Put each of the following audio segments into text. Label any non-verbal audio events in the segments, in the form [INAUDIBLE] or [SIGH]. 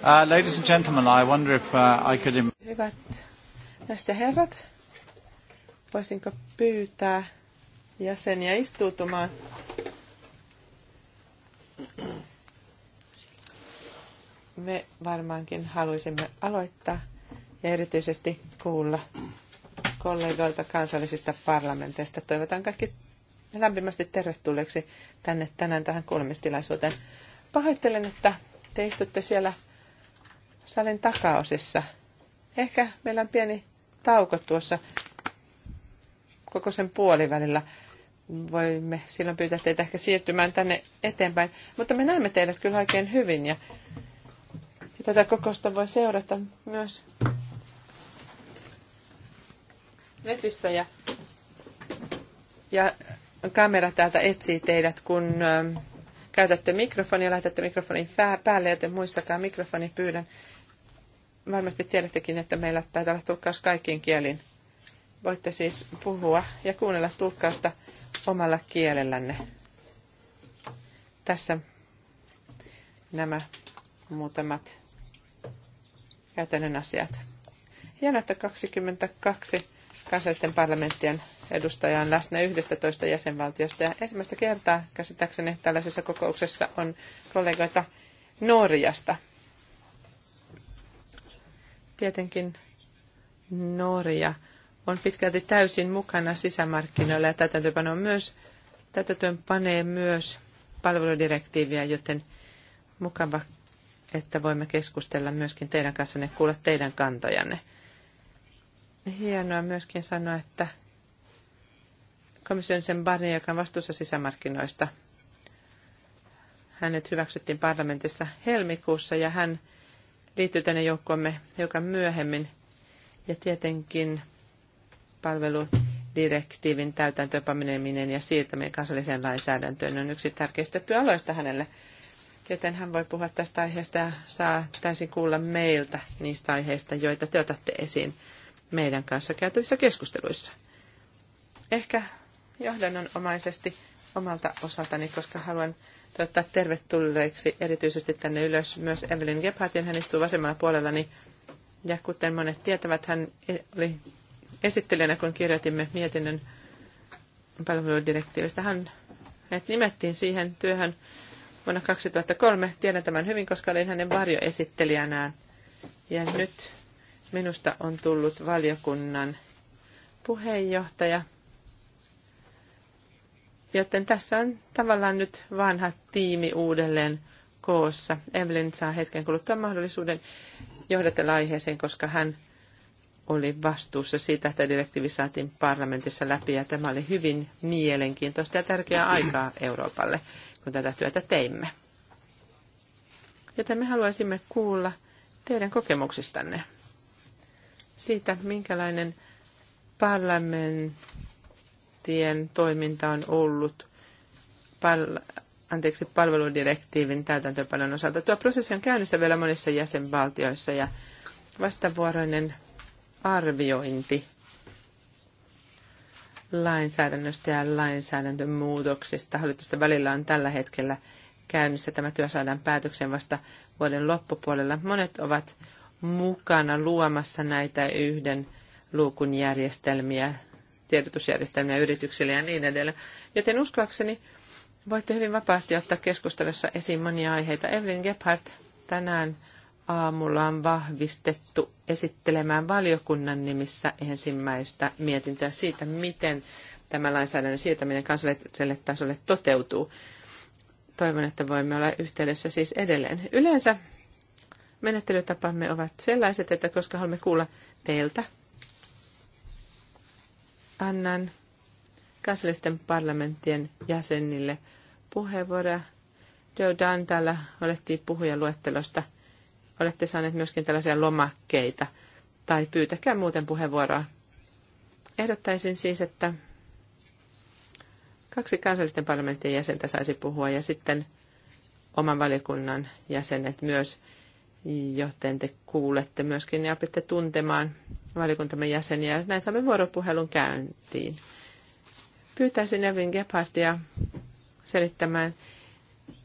Uh, ladies and gentlemen, I wonder if uh, I could... Hyvät naiset ja herrat, voisinko pyytää jäseniä istuutumaan. Me varmaankin haluaisimme aloittaa ja erityisesti kuulla kollegoilta kansallisista parlamenteista. Toivotan kaikki lämpimästi tervetulleeksi tänne tänään tähän kuulemistilaisuuteen. Pahoittelen, että te istutte siellä salin takaosissa. Ehkä meillä on pieni tauko tuossa koko sen puolivälillä voimme silloin pyytää teitä ehkä siirtymään tänne eteenpäin. Mutta me näemme teidät kyllä oikein hyvin ja, ja tätä kokousta voi seurata myös netissä ja, ja kamera täältä etsii teidät, kun ähm, käytätte mikrofonia, laitatte mikrofonin päälle, joten muistakaa mikrofoni pyydän. Varmasti tiedättekin, että meillä taitaa olla tulkkaus kaikkiin kieliin. Voitte siis puhua ja kuunnella tulkkausta omalla kielellänne. Tässä nämä muutamat käytännön asiat. Hienoa, että 22 kansallisten parlamenttien edustajaa on läsnä 11 jäsenvaltiosta. Ja ensimmäistä kertaa käsittääkseni tällaisessa kokouksessa on kollegoita Norjasta. Tietenkin Norja on pitkälti täysin mukana sisämarkkinoilla ja täytäntöönpano myös, täytäntöön panee myös palveludirektiiviä, joten mukava, että voimme keskustella myöskin teidän kanssanne, kuulla teidän kantojanne. Hienoa myöskin sanoa, että komission sen Barnier, joka on vastuussa sisämarkkinoista, hänet hyväksyttiin parlamentissa helmikuussa ja hän liittyy tänne joukkoomme joka myöhemmin. Ja tietenkin palveludirektiivin täytäntöönpaneminen ja siirtäminen kansalliseen lainsäädäntöön on yksi tärkeistä työaloista hänelle. Joten hän voi puhua tästä aiheesta ja saa täysin kuulla meiltä niistä aiheista, joita te otatte esiin meidän kanssa käytävissä keskusteluissa. Ehkä johdannonomaisesti omalta osaltani, koska haluan toivottaa tervetulleeksi erityisesti tänne ylös myös Evelyn Gebhardin. Hän istuu vasemmalla puolellani ja kuten monet tietävät, hän oli esittelijänä, kun kirjoitimme mietinnön palveludirektiivistä. Hän hänet nimettiin siihen työhön vuonna 2003. Tiedän tämän hyvin, koska olin hänen varjoesittelijänään. Ja nyt minusta on tullut valiokunnan puheenjohtaja. Joten tässä on tavallaan nyt vanha tiimi uudelleen koossa. Evelyn saa hetken kuluttua mahdollisuuden johdatella aiheeseen, koska hän oli vastuussa siitä, että direktiivi saatiin parlamentissa läpi ja tämä oli hyvin mielenkiintoista ja tärkeää aikaa Euroopalle, kun tätä työtä teimme. Joten me haluaisimme kuulla teidän kokemuksistanne siitä, minkälainen parlamenttien toiminta on ollut pal- anteeksi, palveludirektiivin täytäntöönpanon osalta. Tuo prosessi on käynnissä vielä monissa jäsenvaltioissa ja vastavuoroinen arviointi lainsäädännöstä ja lainsäädäntömuutoksista. Hallitusten välillä on tällä hetkellä käynnissä. Tämä työ saadaan päätöksen vasta vuoden loppupuolella. Monet ovat mukana luomassa näitä yhden luukun järjestelmiä, tiedotusjärjestelmiä yrityksille ja niin edelleen. Joten uskoakseni voitte hyvin vapaasti ottaa keskustelussa esiin monia aiheita. Evelyn Gebhardt tänään aamulla on vahvistettu esittelemään valiokunnan nimissä ensimmäistä mietintöä siitä, miten tämä lainsäädännön siirtäminen kansalliselle tasolle toteutuu. Toivon, että voimme olla yhteydessä siis edelleen. Yleensä menettelytapamme ovat sellaiset, että koska haluamme kuulla teiltä, annan kansallisten parlamenttien jäsenille puheenvuoroja. Joe Dantalla täällä olettiin puhujaluettelosta – olette saaneet myöskin tällaisia lomakkeita, tai pyytäkää muuten puheenvuoroa. Ehdottaisin siis, että kaksi kansallisten parlamenttien jäsentä saisi puhua ja sitten oman valiokunnan jäsenet myös, joten te kuulette myöskin ja opitte tuntemaan valiokuntamme jäseniä. Näin saamme vuoropuhelun käyntiin. Pyytäisin Evin Gebhardia selittämään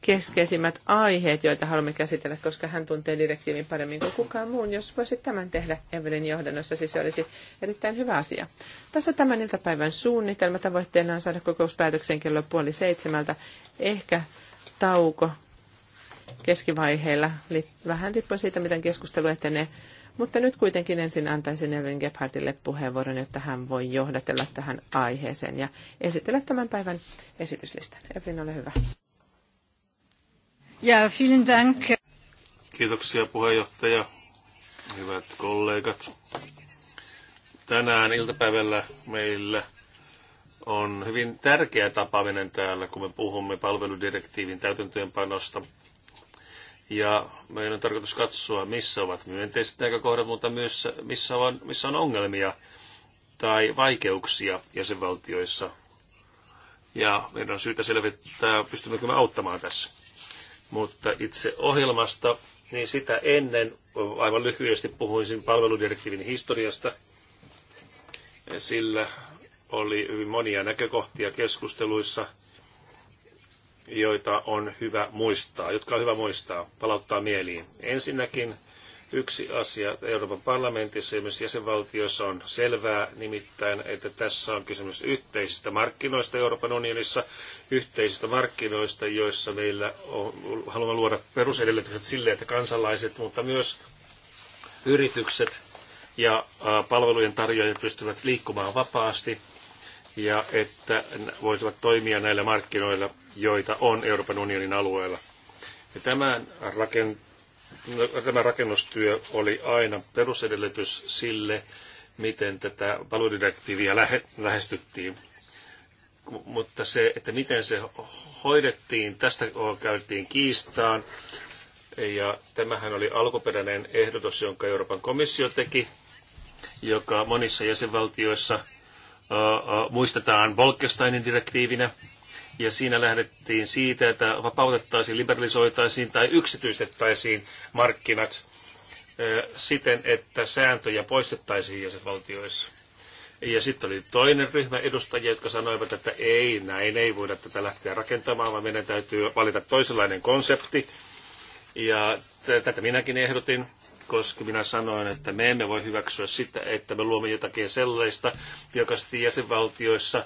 keskeisimmät aiheet, joita haluamme käsitellä, koska hän tuntee direktiivin paremmin kuin kukaan muun. Jos voisit tämän tehdä Evelin johdannossa, siis se olisi erittäin hyvä asia. Tässä tämän iltapäivän suunnitelma. Tavoitteena on saada kokouspäätöksen kello puoli seitsemältä. Ehkä tauko keskivaiheilla, vähän riippuen siitä, miten keskustelu etenee. Mutta nyt kuitenkin ensin antaisin Evelyn Gebhardille puheenvuoron, jotta hän voi johdatella tähän aiheeseen ja esitellä tämän päivän esityslistan. Evelyn, ole hyvä. Ja, vielen dank. Kiitoksia puheenjohtaja. Hyvät kollegat. Tänään iltapäivällä meillä on hyvin tärkeä tapaaminen täällä, kun me puhumme palveludirektiivin täytäntöönpanosta. Ja meidän on tarkoitus katsoa, missä ovat myönteiset näkökohdat, mutta myös missä on, missä on ongelmia tai vaikeuksia jäsenvaltioissa. Ja meidän on syytä selvittää, pystymmekö me auttamaan tässä. Mutta itse ohjelmasta, niin sitä ennen aivan lyhyesti puhuisin palveludirektiivin historiasta, sillä oli hyvin monia näkökohtia keskusteluissa, joita on hyvä muistaa, jotka on hyvä muistaa, palauttaa mieliin. Ensinnäkin Yksi asia Euroopan parlamentissa ja myös jäsenvaltioissa on selvää, nimittäin, että tässä on kysymys yhteisistä markkinoista Euroopan unionissa, yhteisistä markkinoista, joissa meillä on, haluamme luoda perusedellytykset sille, että kansalaiset, mutta myös yritykset ja palvelujen tarjoajat pystyvät liikkumaan vapaasti ja että voisivat toimia näillä markkinoilla, joita on Euroopan unionin alueella. Ja tämän rakent- tämä rakennustyö oli aina perusedellytys sille, miten tätä paluudirektiiviä lähe, lähestyttiin. Mutta se, että miten se hoidettiin, tästä käytiin kiistaan. Ja tämähän oli alkuperäinen ehdotus, jonka Euroopan komissio teki, joka monissa jäsenvaltioissa muistetaan Bolkesteinin direktiivinä – ja siinä lähdettiin siitä, että vapautettaisiin, liberalisoitaisiin tai yksityistettäisiin markkinat siten, että sääntöjä poistettaisiin jäsenvaltioissa. Ja sitten oli toinen ryhmä edustajia, jotka sanoivat, että ei, näin ei voida tätä lähteä rakentamaan, vaan meidän täytyy valita toisenlainen konsepti. Ja tätä minäkin ehdotin, koska minä sanoin, että me emme voi hyväksyä sitä, että me luomme jotakin sellaista, joka sitten jäsenvaltioissa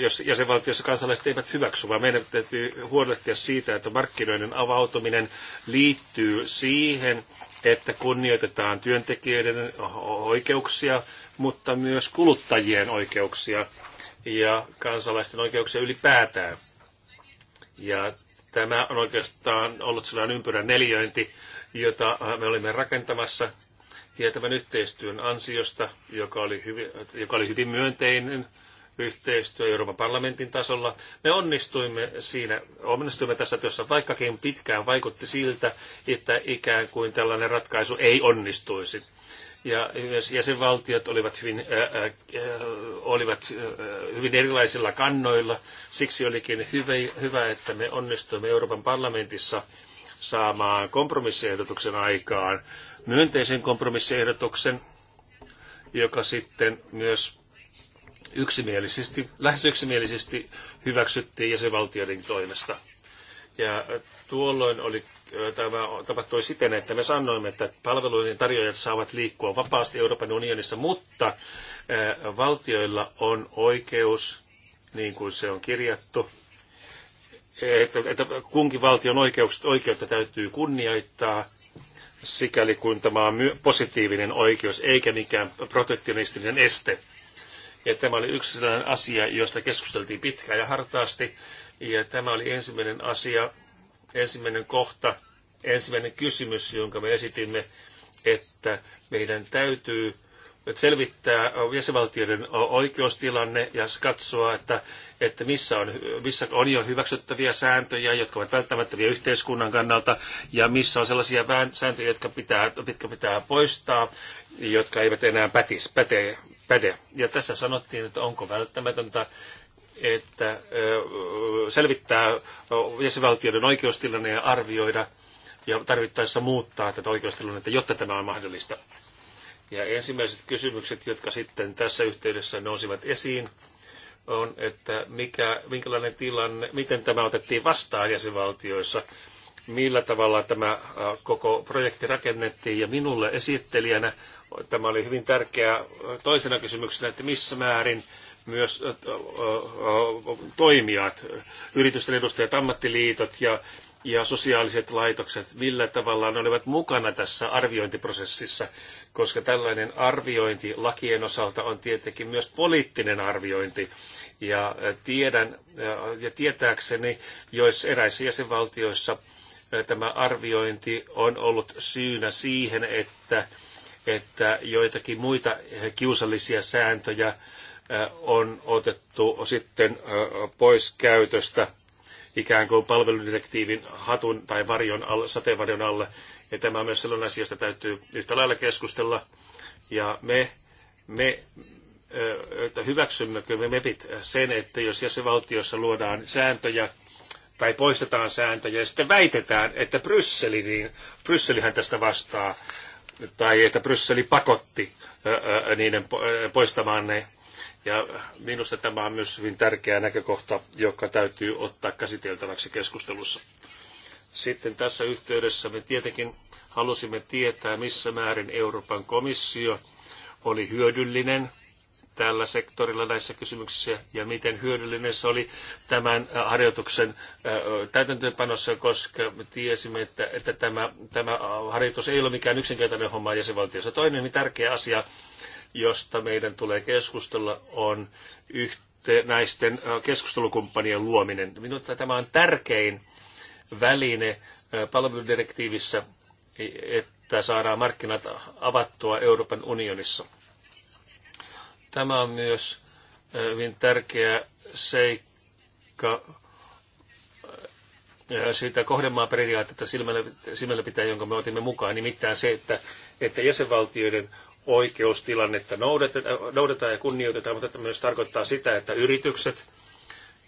jos jäsenvaltiossa kansalaiset eivät hyväksy, vaan meidän täytyy huolehtia siitä, että markkinoiden avautuminen liittyy siihen, että kunnioitetaan työntekijöiden oikeuksia, mutta myös kuluttajien oikeuksia ja kansalaisten oikeuksia ylipäätään. Ja tämä on oikeastaan ollut sellainen ympyrän neljöinti, jota me olimme rakentamassa ja tämän yhteistyön ansiosta, joka oli hyvin, joka oli hyvin myönteinen, yhteistyö Euroopan parlamentin tasolla. Me onnistuimme siinä, onnistuimme tässä työssä, vaikkakin pitkään vaikutti siltä, että ikään kuin tällainen ratkaisu ei onnistuisi. Ja myös jäsenvaltiot olivat hyvin, olivat hyvin erilaisilla kannoilla. Siksi olikin hyvä, hyvä, että me onnistuimme Euroopan parlamentissa saamaan kompromissiehdotuksen aikaan, myönteisen kompromissiehdotuksen, joka sitten myös yksimielisesti, lähes yksimielisesti hyväksyttiin jäsenvaltioiden toimesta. Ja tuolloin oli, tämä tapahtui siten, että me sanoimme, että palveluiden tarjoajat saavat liikkua vapaasti Euroopan unionissa, mutta valtioilla on oikeus, niin kuin se on kirjattu, että, että kunkin valtion oikeukset, oikeutta täytyy kunnioittaa, sikäli kuin tämä on positiivinen oikeus, eikä mikään protektionistinen este. Ja tämä oli yksi sellainen asia, josta keskusteltiin pitkään ja hartaasti. Ja tämä oli ensimmäinen asia, ensimmäinen kohta, ensimmäinen kysymys, jonka me esitimme, että meidän täytyy selvittää jäsenvaltioiden oikeustilanne ja katsoa, että, että missä, on, missä on jo hyväksyttäviä sääntöjä, jotka ovat välttämättömiä yhteiskunnan kannalta, ja missä on sellaisia sääntöjä, jotka pitää, pitää poistaa, jotka eivät enää pätis, pätee päde. Ja tässä sanottiin, että onko välttämätöntä että selvittää jäsenvaltioiden oikeustilanne ja arvioida ja tarvittaessa muuttaa tätä oikeustilannetta, jotta tämä on mahdollista. Ja ensimmäiset kysymykset, jotka sitten tässä yhteydessä nousivat esiin, on, että mikä, minkälainen tilanne, miten tämä otettiin vastaan jäsenvaltioissa, millä tavalla tämä koko projekti rakennettiin. Ja minulle esittelijänä Tämä oli hyvin tärkeä toisena kysymyksenä, että missä määrin myös toimijat, yritysten edustajat, ammattiliitot ja, ja sosiaaliset laitokset, millä tavalla ne olivat mukana tässä arviointiprosessissa, koska tällainen arviointi lakien osalta on tietenkin myös poliittinen arviointi. Ja tiedän ja tietääkseni, jos eräissä jäsenvaltioissa tämä arviointi on ollut syynä siihen, että että joitakin muita kiusallisia sääntöjä äh, on otettu sitten äh, pois käytöstä ikään kuin palveludirektiivin hatun tai varjon alle, sateenvarjon alle. Ja tämä on myös sellainen asia, josta täytyy yhtä lailla keskustella. Ja me, me äh, että hyväksymmekö me MEPit sen, että jos jäsenvaltiossa luodaan sääntöjä tai poistetaan sääntöjä ja sitten väitetään, että Brysseli, niin Brysselihän tästä vastaa tai että Brysseli pakotti niiden poistamaan ne. Ja minusta tämä on myös hyvin tärkeä näkökohta, joka täytyy ottaa käsiteltäväksi keskustelussa. Sitten tässä yhteydessä me tietenkin halusimme tietää, missä määrin Euroopan komissio oli hyödyllinen tällä sektorilla näissä kysymyksissä ja miten hyödyllinen se oli tämän äh, harjoituksen äh, täytäntöönpanossa, koska me tiesimme, että, että tämä, tämä harjoitus ei ole mikään yksinkertainen homma jäsenvaltiossa. Toinen tärkeä asia, josta meidän tulee keskustella, on yhtenäisten äh, keskustelukumppanien luominen. Minusta tämä on tärkein väline palveludirektiivissä, että saadaan markkinat avattua Euroopan unionissa. Tämä on myös hyvin tärkeä seikka siitä kohdemaan periaatetta silmällä, silmällä pitää, jonka me otimme mukaan, nimittäin se, että, että jäsenvaltioiden oikeustilannetta noudatetaan ja kunnioitetaan, mutta tämä myös tarkoittaa sitä, että yritykset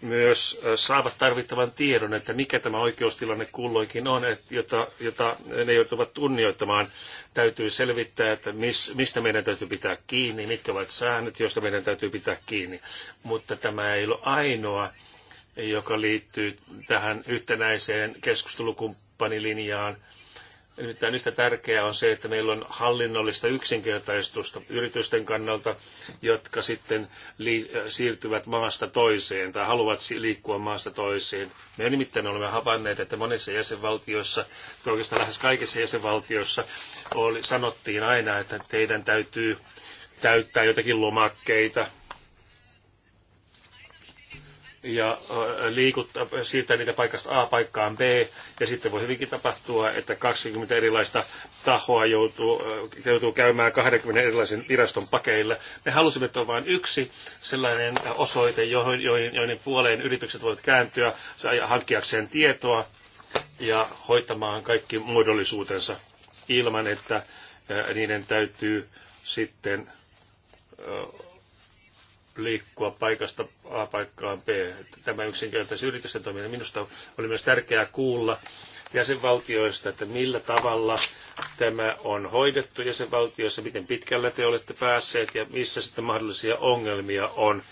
myös äh, saavat tarvittavan tiedon, että mikä tämä oikeustilanne kulloinkin on, että jota, jota ne joutuvat tunnioittamaan Täytyy selvittää, että mis, mistä meidän täytyy pitää kiinni, mitkä ovat säännöt, joista meidän täytyy pitää kiinni. Mutta tämä ei ole ainoa, joka liittyy tähän yhtenäiseen keskustelukumppanilinjaan, Nimittäin yhtä tärkeää on se, että meillä on hallinnollista yksinkertaistusta yritysten kannalta, jotka sitten siirtyvät maasta toiseen tai haluavat liikkua maasta toiseen. Me nimittäin olemme havainneet, että monissa jäsenvaltioissa, oikeastaan lähes kaikissa jäsenvaltioissa, oli, sanottiin aina, että teidän täytyy täyttää jotakin lomakkeita, ja liikuttaa, siirtää niitä paikasta A paikkaan B, ja sitten voi hyvinkin tapahtua, että 20 erilaista tahoa joutuu, joutuu käymään 20 erilaisen viraston pakeilla. Me halusimme, että on vain yksi sellainen osoite, johon, joihin, joiden puoleen yritykset voivat kääntyä hankkiakseen tietoa ja hoitamaan kaikki muodollisuutensa ilman, että niiden täytyy sitten liikkua paikasta A paikkaan B. Tämä yksinkertaisen yritysten toiminta. Minusta oli myös tärkeää kuulla jäsenvaltioista, että millä tavalla tämä on hoidettu jäsenvaltioissa, miten pitkällä te olette päässeet ja missä sitten mahdollisia ongelmia on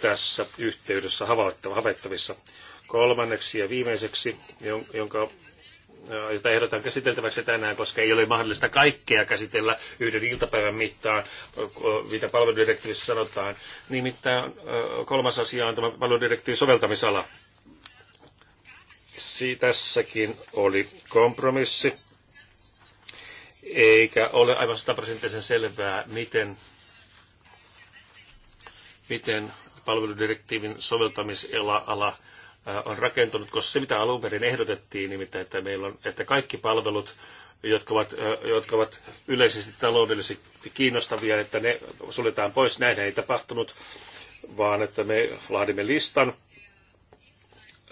tässä yhteydessä havaittavissa. Kolmanneksi ja viimeiseksi, jonka jota ehdotan käsiteltäväksi tänään, koska ei ole mahdollista kaikkea käsitellä yhden iltapäivän mittaan, mitä palveludirektiivissä sanotaan. Nimittäin kolmas asia on tämä palveludirektiivin soveltamisala. Tässäkin oli kompromissi, eikä ole aivan sataprosenttisen selvää, miten, miten palveludirektiivin soveltamisala ala Äh, on rakentunut, koska se mitä alun perin ehdotettiin, nimittäin että, meillä on, että kaikki palvelut, jotka ovat, äh, jotka ovat yleisesti taloudellisesti kiinnostavia, että ne suljetaan pois. Näin ei tapahtunut, vaan että me laadimme listan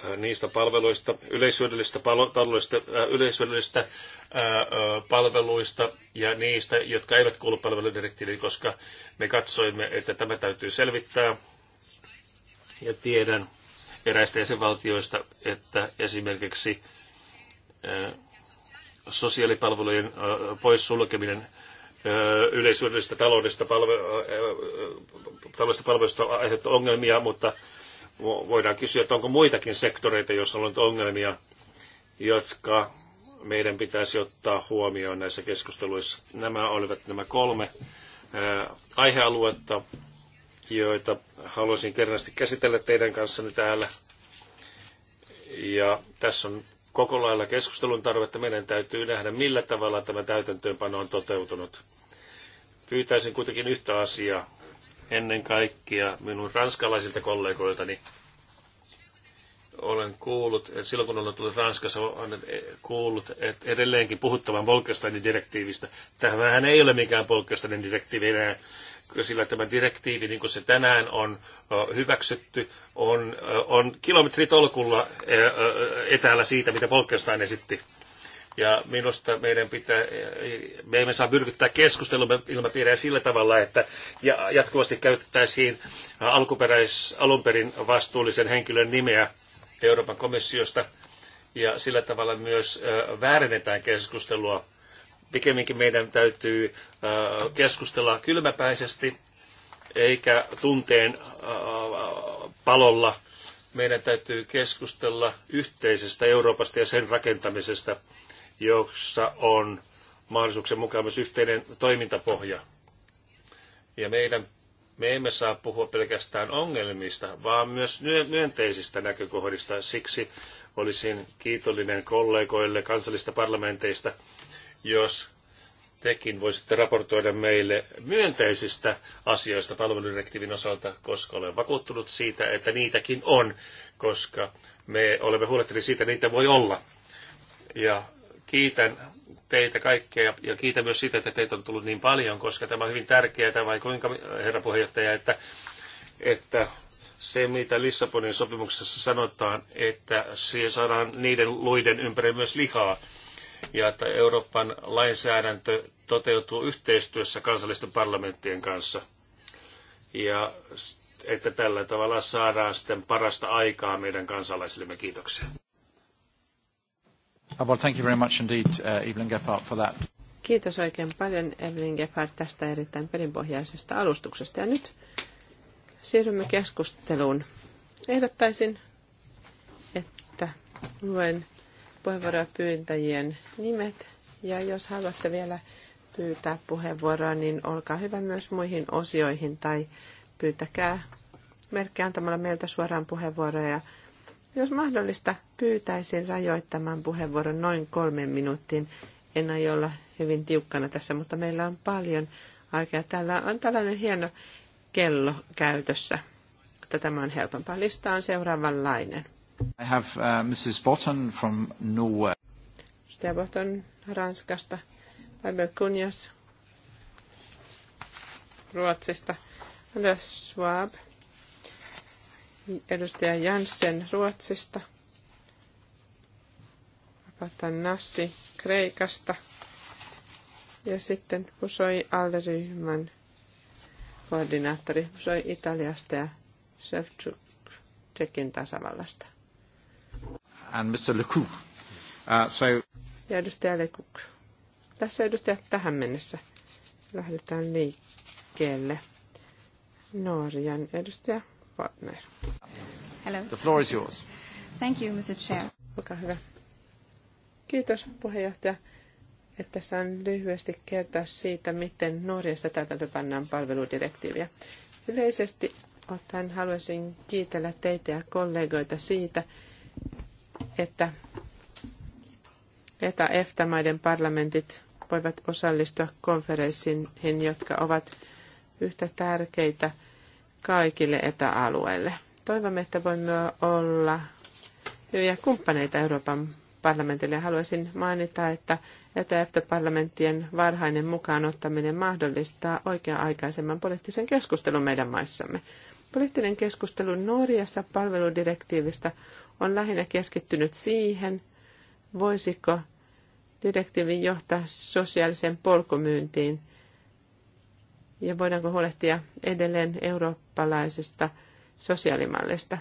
äh, niistä palveluista, yleishyödyllisistä, taloudellisista, yleishyödyllisistä palveluista ja niistä, jotka eivät kuulu palveludirektiiviin, koska me katsoimme, että tämä täytyy selvittää. Ja tiedän, eräistä jäsenvaltioista, että esimerkiksi äh, sosiaalipalvelujen äh, poissulkeminen äh, yleisyydellisestä taloudesta, palve, palvelusta aiheuttaa ongelmia, mutta voidaan kysyä, että onko muitakin sektoreita, joissa on ongelmia, jotka meidän pitäisi ottaa huomioon näissä keskusteluissa. Nämä olivat nämä kolme aihealuetta, joita haluaisin kerrasti käsitellä teidän kanssanne täällä. Ja tässä on koko lailla keskustelun tarvetta. Meidän täytyy nähdä, millä tavalla tämä täytäntöönpano on toteutunut. Pyytäisin kuitenkin yhtä asiaa ennen kaikkea minun ranskalaisilta kollegoiltani. Olen kuullut, että silloin kun olen tullut Ranskassa, olen kuullut, että edelleenkin puhuttavan Bolkestainin direktiivistä. Tämähän ei ole mikään Bolkestainin direktiivi enää sillä tämä direktiivi, niin kuin se tänään on hyväksytty, on, on kilometritolkulla etäällä siitä, mitä Bolkestein esitti. Ja minusta meidän pitää, me emme saa myrkyttää keskustelun ilmapiiriä sillä tavalla, että jatkuvasti käytettäisiin alkuperäis, alunperin vastuullisen henkilön nimeä Euroopan komissiosta ja sillä tavalla myös väärennetään keskustelua pikemminkin meidän täytyy äh, keskustella kylmäpäisesti eikä tunteen äh, palolla. Meidän täytyy keskustella yhteisestä Euroopasta ja sen rakentamisesta, jossa on mahdollisuuksien mukaan myös yhteinen toimintapohja. Ja meidän, me emme saa puhua pelkästään ongelmista, vaan myös myönteisistä näkökohdista. Siksi olisin kiitollinen kollegoille kansallista parlamenteista, jos tekin voisitte raportoida meille myönteisistä asioista palveludirektiivin osalta, koska olen vakuuttunut siitä, että niitäkin on, koska me olemme huolehtineet siitä, että niitä voi olla. Ja kiitän teitä kaikkia ja kiitän myös siitä, että teitä on tullut niin paljon, koska tämä on hyvin tärkeää, vai kuinka, herra puheenjohtaja, että, että se, mitä Lissabonin sopimuksessa sanotaan, että siihen saadaan niiden luiden ympärille myös lihaa, ja että Euroopan lainsäädäntö toteutuu yhteistyössä kansallisten parlamenttien kanssa. Ja että tällä tavalla saadaan sitten parasta aikaa meidän kansalaisillemme. Kiitoksia. Ah, well, thank you very much indeed, uh, Evelyn Gephardt, for that. Kiitos oikein paljon Evelyn Gephardt tästä erittäin perinpohjaisesta alustuksesta. Ja nyt siirrymme keskusteluun. Ehdottaisin, että luen puheenvuoroa pyyntäjien nimet. Ja jos haluatte vielä pyytää puheenvuoroa, niin olkaa hyvä myös muihin osioihin tai pyytäkää merkkiä antamalla meiltä suoraan puheenvuoroja. Ja jos mahdollista, pyytäisin rajoittamaan puheenvuoron noin kolmen minuuttiin. En aio olla hyvin tiukkana tässä, mutta meillä on paljon aikaa. Täällä on tällainen hieno kello käytössä. Tämä on helpompaa. Lista on seuraavanlainen. I have uh, Mrs. Botton from Norway. Mr. Botton Ranskasta. Pavel Kunjas Ruotsista. Anders Schwab. Edustaja Janssen Ruotsista. Vapatan Nassi Kreikasta. Ja sitten Pusoi Alryhmän koordinaattori Pusoi Italiasta ja Shevchuk Tsekin tasavallasta and Mr. Lecoux. Uh, so... Ja edustaja Lecoux. Tässä edustaja tähän mennessä. Lähdetään liikkeelle. Norjan edustaja Partner. Hello. The floor is yours. Thank you, Mr. Chair. Olkaa hyvä. Kiitos puheenjohtaja, että saan lyhyesti kertoa siitä, miten Norjassa täytäntöpannaan palveludirektiiviä. Yleisesti ottaen haluaisin kiitellä teitä ja kollegoita siitä, että ETA- EFTA-maiden parlamentit voivat osallistua konferenssiin, jotka ovat yhtä tärkeitä kaikille etäalueille. Toivomme, että voimme olla hyviä kumppaneita Euroopan parlamentille. Haluaisin mainita, että ETA-EFTA-parlamenttien varhainen mukaan ottaminen mahdollistaa oikea-aikaisemman poliittisen keskustelun meidän maissamme. Poliittinen keskustelu Norjassa palveludirektiivistä on lähinnä keskittynyt siihen, voisiko direktiivi johtaa sosiaaliseen polkumyyntiin ja voidaanko huolehtia edelleen eurooppalaisesta sosiaalimallista.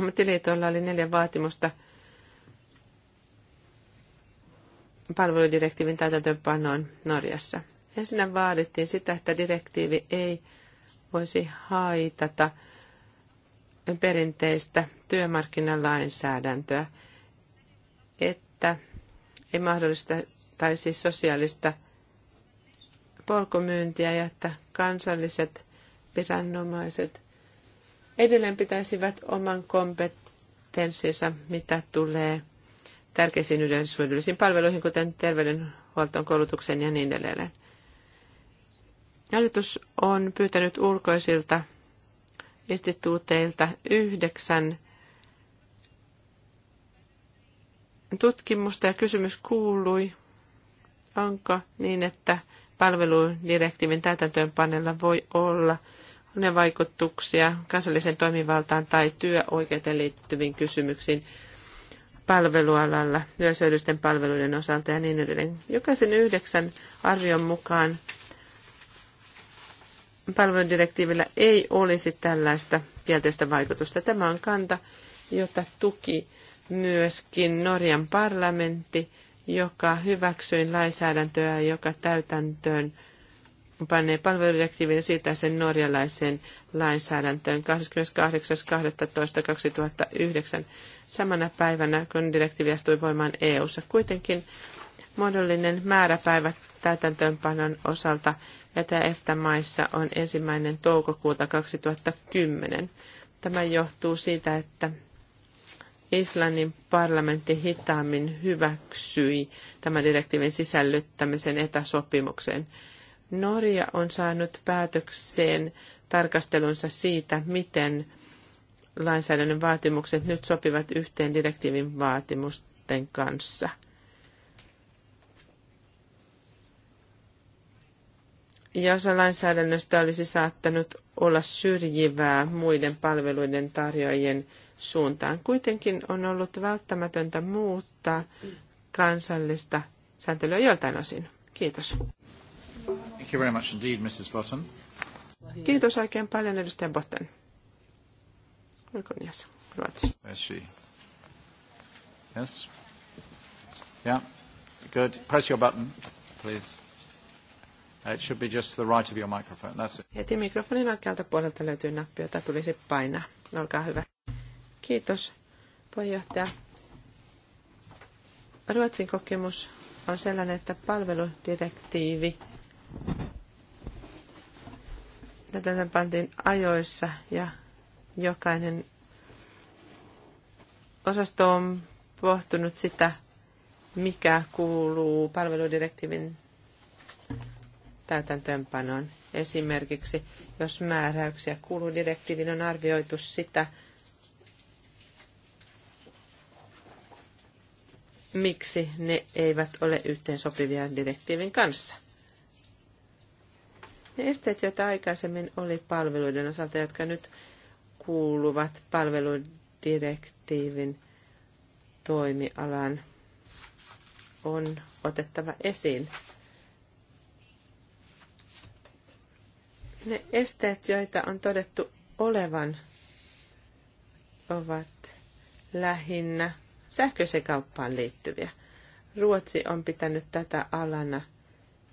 Ammattiliitoilla oli neljä vaatimusta palveludirektiivin täytäntöönpanoon Norjassa. Ensinnä vaadittiin sitä, että direktiivi ei voisi haitata – perinteistä työmarkkinalainsäädäntöä, että ei mahdollista tai siis sosiaalista polkumyyntiä ja että kansalliset viranomaiset edelleen pitäisivät oman kompetenssinsa, mitä tulee tärkeisiin yleishyödyllisiin palveluihin, kuten terveydenhuoltoon, koulutukseen ja niin edelleen. Hallitus on pyytänyt ulkoisilta instituuteilta yhdeksän tutkimusta ja kysymys kuului, onko niin, että palveludirektiivin täytäntöönpanella voi olla ne vaikutuksia kansalliseen toimivaltaan tai työoikeuteen liittyviin kysymyksiin palvelualalla, yleisöllisten palveluiden osalta ja niin edelleen. Jokaisen yhdeksän arvion mukaan palveludirektiivillä ei olisi tällaista kielteistä vaikutusta. Tämä on kanta, jota tuki myöskin Norjan parlamentti, joka hyväksyi lainsäädäntöä, joka täytäntöön panee palveludirektiivin siitä sen norjalaiseen lainsäädäntöön 28.12.2009 samana päivänä, kun direktiivi astui voimaan EU-ssa. Kuitenkin muodollinen määräpäivä täytäntöönpanon osalta että EFTA-maissa on ensimmäinen toukokuuta 2010. Tämä johtuu siitä, että Islannin parlamentti hitaammin hyväksyi tämän direktiivin sisällyttämisen etäsopimukseen. Norja on saanut päätökseen tarkastelunsa siitä, miten lainsäädännön vaatimukset nyt sopivat yhteen direktiivin vaatimusten kanssa – ja osa lainsäädännöstä olisi saattanut olla syrjivää muiden palveluiden tarjoajien suuntaan. Kuitenkin on ollut välttämätöntä muuttaa kansallista sääntelyä joiltain osin. Kiitos. Thank you very much indeed, Mrs. Button. Kiitos oikein paljon, edustaja Botten. Yes. Yes. Yeah. Good. Press your button, please. Uh, it should be just the right of your microphone. That's it. Heti mikrofonin oikealta puolelta löytyy nappi, jota tulisi painaa. Olkaa hyvä. Kiitos, puheenjohtaja. Ruotsin kokemus on sellainen, että palveludirektiivi tätä pantiin ajoissa ja jokainen osasto on pohtunut sitä, mikä kuuluu palveludirektiivin täytäntöönpanoon. Esimerkiksi jos määräyksiä kuuluu direktiivin, on arvioitu sitä, miksi ne eivät ole yhteen sopivia direktiivin kanssa. Ne esteet, joita aikaisemmin oli palveluiden osalta, jotka nyt kuuluvat palveludirektiivin toimialaan, on otettava esiin Ne esteet, joita on todettu olevan, ovat lähinnä sähköiseen kauppaan liittyviä. Ruotsi on pitänyt tätä alana,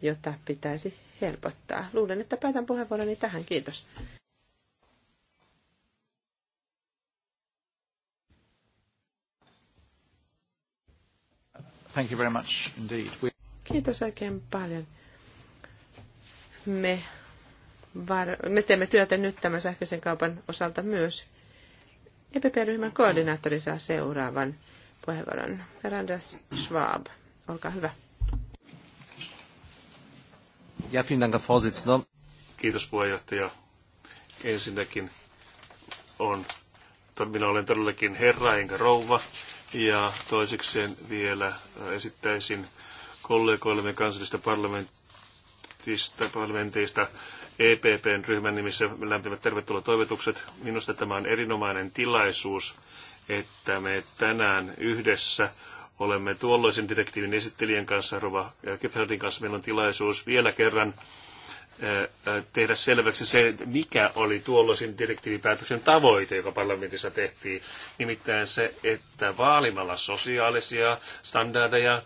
jota pitäisi helpottaa. Luulen, että päätän puheenvuoroni tähän. Kiitos. Thank you very much indeed. Kiitos oikein paljon. Me var- me teemme työtä nyt tämän sähköisen kaupan osalta myös. EPP-ryhmän koordinaattori saa seuraavan puheenvuoron. Verandas Schwab, olkaa hyvä. Ja, vielen Dank, Vorsitzender. Kiitos puheenjohtaja. Ensinnäkin on, minä olen todellakin herra enkä rouva. Ja toisekseen vielä esittäisin kollegoillemme kansallisista parlamentista, parlamenteista EPPn ryhmän nimissä lämpimät tervetuloa toivotukset. Minusta tämä on erinomainen tilaisuus, että me tänään yhdessä olemme tuolloisen direktiivin esittelijän kanssa, Rova Gebhardin kanssa, meillä on tilaisuus vielä kerran eh, eh, tehdä selväksi se, mikä oli tuolloisen direktiivipäätöksen tavoite, joka parlamentissa tehtiin. Nimittäin se, että vaalimalla sosiaalisia standardeja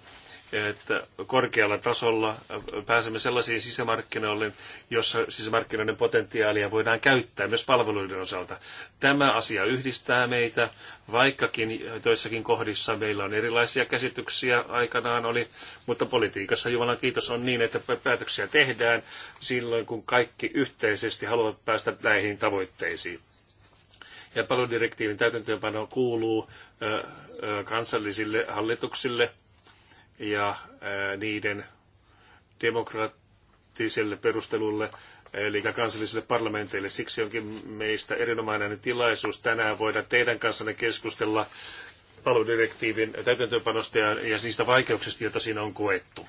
että korkealla tasolla äh, pääsemme sellaisiin sisämarkkinoille, jossa sisämarkkinoiden potentiaalia voidaan käyttää myös palveluiden osalta. Tämä asia yhdistää meitä, vaikkakin toissakin kohdissa meillä on erilaisia käsityksiä aikanaan oli, mutta politiikassa Jumalan kiitos on niin, että päätöksiä tehdään silloin, kun kaikki yhteisesti haluavat päästä näihin tavoitteisiin ja palodirektiivin täytäntöönpano kuuluu äh, äh, kansallisille hallituksille ja niiden demokraattisille perustelulle, eli kansallisille parlamenteille. Siksi onkin meistä erinomainen tilaisuus tänään voida teidän kanssanne keskustella paludirektiivin täytäntöönpanosta ja, ja niistä vaikeuksista, joita siinä on koettu.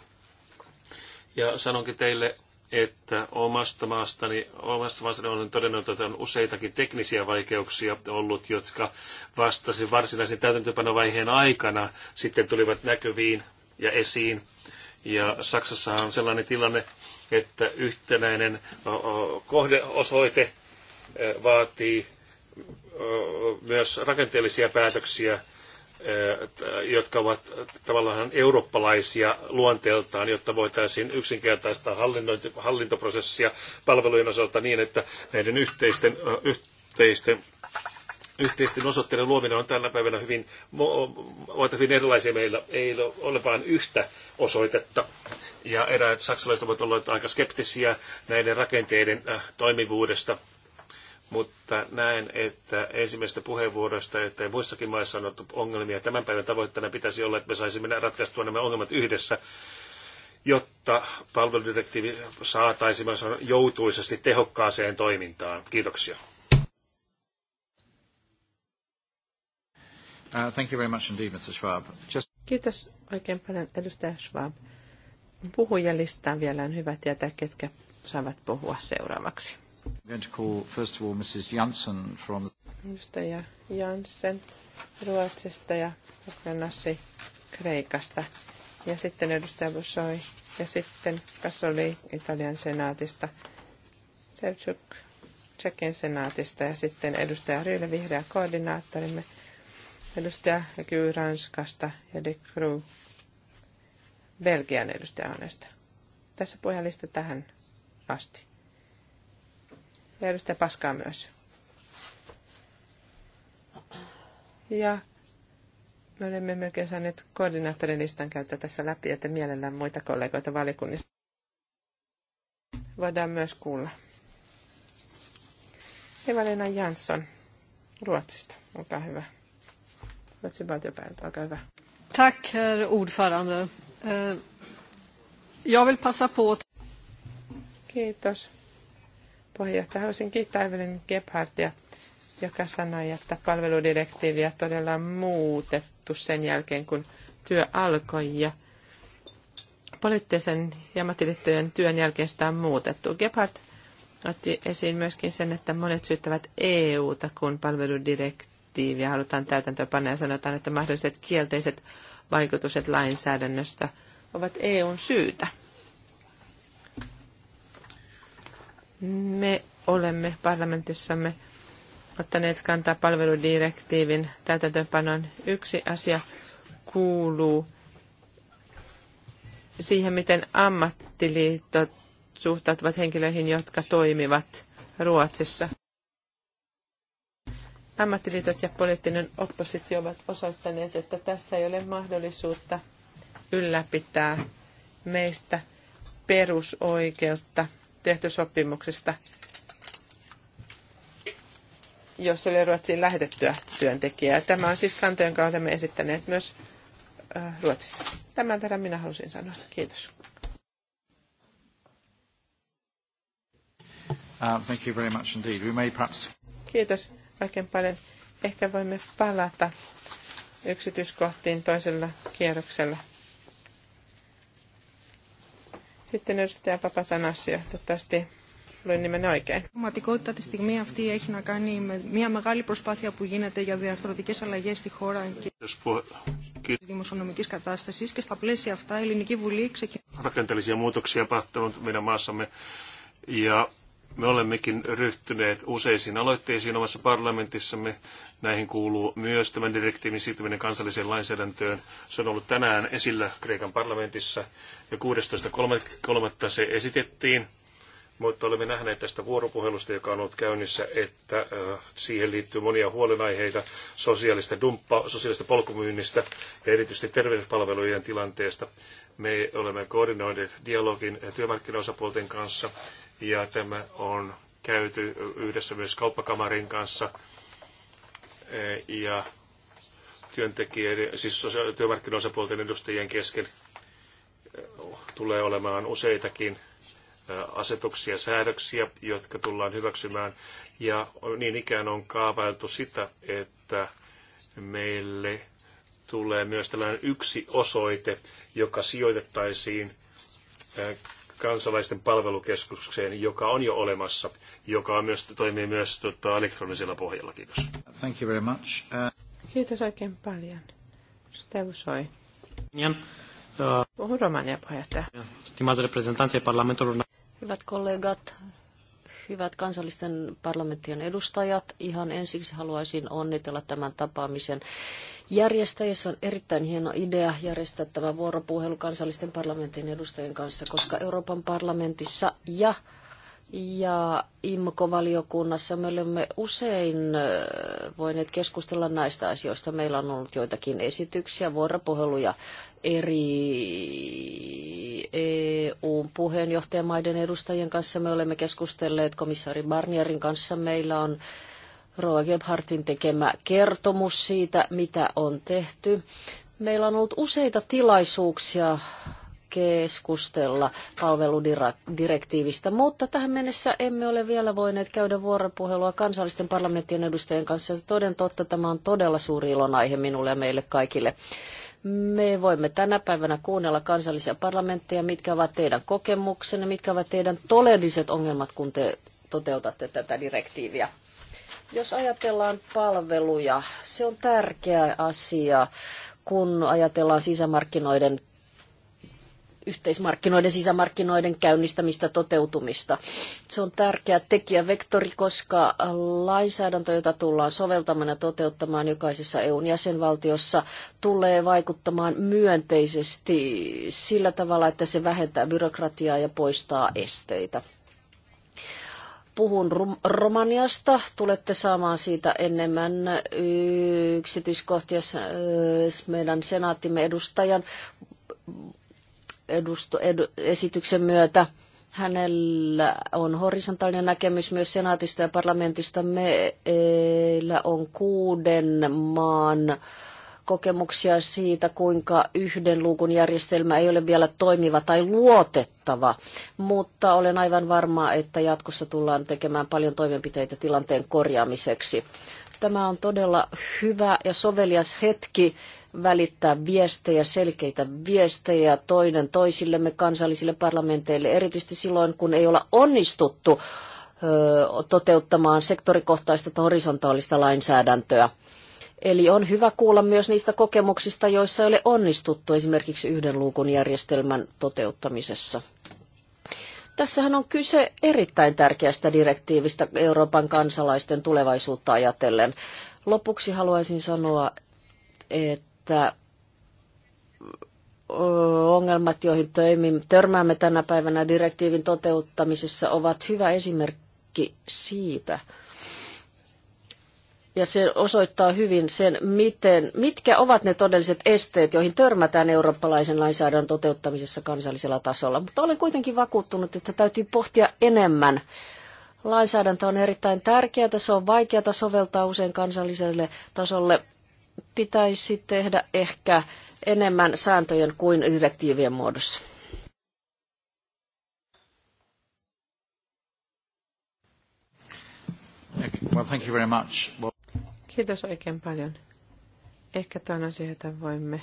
Ja sanonkin teille, että omasta maastani, omasta maastani olen todennut, että on useitakin teknisiä vaikeuksia ollut, jotka vastasi varsinaisen täytäntöpanovaiheen aikana sitten tulivat näkyviin ja esiin. Ja Saksassahan on sellainen tilanne, että yhtenäinen kohdeosoite vaatii myös rakenteellisia päätöksiä, jotka ovat tavallaan eurooppalaisia luonteeltaan, jotta voitaisiin yksinkertaistaa hallintoprosessia palvelujen osalta niin, että näiden yhteisten, yhteisten yhteisten osoitteiden luominen on tänä päivänä hyvin, ovat hyvin erilaisia meillä. Ei ole vain yhtä osoitetta. Ja eräät saksalaiset ovat olleet aika skeptisiä näiden rakenteiden äh, toimivuudesta. Mutta näen, että ensimmäisestä puheenvuorosta, että muissakin maissa on ollut ongelmia. Tämän päivän tavoitteena pitäisi olla, että me saisimme ratkaistua nämä ongelmat yhdessä jotta palveludirektiivi saataisiin joutuisesti tehokkaaseen toimintaan. Kiitoksia. Uh, thank you very much indeed, Mr. Schwab. Just... Kiitos oikein paljon, edustaja Schwab. Puhujalistaan vielä on hyvä tietää, ketkä saavat puhua seuraavaksi. I'm going to call first of all Mrs. Janssen from... Edustaja Janssen Ruotsista ja Nassi Kreikasta. Ja sitten edustaja Bussoi ja sitten Kassoli Italian senaatista, Sevchuk Tsekin senaatista ja sitten edustaja Ryyle, vihreä koordinaattorimme – edustaja Ky Ranskasta ja De Croo Belgian edustajahuoneesta. Tässä puhelista tähän asti. Ja edustaja Paskaa myös. Ja me olemme melkein saaneet koordinaattorin listan käyttää tässä läpi, että mielellään muita kollegoita valikunnista voidaan myös kuulla. Evalena Jansson Ruotsista, olkaa hyvä. Ruotsin valtiopäivät. Olkaa Tack, herr ordförande. Eh, jag vill passa på... Kiitos. Puheenjohtaja, haluaisin kiittää Evelyn Gebhardtia, joka sanoi, että palveludirektiiviä todella on muutettu sen jälkeen, kun työ alkoi ja poliittisen ja ammattiliittojen työn jälkeen sitä on muutettu. Gebhardt otti esiin myöskin sen, että monet syyttävät EUta, kun palveludirektiivi direktiiviä halutaan täytäntöönpanna ja sanotaan, että mahdolliset kielteiset vaikutukset lainsäädännöstä ovat EUn syytä. Me olemme parlamentissamme ottaneet kantaa palveludirektiivin täytäntöönpanon. Yksi asia kuuluu siihen, miten ammattiliitot suhtautuvat henkilöihin, jotka toimivat Ruotsissa. Ammattiliitot ja poliittinen oppositio ovat osoittaneet, että tässä ei ole mahdollisuutta ylläpitää meistä perusoikeutta tehty sopimuksesta, jos ei ole Ruotsiin lähetettyä työntekijää. Tämä on siis kanta, jonka olemme esittäneet myös Ruotsissa. Tämän verran minä halusin sanoa. Kiitos. Uh, thank you very much indeed. We may perhaps... Kiitos oikein paljon. Ehkä voimme palata yksityiskohtiin toisella kierroksella. Sitten edustaja Papatanassio, toivottavasti luin nimen oikein. Πραγματικότητα τη στιγμή αυτή έχει να κάνει με μια μεγάλη προσπάθεια που γίνεται για διαρθρωτικές αλλαγές στη χώρα και τη δημοσιονομική κατάσταση και στα πλαίσια αυτά η Ελληνική Βουλή Rakenteellisia muutoksia tapahtunut meidän maassamme ja me olemmekin ryhtyneet useisiin aloitteisiin omassa parlamentissamme. Näihin kuuluu myös tämän direktiivin siirtyminen kansalliseen lainsäädäntöön. Se on ollut tänään esillä Kreikan parlamentissa ja 16.3. se esitettiin mutta olemme nähneet tästä vuoropuhelusta, joka on ollut käynnissä, että äh, siihen liittyy monia huolenaiheita sosiaalista, dumppa, sosiaalista polkumyynnistä ja erityisesti terveyspalvelujen tilanteesta. Me olemme koordinoineet dialogin työmarkkinaosapuolten kanssa ja tämä on käyty yhdessä myös kauppakamarin kanssa äh, ja työntekijöiden, siis työmarkkinaosapuolten edustajien kesken äh, tulee olemaan useitakin asetuksia ja säädöksiä, jotka tullaan hyväksymään. Ja niin ikään on kaavailtu sitä, että meille tulee myös tällainen yksi osoite, joka sijoitettaisiin kansalaisten palvelukeskukseen, joka on jo olemassa, joka on myös, toimii myös tota, elektronisella pohjalla. Kiitos. Thank you very much. Uh... Kiitos oikein paljon. Stevu Soi. Puhun Romania puheenjohtaja. Stimați reprezentanții Parlamentului Hyvät kollegat, hyvät kansallisten parlamenttien edustajat, ihan ensiksi haluaisin onnitella tämän tapaamisen järjestäjissä on erittäin hieno idea järjestää tämä vuoropuhelu kansallisten parlamenttien edustajien kanssa, koska Euroopan parlamentissa ja ja IMKO-valiokunnassa me olemme usein voineet keskustella näistä asioista. Meillä on ollut joitakin esityksiä, vuoropuheluja eri EU-puheenjohtajamaiden edustajien kanssa. Me olemme keskustelleet komissaari Barnierin kanssa. Meillä on Roa Gebhardtin tekemä kertomus siitä, mitä on tehty. Meillä on ollut useita tilaisuuksia keskustella palveludirektiivistä, mutta tähän mennessä emme ole vielä voineet käydä vuoropuhelua kansallisten parlamenttien edustajien kanssa. Toden totta, tämä on todella suuri ilonaihe minulle ja meille kaikille. Me voimme tänä päivänä kuunnella kansallisia parlamentteja, mitkä ovat teidän kokemuksenne, mitkä ovat teidän todelliset ongelmat, kun te toteutatte tätä direktiiviä. Jos ajatellaan palveluja, se on tärkeä asia, kun ajatellaan sisämarkkinoiden yhteismarkkinoiden, sisämarkkinoiden käynnistämistä, toteutumista. Se on tärkeä tekijävektori, koska lainsäädäntö, jota tullaan soveltamaan ja toteuttamaan jokaisessa EUn jäsenvaltiossa, tulee vaikuttamaan myönteisesti sillä tavalla, että se vähentää byrokratiaa ja poistaa esteitä puhun Romaniasta. Tulette saamaan siitä enemmän yksityiskohtia meidän senaattimme edustajan edusto, edu, esityksen myötä. Hänellä on horisontaalinen näkemys myös senaatista ja parlamentista. Meillä on kuuden maan kokemuksia siitä, kuinka yhden luukun järjestelmä ei ole vielä toimiva tai luotettava, mutta olen aivan varma, että jatkossa tullaan tekemään paljon toimenpiteitä tilanteen korjaamiseksi. Tämä on todella hyvä ja sovelias hetki välittää viestejä, selkeitä viestejä toinen toisillemme kansallisille parlamenteille, erityisesti silloin, kun ei olla onnistuttu toteuttamaan sektorikohtaista tai horisontaalista lainsäädäntöä. Eli on hyvä kuulla myös niistä kokemuksista, joissa ei ole onnistuttu esimerkiksi yhden luukun järjestelmän toteuttamisessa. Tässähän on kyse erittäin tärkeästä direktiivistä Euroopan kansalaisten tulevaisuutta ajatellen. Lopuksi haluaisin sanoa, että ongelmat, joihin törmäämme tänä päivänä direktiivin toteuttamisessa, ovat hyvä esimerkki siitä – ja se osoittaa hyvin sen, miten, mitkä ovat ne todelliset esteet, joihin törmätään eurooppalaisen lainsäädännön toteuttamisessa kansallisella tasolla. Mutta olen kuitenkin vakuuttunut, että täytyy pohtia enemmän. Lainsäädäntö on erittäin tärkeää, se on vaikeaa soveltaa usein kansalliselle tasolle. Pitäisi tehdä ehkä enemmän sääntöjen kuin direktiivien muodossa. Well, thank you very much. Kiitos oikein paljon. Ehkä tämä asioita voimme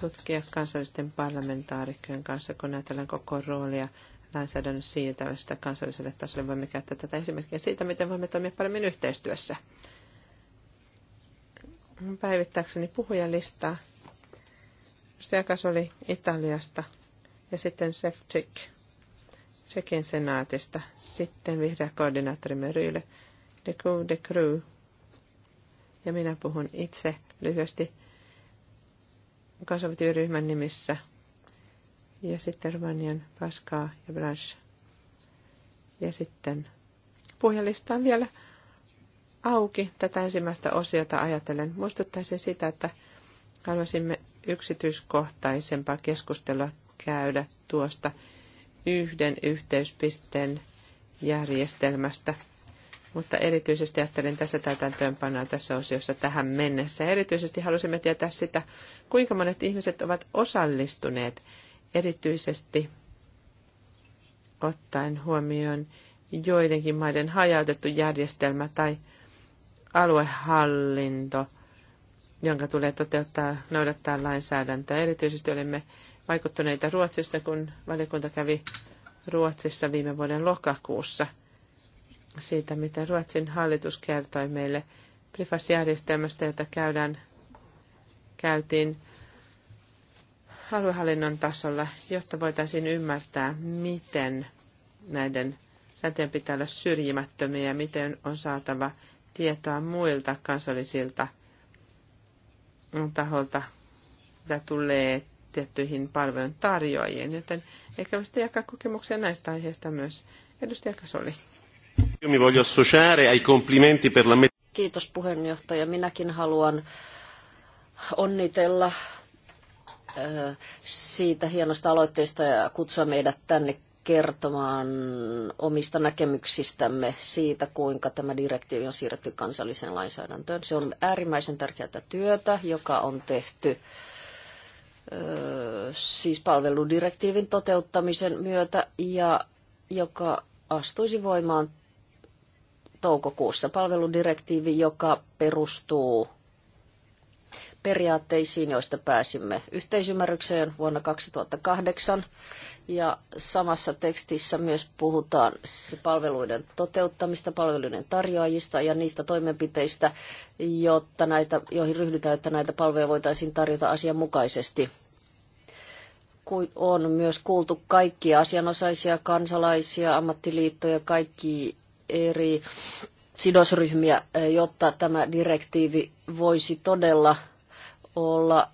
tutkia kansallisten parlamentaarikkojen kanssa, kun ajatellaan koko roolia lainsäädännön siirtävästä kansalliselle tasolle. Voimme käyttää tätä esimerkkiä siitä, miten voimme toimia paremmin yhteistyössä. Päivittääkseni puhujalistaa. Sekas oli Italiasta ja sitten Sefcik Tsekin senaatista, sitten vihreä koordinaattori Ryyle, de Coup de Crew ja minä puhun itse lyhyesti kasvatyöryhmän nimissä. Ja sitten Romanian Paskaa ja Branch. Ja sitten puhujalista on vielä auki tätä ensimmäistä osiota ajatellen. Muistuttaisin sitä, että haluaisimme yksityiskohtaisempaa keskustelua käydä tuosta yhden yhteyspisteen järjestelmästä – mutta erityisesti ajattelin tässä täytäntöönpanoa tässä osiossa tähän mennessä. Erityisesti halusimme tietää sitä, kuinka monet ihmiset ovat osallistuneet, erityisesti ottaen huomioon joidenkin maiden hajautettu järjestelmä tai aluehallinto, jonka tulee toteuttaa, noudattaa lainsäädäntöä. Erityisesti olimme vaikuttuneita Ruotsissa, kun valiokunta kävi Ruotsissa viime vuoden lokakuussa – siitä, mitä Ruotsin hallitus kertoi meille PRIFAS-järjestelmästä, jota käydään, käytiin aluehallinnon tasolla, jotta voitaisiin ymmärtää, miten näiden sääntöjen pitää olla syrjimättömiä ja miten on saatava tietoa muilta kansallisilta taholta, mitä tulee tiettyihin palvelun tarjoajiin, joten ehkä voisitte jakaa kokemuksia näistä aiheista myös. Edustaja Kasoli. Kiitos puheenjohtaja. Minäkin haluan onnitella siitä hienosta aloitteesta ja kutsua meidät tänne kertomaan omista näkemyksistämme siitä, kuinka tämä direktiivi on siirretty kansalliseen lainsäädäntöön. Se on äärimmäisen tärkeää työtä, joka on tehty siis palveludirektiivin toteuttamisen myötä ja joka astuisi voimaan toukokuussa. Palveludirektiivi, joka perustuu periaatteisiin, joista pääsimme yhteisymmärrykseen vuonna 2008. Ja samassa tekstissä myös puhutaan palveluiden toteuttamista, palveluiden tarjoajista ja niistä toimenpiteistä, jotta näitä, joihin ryhdytään, että näitä palveluja voitaisiin tarjota asianmukaisesti. On myös kuultu kaikkia asianosaisia, kansalaisia, ammattiliittoja, kaikki eri sidosryhmiä, jotta tämä direktiivi voisi todella olla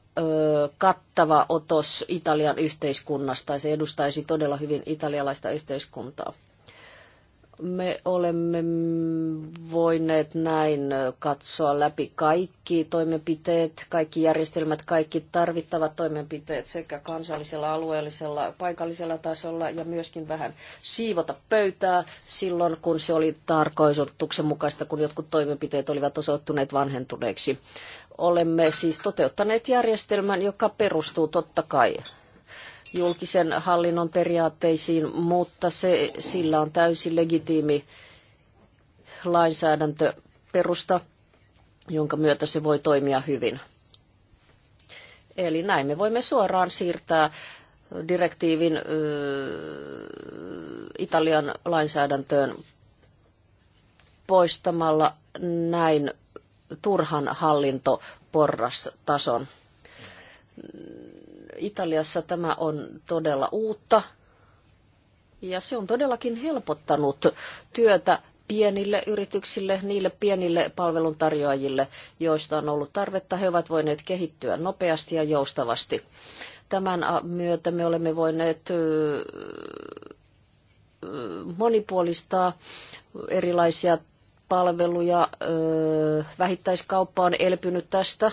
kattava otos Italian yhteiskunnasta ja se edustaisi todella hyvin italialaista yhteiskuntaa. Me olemme voineet näin katsoa läpi kaikki toimenpiteet, kaikki järjestelmät, kaikki tarvittavat toimenpiteet sekä kansallisella, alueellisella, paikallisella tasolla ja myöskin vähän siivota pöytää silloin, kun se oli tarkoituksen mukaista, kun jotkut toimenpiteet olivat osoittuneet vanhentuneiksi. Olemme siis toteuttaneet järjestelmän, joka perustuu totta kai julkisen hallinnon periaatteisiin, mutta se, sillä on täysin legitiimi lainsäädäntöperusta, jonka myötä se voi toimia hyvin. Eli näin me voimme suoraan siirtää direktiivin Italian lainsäädäntöön poistamalla näin turhan hallintoporrastason. Italiassa tämä on todella uutta ja se on todellakin helpottanut työtä pienille yrityksille, niille pienille palveluntarjoajille, joista on ollut tarvetta. He ovat voineet kehittyä nopeasti ja joustavasti. Tämän myötä me olemme voineet monipuolistaa erilaisia palveluja. Vähittäiskauppa on elpynyt tästä.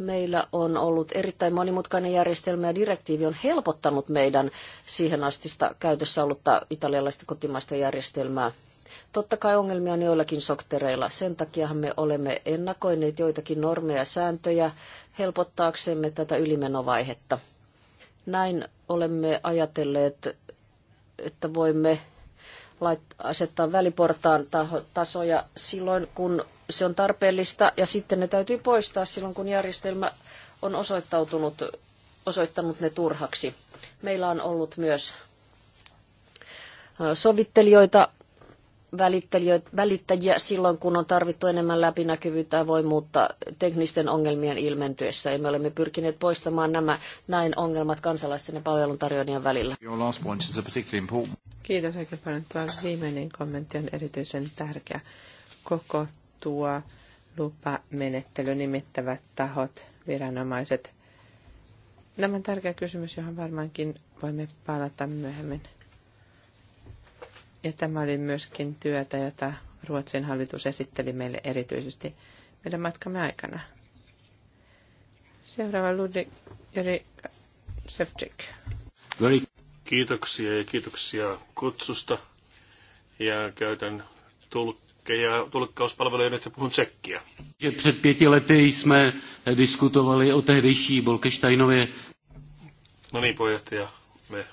Meillä on ollut erittäin monimutkainen järjestelmä ja direktiivi on helpottanut meidän siihen astista käytössä ollutta italialaista kotimaista järjestelmää. Totta kai ongelmia on joillakin soktereilla. Sen takiahan me olemme ennakoineet joitakin normeja ja sääntöjä helpottaaksemme tätä ylimenovaihetta. Näin olemme ajatelleet, että voimme asettaa väliportaan tasoja silloin, kun se on tarpeellista, ja sitten ne täytyy poistaa silloin, kun järjestelmä on osoittautunut, osoittanut ne turhaksi. Meillä on ollut myös sovittelijoita välittäjiä silloin, kun on tarvittu enemmän läpinäkyvyyttä ja voimuutta teknisten ongelmien ilmentyessä. Ja me olemme pyrkineet poistamaan nämä näin ongelmat kansalaisten ja palveluntarjoajien välillä. Kiitos oikein paljon. Tuo viimeinen kommentti on erityisen tärkeä. Koko tuo lupamenettely nimittävät tahot, viranomaiset. Nämä on tärkeä kysymys, johon varmaankin voimme palata myöhemmin. Ja tämä oli myöskin työtä, jota Ruotsin hallitus esitteli meille erityisesti meidän matkamme aikana. Seuraava Ludvig Jari Sevcik. Kiitoksia ja kiitoksia kutsusta. Ja käytän tulkkeja, tulkkauspalveluja nyt ja puhun tsekkiä. Před pěti lety jsme diskutovali o tehdejší Bolkesteinově. No niin, puheenjohtaja. Me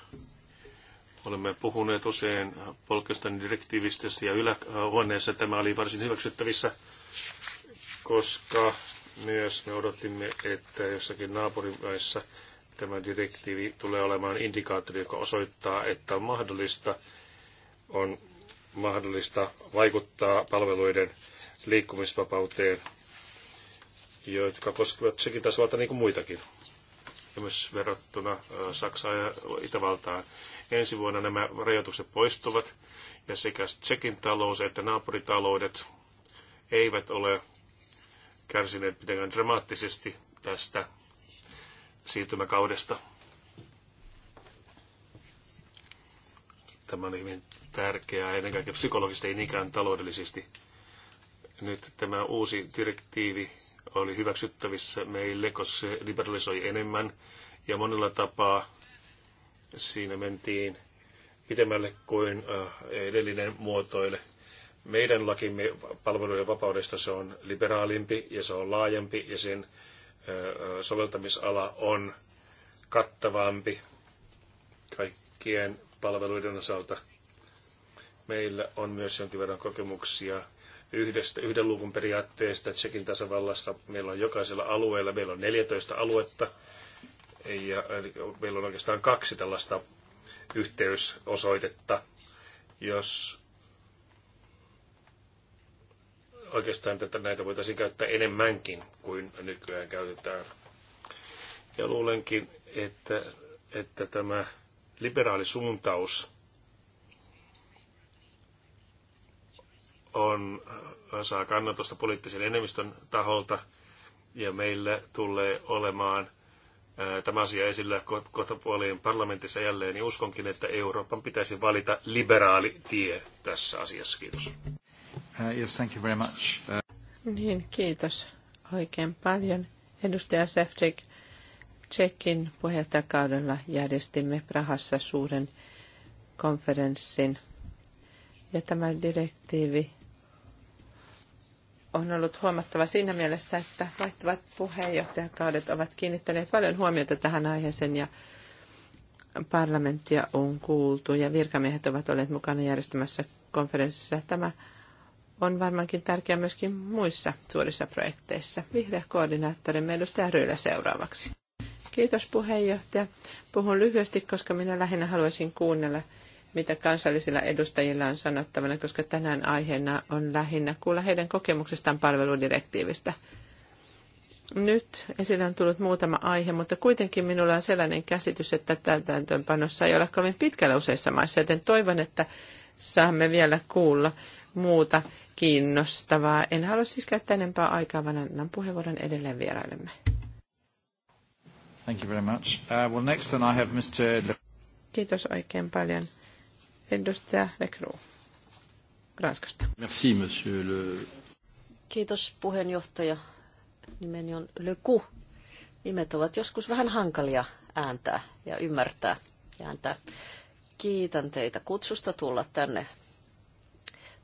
Olemme puhuneet usein Polkestan direktiivistä ja ylähuoneessa tämä oli varsin hyväksyttävissä, koska myös me odotimme, että jossakin naapurimaissa tämä direktiivi tulee olemaan indikaattori, joka osoittaa, että on mahdollista, on mahdollista vaikuttaa palveluiden liikkumisvapauteen, jotka koskevat sekin tasolta niin kuin muitakin myös verrattuna Saksaan ja Itävaltaan. Ensi vuonna nämä rajoitukset poistuvat ja sekä Tsekin talous että naapuritaloudet eivät ole kärsineet mitenkään dramaattisesti tästä siirtymäkaudesta. Tämä on hyvin tärkeää ennen kaikkea psykologisesti, ei niinkään taloudellisesti nyt tämä uusi direktiivi oli hyväksyttävissä meille, koska se liberalisoi enemmän ja monella tapaa siinä mentiin pitemmälle kuin äh, edellinen muotoille. Meidän lakimme palvelujen vapaudesta se on liberaalimpi ja se on laajempi ja sen äh, soveltamisala on kattavampi kaikkien palveluiden osalta. Meillä on myös jonkin verran kokemuksia yhdestä, yhden luvun periaatteesta Tsekin tasavallassa. Meillä on jokaisella alueella, meillä on 14 aluetta ja meillä on oikeastaan kaksi tällaista yhteysosoitetta. Jos oikeastaan tätä, näitä voitaisiin käyttää enemmänkin kuin nykyään käytetään. Ja luulenkin, että, että tämä liberaalisuuntaus on, äh, saa kannatusta poliittisen enemmistön taholta ja meillä tulee olemaan äh, tämä asia esillä kohta puoliin parlamentissa jälleen, niin uskonkin, että Euroopan pitäisi valita liberaali tie tässä asiassa. Kiitos. Uh, yes, thank you very much. Uh... Niin, kiitos oikein paljon. Edustaja Sefcik, Tsekin puheenjohtajakaudella järjestimme Prahassa suuren konferenssin. Ja tämä direktiivi on ollut huomattava siinä mielessä, että vaihtuvat puheenjohtajakaudet ovat kiinnittäneet paljon huomiota tähän aiheeseen ja parlamenttia on kuultu ja virkamiehet ovat olleet mukana järjestämässä konferenssissa. Tämä on varmaankin tärkeää myöskin muissa suurissa projekteissa. Vihreä koordinaattorimme edustaja Ryylä seuraavaksi. Kiitos puheenjohtaja. Puhun lyhyesti, koska minä lähinnä haluaisin kuunnella mitä kansallisilla edustajilla on sanottavana, koska tänään aiheena on lähinnä kuulla heidän kokemuksestaan palveludirektiivistä. Nyt esille on tullut muutama aihe, mutta kuitenkin minulla on sellainen käsitys, että täytäntöönpanossa ei ole kovin pitkällä useissa maissa, joten toivon, että saamme vielä kuulla muuta kiinnostavaa. En halua siis käyttää enempää aikaa, vaan annan puheenvuoron edelleen vierailemme. Uh, Kiitos oikein paljon. Edustaja Lekru Ranskasta. Merci, monsieur le... Kiitos puheenjohtaja. Nimeni on Leku. Nimet ovat joskus vähän hankalia ääntää ja ymmärtää ja ääntää. Kiitän teitä kutsusta tulla tänne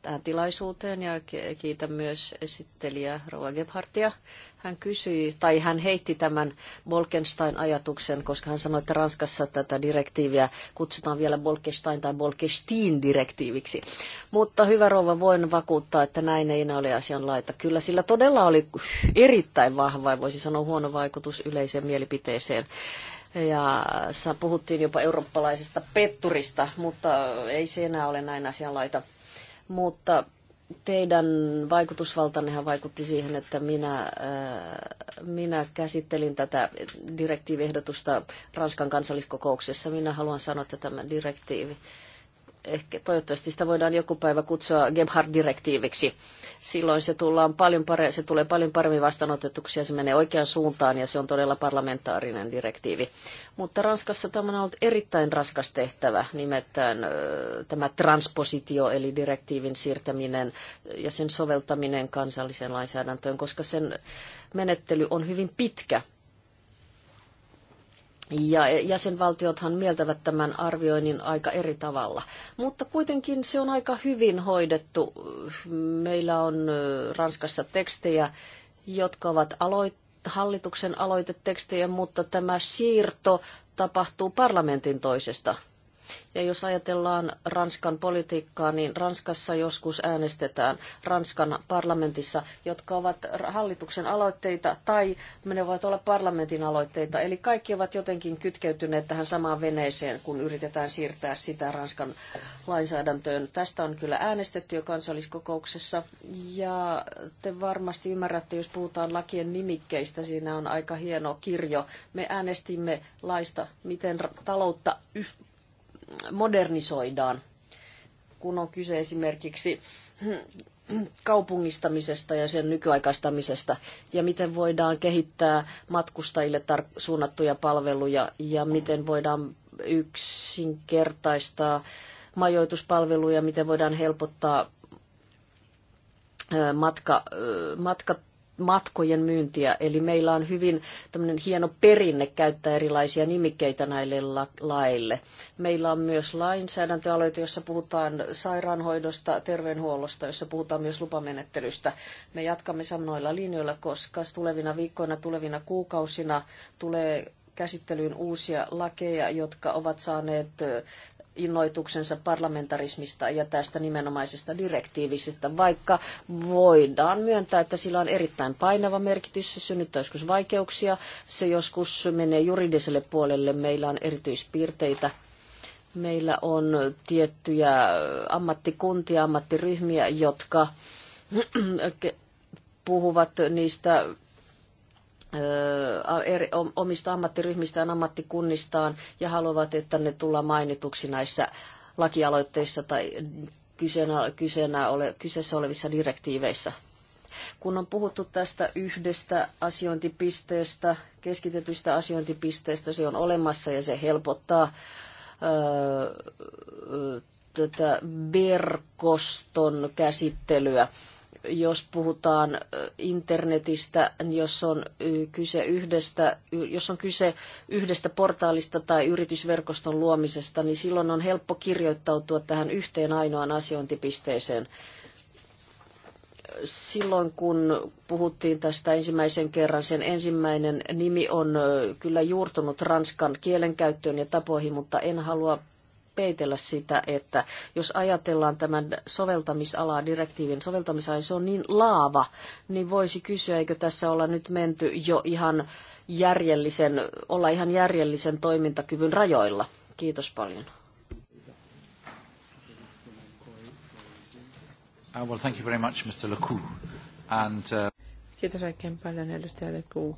tähän tilaisuuteen ja kiitän myös esittelijä Rova Gebhardtia. Hän kysyi, tai hän heitti tämän Bolkenstein-ajatuksen, koska hän sanoi, että Ranskassa tätä direktiiviä kutsutaan vielä Bolkestein tai Bolkestein-direktiiviksi. Mutta hyvä rouva, voin vakuuttaa, että näin ei enää ole laita. Kyllä sillä todella oli erittäin vahva ja voisi sanoa huono vaikutus yleiseen mielipiteeseen ja puhuttiin jopa eurooppalaisesta petturista, mutta ei se enää ole näin laita mutta teidän vaikutusvaltannehan vaikutti siihen, että minä, äh, minä käsittelin tätä direktiiviehdotusta Ranskan kansalliskokouksessa. Minä haluan sanoa, että tämä direktiivi ehkä toivottavasti sitä voidaan joku päivä kutsua Gebhard-direktiiviksi. Silloin se, tullaan paljon pare- se tulee paljon paremmin vastaanotetuksi ja se menee oikeaan suuntaan ja se on todella parlamentaarinen direktiivi. Mutta Ranskassa tämä on ollut erittäin raskas tehtävä, nimittäin tämä transpositio eli direktiivin siirtäminen ja sen soveltaminen kansalliseen lainsäädäntöön, koska sen menettely on hyvin pitkä – ja jäsenvaltiothan mieltävät tämän arvioinnin aika eri tavalla. Mutta kuitenkin se on aika hyvin hoidettu. Meillä on Ranskassa tekstejä, jotka ovat aloit- hallituksen aloitetekstejä, mutta tämä siirto tapahtuu parlamentin toisesta ja jos ajatellaan Ranskan politiikkaa, niin Ranskassa joskus äänestetään Ranskan parlamentissa, jotka ovat hallituksen aloitteita tai ne voivat olla parlamentin aloitteita. Eli kaikki ovat jotenkin kytkeytyneet tähän samaan veneeseen, kun yritetään siirtää sitä Ranskan lainsäädäntöön. Tästä on kyllä äänestetty jo kansalliskokouksessa. Ja te varmasti ymmärrätte, jos puhutaan lakien nimikkeistä, siinä on aika hieno kirjo. Me äänestimme laista, miten taloutta modernisoidaan, kun on kyse esimerkiksi kaupungistamisesta ja sen nykyaikaistamisesta ja miten voidaan kehittää matkustajille tar- suunnattuja palveluja ja miten voidaan yksinkertaistaa majoituspalveluja, miten voidaan helpottaa matka, matka matkojen myyntiä. Eli meillä on hyvin tämmöinen hieno perinne käyttää erilaisia nimikkeitä näille laille. Meillä on myös lainsäädäntöaloite, jossa puhutaan sairaanhoidosta, terveydenhuollosta, jossa puhutaan myös lupamenettelystä. Me jatkamme samoilla linjoilla, koska tulevina viikkoina, tulevina kuukausina tulee käsittelyyn uusia lakeja, jotka ovat saaneet innoituksensa parlamentarismista ja tästä nimenomaisesta direktiivisestä, vaikka voidaan myöntää, että sillä on erittäin painava merkitys, se synnyttää joskus vaikeuksia, se joskus menee juridiselle puolelle, meillä on erityispiirteitä, meillä on tiettyjä ammattikuntia, ammattiryhmiä, jotka [CLEARS THROAT] puhuvat niistä omista ammattiryhmistään, ammattikunnistaan ja haluavat, että ne tullaan mainituksi näissä lakialoitteissa tai kyseenä, kyseenä ole, kyseessä olevissa direktiiveissä. Kun on puhuttu tästä yhdestä asiointipisteestä, keskitetystä asiointipisteestä, se on olemassa ja se helpottaa öö, tätä verkoston käsittelyä jos puhutaan internetistä, jos on kyse yhdestä, jos on kyse yhdestä portaalista tai yritysverkoston luomisesta, niin silloin on helppo kirjoittautua tähän yhteen ainoaan asiointipisteeseen. Silloin kun puhuttiin tästä ensimmäisen kerran, sen ensimmäinen nimi on kyllä juurtunut ranskan kielenkäyttöön ja tapoihin, mutta en halua peitellä sitä, että jos ajatellaan tämän soveltamisalaa, direktiivin soveltamisalaa, niin se on niin laava, niin voisi kysyä, eikö tässä olla nyt menty jo ihan järjellisen, olla ihan järjellisen toimintakyvyn rajoilla. Kiitos paljon. Uh, well, thank you very much, Mr. Lecou. And, uh... Kiitos oikein paljon, edustaja Lecou.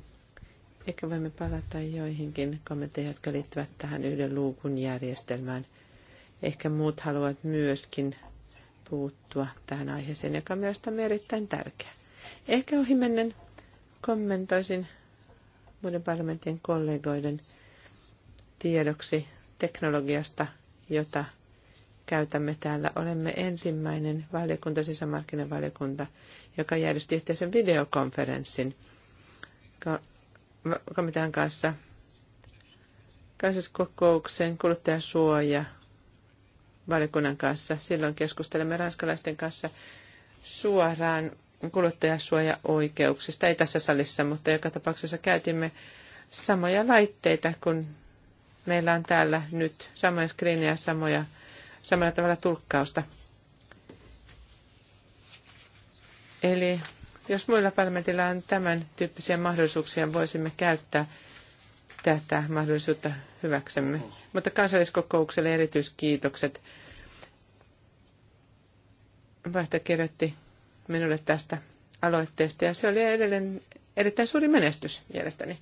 Ehkä voimme palata joihinkin kommentteihin, jotka liittyvät tähän yhden luukun järjestelmään Ehkä muut haluavat myöskin puuttua tähän aiheeseen, joka on mielestäni erittäin tärkeä. Ehkä ohimennen kommentoisin muiden parlamentin kollegoiden tiedoksi teknologiasta, jota käytämme täällä. Olemme ensimmäinen valiokunta, sisämarkkinavaliokunta, joka järjesti yhteisen videokonferenssin komitean kanssa kansalliskokouksen kuluttajasuoja valiokunnan kanssa. Silloin keskustelemme ranskalaisten kanssa suoraan kuluttajasuojaoikeuksista. Ei tässä salissa, mutta joka tapauksessa käytimme samoja laitteita kuin meillä on täällä nyt. Samoja skriinejä, samoja, samalla tavalla tulkkausta. Eli jos muilla parlamentilla on tämän tyyppisiä mahdollisuuksia, voisimme käyttää – tätä mahdollisuutta hyväksemme. Mutta kansalliskokoukselle erityiskiitokset. Vaihto kirjoitti minulle tästä aloitteesta ja se oli edelleen erittäin suuri menestys mielestäni.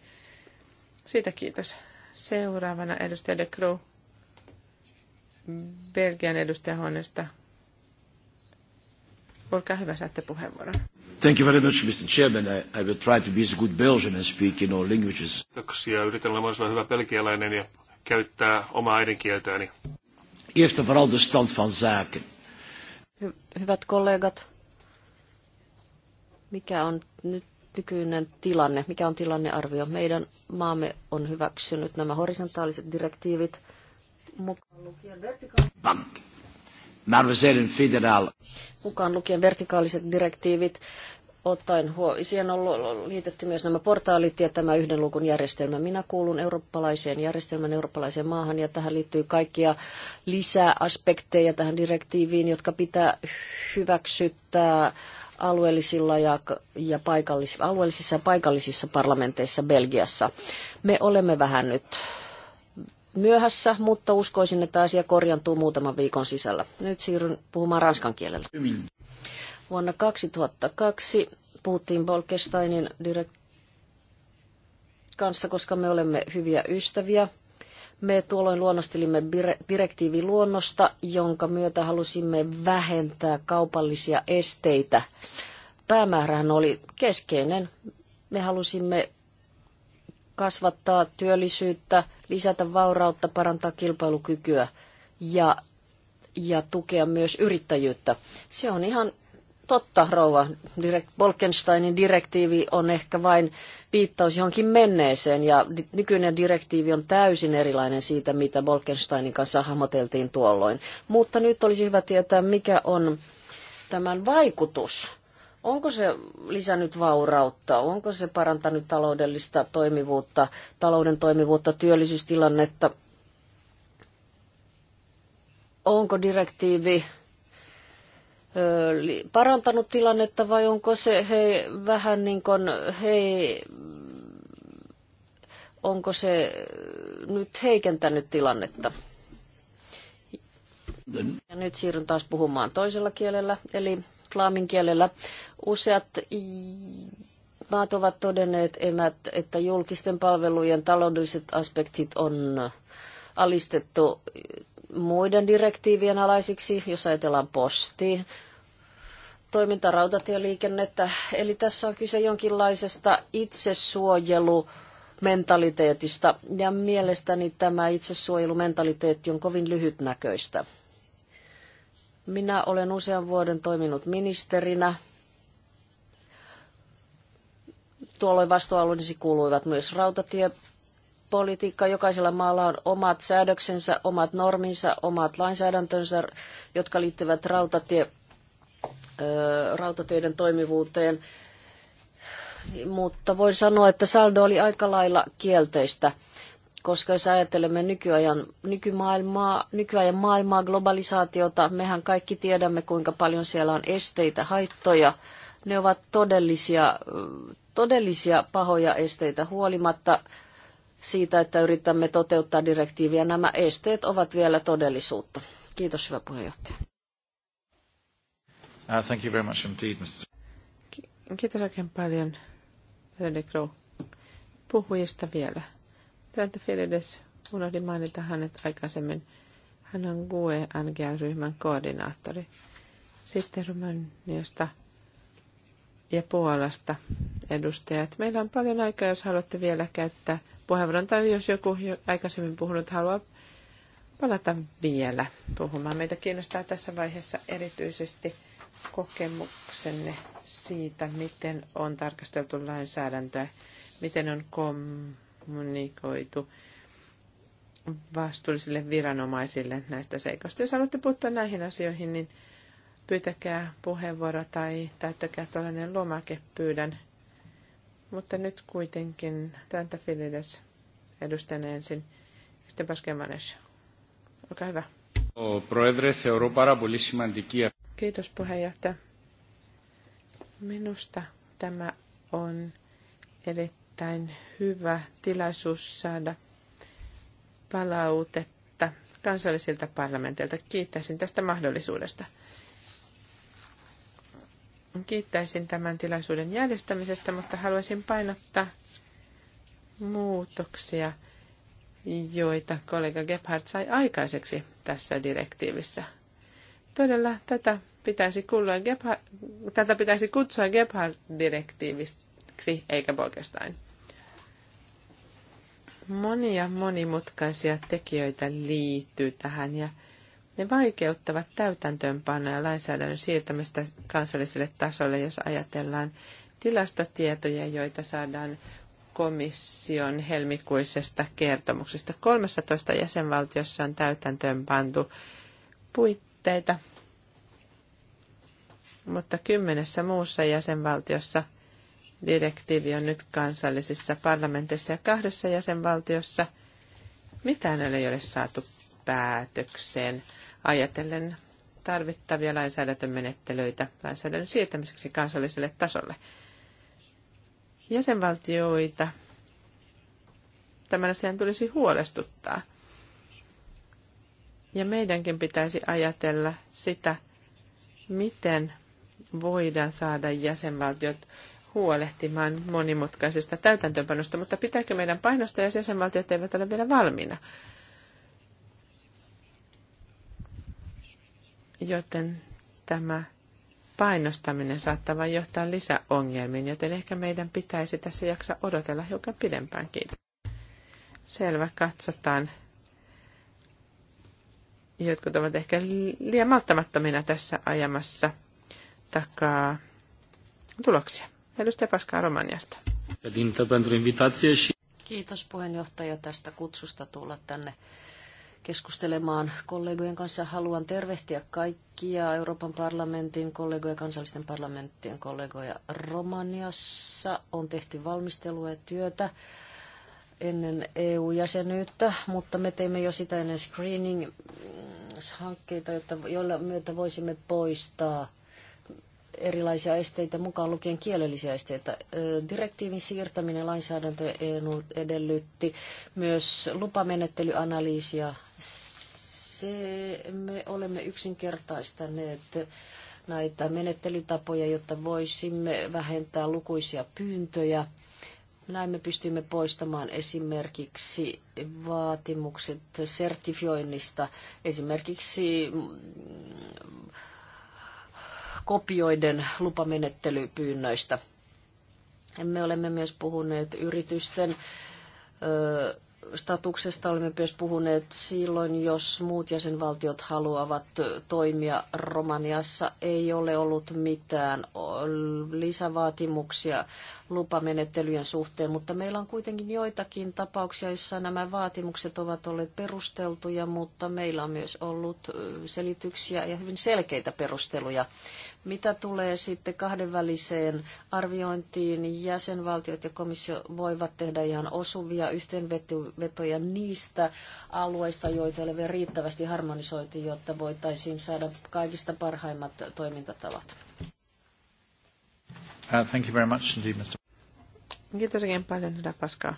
Siitä kiitos. Seuraavana edustaja De Croo, Belgian edustajahuoneesta. Olkaa hyvä, saatte puheenvuoron. Thank you very much, Mr. Chairman. I, I will try to be as good Belgian and speak in all languages. Kiitoksia. Yritän olla mahdollisimman hyvä pelkialainen ja käyttää omaa äidinkieltäni. Eerst vooral de stand van zaken. Hy- hyvät kollegat, mikä on nyt nykyinen tilanne, mikä on tilannearvio? Meidän maamme on hyväksynyt nämä horisontaaliset direktiivit mukaan lukien mukaan lukien vertikaaliset direktiivit, ottaen huo, siihen on liitetty myös nämä portaalit ja tämä yhden luukun järjestelmä. Minä kuulun eurooppalaiseen järjestelmän eurooppalaiseen maahan ja tähän liittyy kaikkia lisäaspekteja tähän direktiiviin, jotka pitää hyväksyttää alueellisilla ja, ja paikallis, alueellisissa ja paikallisissa parlamenteissa Belgiassa. Me olemme vähän nyt myöhässä, mutta uskoisin, että asia korjantuu muutaman viikon sisällä. Nyt siirryn puhumaan ranskan kielellä. Vuonna 2002 puhuttiin Bolkesteinin direkt- kanssa, koska me olemme hyviä ystäviä. Me tuolloin luonnostelimme direktiiviluonnosta, jonka myötä halusimme vähentää kaupallisia esteitä. Päämäärähän oli keskeinen. Me halusimme kasvattaa työllisyyttä, lisätä vaurautta, parantaa kilpailukykyä ja, ja tukea myös yrittäjyyttä. Se on ihan totta, rouva. Direkt, Bolkensteinin direktiivi on ehkä vain viittaus johonkin menneeseen, ja di- nykyinen direktiivi on täysin erilainen siitä, mitä Bolkensteinin kanssa hahmoteltiin tuolloin. Mutta nyt olisi hyvä tietää, mikä on tämän vaikutus Onko se lisännyt vaurautta? Onko se parantanut taloudellista toimivuutta, talouden toimivuutta, työllisyystilannetta? Onko direktiivi parantanut tilannetta vai onko se he, vähän niin kuin he, onko se nyt heikentänyt tilannetta? Ja nyt siirryn taas puhumaan toisella kielellä, eli islamin kielellä. Useat maat ovat todenneet emät, että julkisten palvelujen taloudelliset aspektit on alistettu muiden direktiivien alaisiksi, jos ajatellaan posti, toiminta rautatieliikennettä. Eli tässä on kyse jonkinlaisesta itsesuojelu mentaliteetista ja mielestäni tämä itsesuojelumentaliteetti on kovin lyhytnäköistä. Minä olen usean vuoden toiminut ministerinä. Tuolloin vastuualueisi kuuluivat myös rautatiepolitiikka, Jokaisella maalla on omat säädöksensä, omat norminsa, omat lainsäädäntönsä, jotka liittyvät rautatie, rautateiden toimivuuteen. Mutta voin sanoa, että saldo oli aika lailla kielteistä koska jos ajattelemme nykyajan, nykymaailmaa, nykyajan maailmaa, globalisaatiota, mehän kaikki tiedämme, kuinka paljon siellä on esteitä, haittoja. Ne ovat todellisia, todellisia pahoja esteitä huolimatta siitä, että yritämme toteuttaa direktiiviä. Nämä esteet ovat vielä todellisuutta. Kiitos, hyvä puheenjohtaja. Uh, thank you very much indeed, Mr. kiitos oikein paljon, Rene Crow. Puhujista vielä. Trenta Filides, unohdin mainita hänet aikaisemmin. Hän on GUE NGL-ryhmän koordinaattori. Sitten Romaniasta ja Puolasta edustajat. Meillä on paljon aikaa, jos haluatte vielä käyttää puheenvuoron, tai jos joku jo aikaisemmin puhunut haluaa palata vielä puhumaan. Meitä kiinnostaa tässä vaiheessa erityisesti kokemuksenne siitä, miten on tarkasteltu lainsäädäntöä, miten on kom- kommunikoitu vastuullisille viranomaisille näistä seikoista. Jos haluatte puuttua näihin asioihin, niin pyytäkää puheenvuoro tai täyttäkää tällainen lomake, pyydän. Mutta nyt kuitenkin Tanta Filides edustan ensin. Sitten Paskemanes. Olkaa hyvä. Kiitos puheenjohtaja. Minusta tämä on erittäin erittäin hyvä tilaisuus saada palautetta kansallisilta parlamenteilta. Kiittäisin tästä mahdollisuudesta. Kiittäisin tämän tilaisuuden järjestämisestä, mutta haluaisin painottaa muutoksia, joita kollega Gebhardt sai aikaiseksi tässä direktiivissä. Todella tätä pitäisi, kuulua Gebhard, tätä pitäisi kutsua Gebhardt-direktiiviksi eikä Bolkestein monia monimutkaisia tekijöitä liittyy tähän ja ne vaikeuttavat täytäntöönpanoa ja lainsäädännön siirtämistä kansalliselle tasolle, jos ajatellaan tilastotietoja, joita saadaan komission helmikuisesta kertomuksesta. 13 jäsenvaltiossa on täytäntöönpantu puitteita, mutta kymmenessä muussa jäsenvaltiossa – direktiivi on nyt kansallisissa parlamenteissa ja kahdessa jäsenvaltiossa. Mitään ei ole saatu päätökseen ajatellen tarvittavia lainsäädäntömenettelyitä lainsäädännön siirtämiseksi kansalliselle tasolle. Jäsenvaltioita tämän asian tulisi huolestuttaa. Ja meidänkin pitäisi ajatella sitä, miten voidaan saada jäsenvaltiot huolehtimaan monimutkaisesta täytäntöönpanosta, mutta pitääkö meidän painosta, ja jäsenvaltiot eivät ole vielä valmiina? Joten tämä painostaminen saattaa vain johtaa lisäongelmiin, joten ehkä meidän pitäisi tässä jaksa odotella hiukan pidempäänkin. Selvä, katsotaan. Jotkut ovat ehkä liian malttamattomina tässä ajamassa takaa tuloksia. Edustaja Paskaa Romaniasta. Kiitos puheenjohtaja tästä kutsusta tulla tänne keskustelemaan kollegojen kanssa. Haluan tervehtiä kaikkia Euroopan parlamentin kollegoja, kansallisten parlamenttien kollegoja. Romaniassa on tehty valmistelua ja työtä ennen EU-jäsenyyttä, mutta me teimme jo sitä ennen screening-hankkeita, jotta, joilla myötä voisimme poistaa erilaisia esteitä, mukaan lukien kielellisiä esteitä. Direktiivin siirtäminen lainsäädäntö edellytti myös lupamenettelyanalyysiä. Se, me olemme yksinkertaistaneet näitä menettelytapoja, jotta voisimme vähentää lukuisia pyyntöjä. Näin me pystymme poistamaan esimerkiksi vaatimukset sertifioinnista, esimerkiksi kopioiden lupamenettelypyynnöistä. Me olemme myös puhuneet yritysten ö, statuksesta, olemme myös puhuneet silloin, jos muut jäsenvaltiot haluavat toimia Romaniassa, ei ole ollut mitään lisävaatimuksia lupamenettelyjen suhteen, mutta meillä on kuitenkin joitakin tapauksia, joissa nämä vaatimukset ovat olleet perusteltuja, mutta meillä on myös ollut selityksiä ja hyvin selkeitä perusteluja mitä tulee sitten kahdenväliseen arviointiin, jäsenvaltiot ja komissio voivat tehdä ihan osuvia yhteenvetoja niistä alueista, joita ei ole riittävästi harmonisoitu, jotta voitaisiin saada kaikista parhaimmat toimintatavat. Uh, thank you very much indeed, Mr. Kiitos oikein paljon, hyvä Paskaa.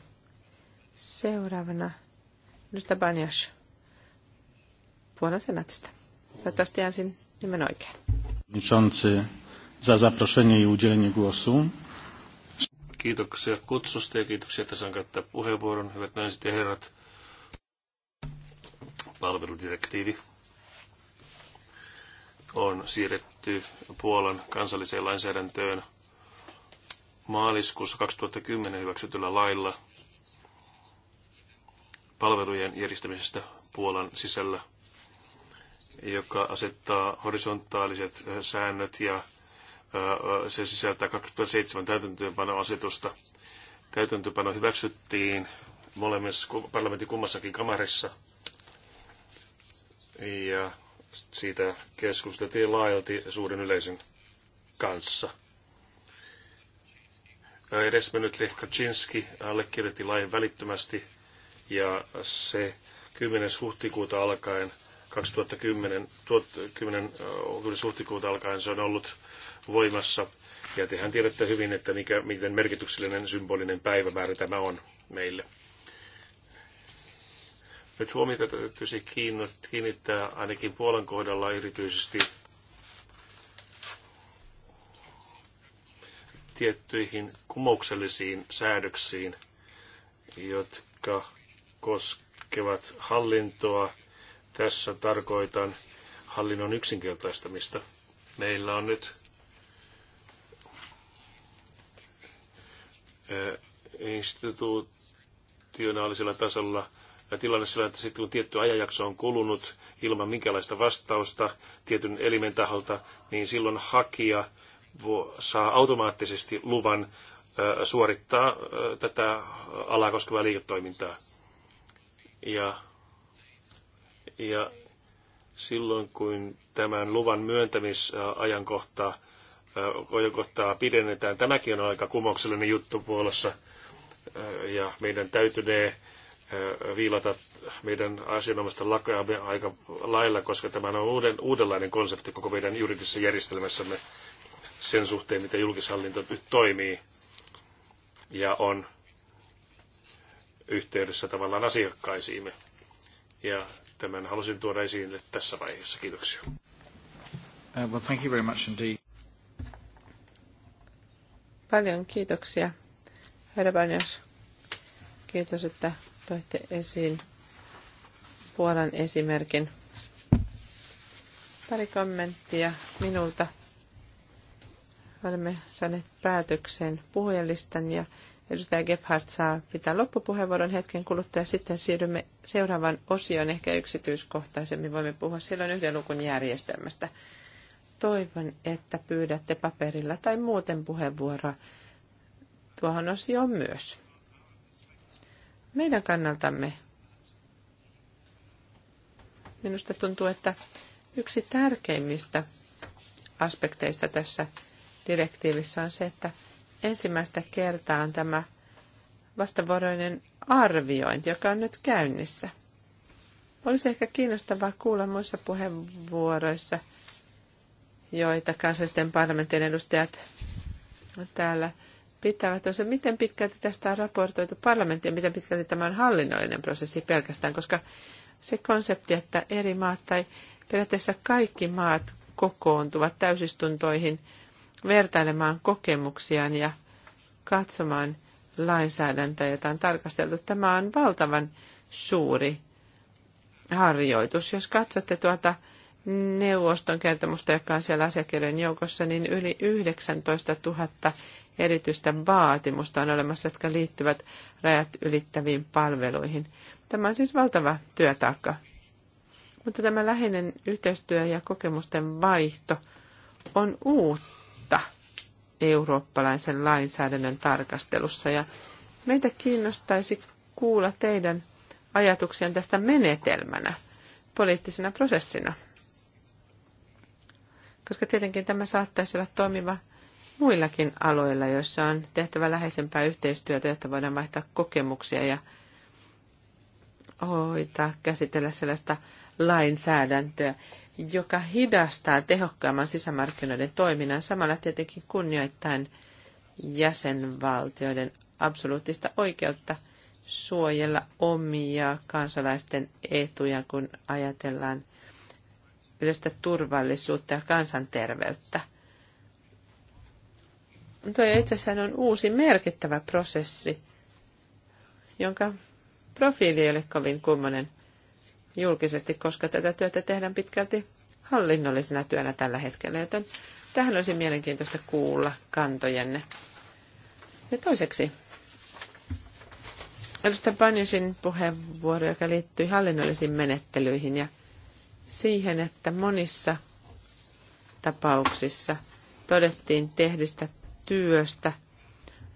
Seuraavana edustaja Banjas, Puolan senatista. Toivottavasti ensin nimen oikein. Przewodniczący za zaproszenie i udzielenie głosu. Kiitoksia kutsusta ja kiitoksia, että saan käyttää puheenvuoron. Hyvät naiset ja herrat, palveludirektiivi on siirretty Puolan kansalliseen lainsäädäntöön maaliskuussa 2010 hyväksytyllä lailla palvelujen järjestämisestä Puolan sisällä – joka asettaa horisontaaliset säännöt ja se sisältää 2007 täytäntöönpanoasetusta. Täytäntöönpano hyväksyttiin molemmissa parlamentin kummassakin kamarissa ja siitä keskusteltiin laajalti suuren yleisön kanssa. Edesmennyt Lech Kaczynski allekirjoitti lain välittömästi ja se 10. huhtikuuta alkaen – 2010, 10 suhtikuuta alkaen se on ollut voimassa. Ja tehän tiedätte hyvin, että mikä, miten merkityksellinen symbolinen päivämäärä tämä on meille. Nyt huomiota täytyisi kiinnittää ainakin Puolan kohdalla erityisesti tiettyihin kumouksellisiin säädöksiin, jotka koskevat hallintoa tässä tarkoitan hallinnon yksinkertaistamista. Meillä on nyt eh, institutionaalisella tasolla tilanne sillä että sitten kun tietty ajanjakso on kulunut ilman minkälaista vastausta tietyn elimen taholta, niin silloin hakija saa automaattisesti luvan eh, suorittaa eh, tätä alaa koskevaa liiketoimintaa. Ja ja silloin, kun tämän luvan myöntämisajankohtaa ajankohtaa pidennetään, tämäkin on aika kumouksellinen juttu puolessa. Ja meidän täytynee viilata meidän asianomaista lakoja aika lailla, koska tämä on uuden, uudenlainen konsepti koko meidän juridisessa järjestelmässämme sen suhteen, miten julkishallinto nyt toimii ja on yhteydessä tavallaan asiakkaisiimme. Ja tämän halusin tuoda esiin tässä vaiheessa. Kiitoksia. Uh, well, thank you very much indeed. Paljon kiitoksia, herra Banjos. Kiitos, että toitte esiin Puolan esimerkin. Pari kommenttia minulta. Olemme saaneet päätöksen puhujalistan ja Edustaja Gebhardt saa pitää loppupuheenvuoron hetken kuluttua ja sitten siirrymme seuraavaan osioon. Ehkä yksityiskohtaisemmin voimme puhua silloin yhden lukun järjestelmästä. Toivon, että pyydätte paperilla tai muuten puheenvuoroa tuohon osioon myös. Meidän kannaltamme minusta tuntuu, että yksi tärkeimmistä aspekteista tässä direktiivissä on se, että – ensimmäistä kertaa on tämä vastavuoroinen arviointi, joka on nyt käynnissä. Olisi ehkä kiinnostavaa kuulla muissa puheenvuoroissa, joita kansallisten parlamentin edustajat täällä pitävät, on se, miten pitkälti tästä on raportoitu parlamenttiin, miten pitkälti tämä on hallinnollinen prosessi pelkästään, koska se konsepti, että eri maat tai periaatteessa kaikki maat kokoontuvat täysistuntoihin – vertailemaan kokemuksiaan ja katsomaan lainsäädäntöä, jota on tarkasteltu. Tämä on valtavan suuri harjoitus. Jos katsotte tuota neuvoston kertomusta, joka on siellä asiakirjojen joukossa, niin yli 19 000 erityistä vaatimusta on olemassa, jotka liittyvät rajat ylittäviin palveluihin. Tämä on siis valtava työtaakka. Mutta tämä läheinen yhteistyö ja kokemusten vaihto on uutta eurooppalaisen lainsäädännön tarkastelussa. Ja meitä kiinnostaisi kuulla teidän ajatuksia tästä menetelmänä, poliittisena prosessina. Koska tietenkin tämä saattaisi olla toimiva muillakin aloilla, joissa on tehtävä läheisempää yhteistyötä, jotta voidaan vaihtaa kokemuksia ja hoitaa, käsitellä sellaista lainsäädäntöä, joka hidastaa tehokkaamman sisämarkkinoiden toiminnan samalla tietenkin kunnioittain jäsenvaltioiden absoluuttista oikeutta suojella omia kansalaisten etuja, kun ajatellaan yleistä turvallisuutta ja kansanterveyttä. Tuo asiassa on uusi merkittävä prosessi, jonka profiili ei ole kovin kummonen julkisesti, koska tätä työtä tehdään pitkälti hallinnollisena työnä tällä hetkellä, joten tähän olisi mielenkiintoista kuulla kantojenne. Ja toiseksi, edustaja Panjusin puheenvuoro, joka liittyi hallinnollisiin menettelyihin ja siihen, että monissa tapauksissa todettiin tehdystä työstä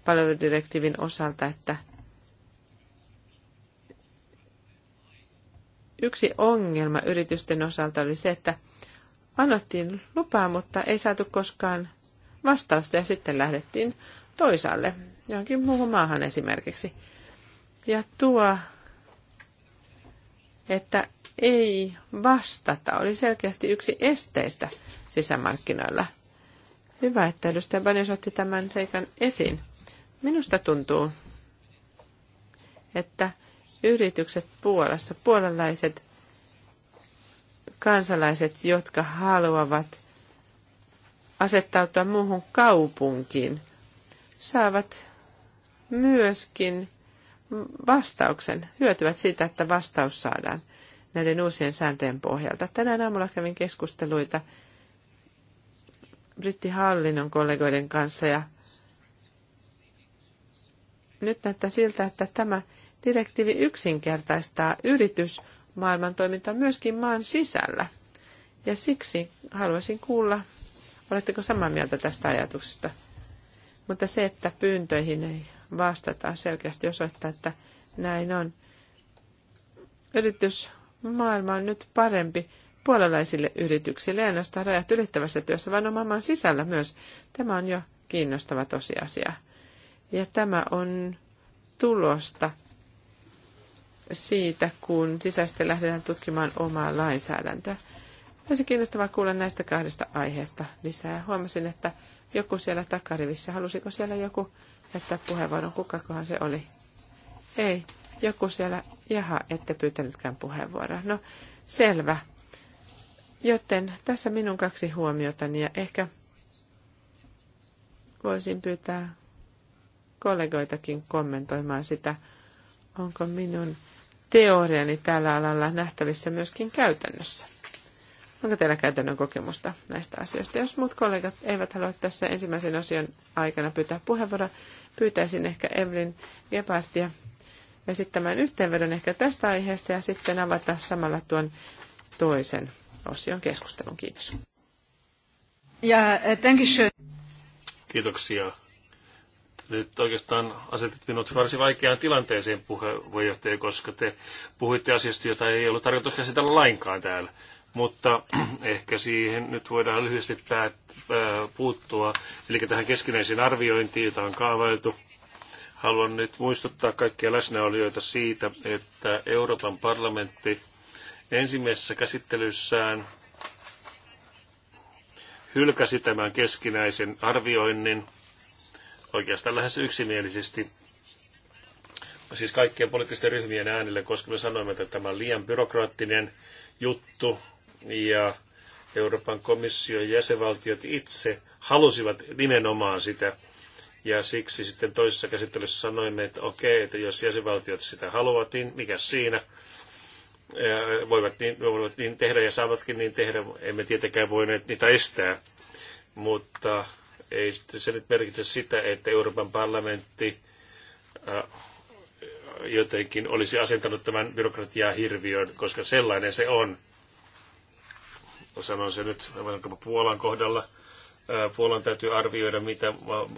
palveludirektiivin osalta, että – Yksi ongelma yritysten osalta oli se, että annettiin lupaa, mutta ei saatu koskaan vastausta ja sitten lähdettiin toisaalle, johonkin muuhun maahan esimerkiksi. Ja tuo, että ei vastata, oli selkeästi yksi esteistä sisämarkkinoilla. Hyvä, että edustaja Banes otti tämän seikan esiin. Minusta tuntuu, että yritykset Puolassa, puolalaiset kansalaiset, jotka haluavat asettautua muuhun kaupunkiin, saavat myöskin vastauksen, hyötyvät siitä, että vastaus saadaan näiden uusien sääntöjen pohjalta. Tänään aamulla kävin keskusteluita brittihallinnon kollegoiden kanssa ja nyt näyttää siltä, että tämä Direktiivi yksinkertaistaa yritysmaailman toimintaa myöskin maan sisällä. Ja siksi haluaisin kuulla, oletteko samaa mieltä tästä ajatuksesta. Mutta se, että pyyntöihin ei vastata selkeästi osoittaa, että näin on. Yritysmaailma on nyt parempi puolalaisille yrityksille, ei ainoastaan rajat ylittävässä työssä, vaan oman maan sisällä myös. Tämä on jo kiinnostava tosiasia. Ja tämä on tulosta siitä, kun sisäisesti lähdetään tutkimaan omaa lainsäädäntöä. Olisi kiinnostavaa kuulla näistä kahdesta aiheesta lisää. Huomasin, että joku siellä takarivissä, halusiko siellä joku jättää puheenvuoron, kukakohan se oli? Ei, joku siellä, jaha, ette pyytänytkään puheenvuoroa. No, selvä. Joten tässä minun kaksi huomiotani ja ehkä voisin pyytää kollegoitakin kommentoimaan sitä, onko minun teoriani tällä alalla nähtävissä myöskin käytännössä. Onko teillä käytännön kokemusta näistä asioista? Jos muut kollegat eivät halua tässä ensimmäisen osion aikana pyytää puheenvuoroa, pyytäisin ehkä Evelyn Gebhardtia esittämään yhteenvedon ehkä tästä aiheesta ja sitten avata samalla tuon toisen osion keskustelun. Kiitos. Ja, eh, Kiitoksia nyt oikeastaan asetit minut varsin vaikeaan tilanteeseen, puheenjohtaja, koska te puhuitte asiasta, jota ei ollut tarkoitus käsitellä lainkaan täällä. Mutta [CLEARS THROAT] ehkä siihen nyt voidaan lyhyesti päät, äh, puuttua, eli tähän keskinäiseen arviointiin, jota on kaavailtu. Haluan nyt muistuttaa kaikkia läsnäolijoita siitä, että Euroopan parlamentti ensimmäisessä käsittelyssään hylkäsi tämän keskinäisen arvioinnin – oikeastaan lähes yksimielisesti, siis kaikkien poliittisten ryhmien äänille, koska me sanoimme, että tämä on liian byrokraattinen juttu ja Euroopan komission jäsenvaltiot itse halusivat nimenomaan sitä. Ja siksi sitten toisessa käsittelyssä sanoimme, että okei, että jos jäsenvaltiot sitä haluavat, niin mikä siinä? Voivat niin, voivat niin tehdä ja saavatkin niin tehdä. Emme tietenkään voineet niitä estää, mutta ei se nyt merkitse sitä, että Euroopan parlamentti äh, jotenkin olisi asentanut tämän byrokratiaa hirviön, koska sellainen se on. Sanon se nyt vaikkapa Puolan kohdalla. Äh, Puolan täytyy arvioida, mitä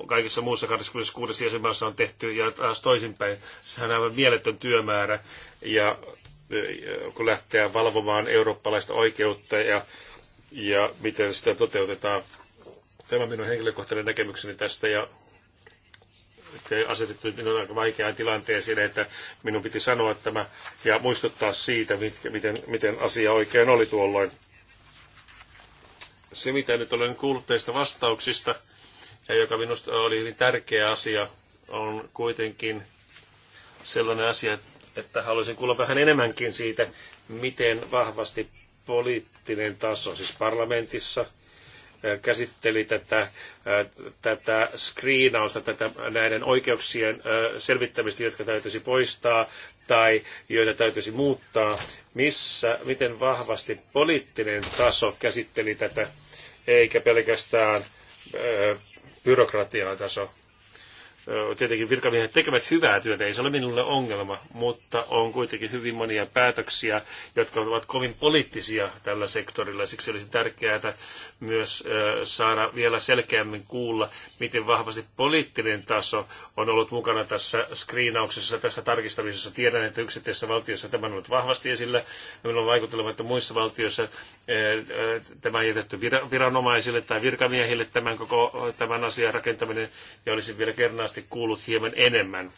kaikissa muussa 26 jäsenmaassa on tehty, ja taas toisinpäin. Sehän on aivan mieletön työmäärä, ja äh, kun lähtee valvomaan eurooppalaista oikeutta ja, ja miten sitä toteutetaan. Tämä minun henkilökohtainen näkemykseni tästä ja te asetitte minun aika vaikeaan tilanteeseen, että minun piti sanoa tämä ja muistuttaa siitä, mitkä, miten, miten asia oikein oli tuolloin. Se, mitä nyt olen kuullut teistä vastauksista, ja joka minusta oli hyvin tärkeä asia, on kuitenkin sellainen asia, että haluaisin kuulla vähän enemmänkin siitä, miten vahvasti poliittinen taso, siis parlamentissa – käsitteli tätä, tätä screenausta, tätä näiden oikeuksien selvittämistä, jotka täytyisi poistaa tai joita täytyisi muuttaa. Missä, miten vahvasti poliittinen taso käsitteli tätä, eikä pelkästään byrokratian taso tietenkin virkamiehet tekevät hyvää työtä, ei se ole minulle ongelma, mutta on kuitenkin hyvin monia päätöksiä, jotka ovat kovin poliittisia tällä sektorilla. Siksi olisi tärkeää myös saada vielä selkeämmin kuulla, miten vahvasti poliittinen taso on ollut mukana tässä screenauksessa, tässä tarkistamisessa. Tiedän, että yksittäisessä valtiossa tämä on ollut vahvasti esillä. Minulla on vaikutelma, että muissa valtioissa tämä on jätetty viranomaisille tai virkamiehille tämän koko tämän asian rakentaminen, ja olisi vielä kerran varmasti kuullut hieman enemmän.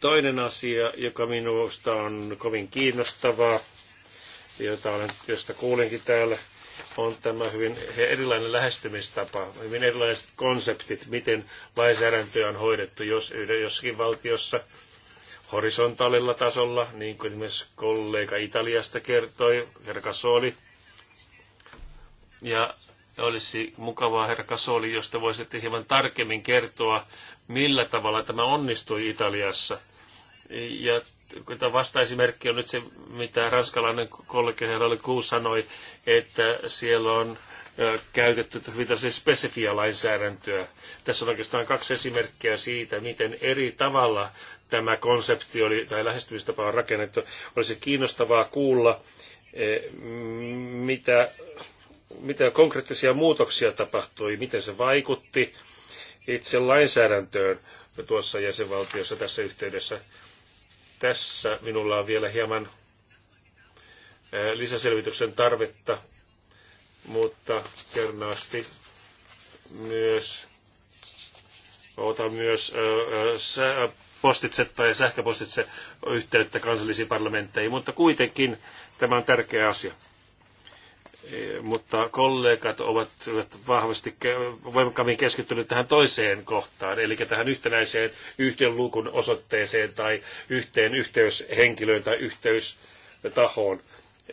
Toinen asia, joka minusta on kovin kiinnostavaa, jota olen, josta kuulinkin täällä, on tämä hyvin erilainen lähestymistapa, hyvin erilaiset konseptit, miten lainsäädäntöä on hoidettu, jos jossakin valtiossa horisontaalilla tasolla, niin kuin myös kollega Italiasta kertoi, Herkasoli, ja olisi mukavaa, herra Kasoli, jos te voisitte hieman tarkemmin kertoa, millä tavalla tämä onnistui Italiassa. Ja tämä vastaesimerkki on nyt se, mitä ranskalainen kollega herra Kuu sanoi, että siellä on käytetty hyvin spesifia lainsäädäntöä. Tässä on oikeastaan kaksi esimerkkiä siitä, miten eri tavalla tämä konsepti oli, tai lähestymistapa on rakennettu. Olisi kiinnostavaa kuulla, mitä mitä konkreettisia muutoksia tapahtui, miten se vaikutti itse lainsäädäntöön tuossa jäsenvaltiossa tässä yhteydessä. Tässä minulla on vielä hieman lisäselvityksen tarvetta, mutta kernaasti myös otan myös postitse tai sähköpostitse yhteyttä kansallisiin parlamentteihin, mutta kuitenkin tämä on tärkeä asia. Eh, mutta kollegat ovat vahvasti voimakkaammin keskittyneet tähän toiseen kohtaan, eli tähän yhtenäiseen yhteen luukun osoitteeseen tai yhteen yhteyshenkilöön tai yhteystahoon.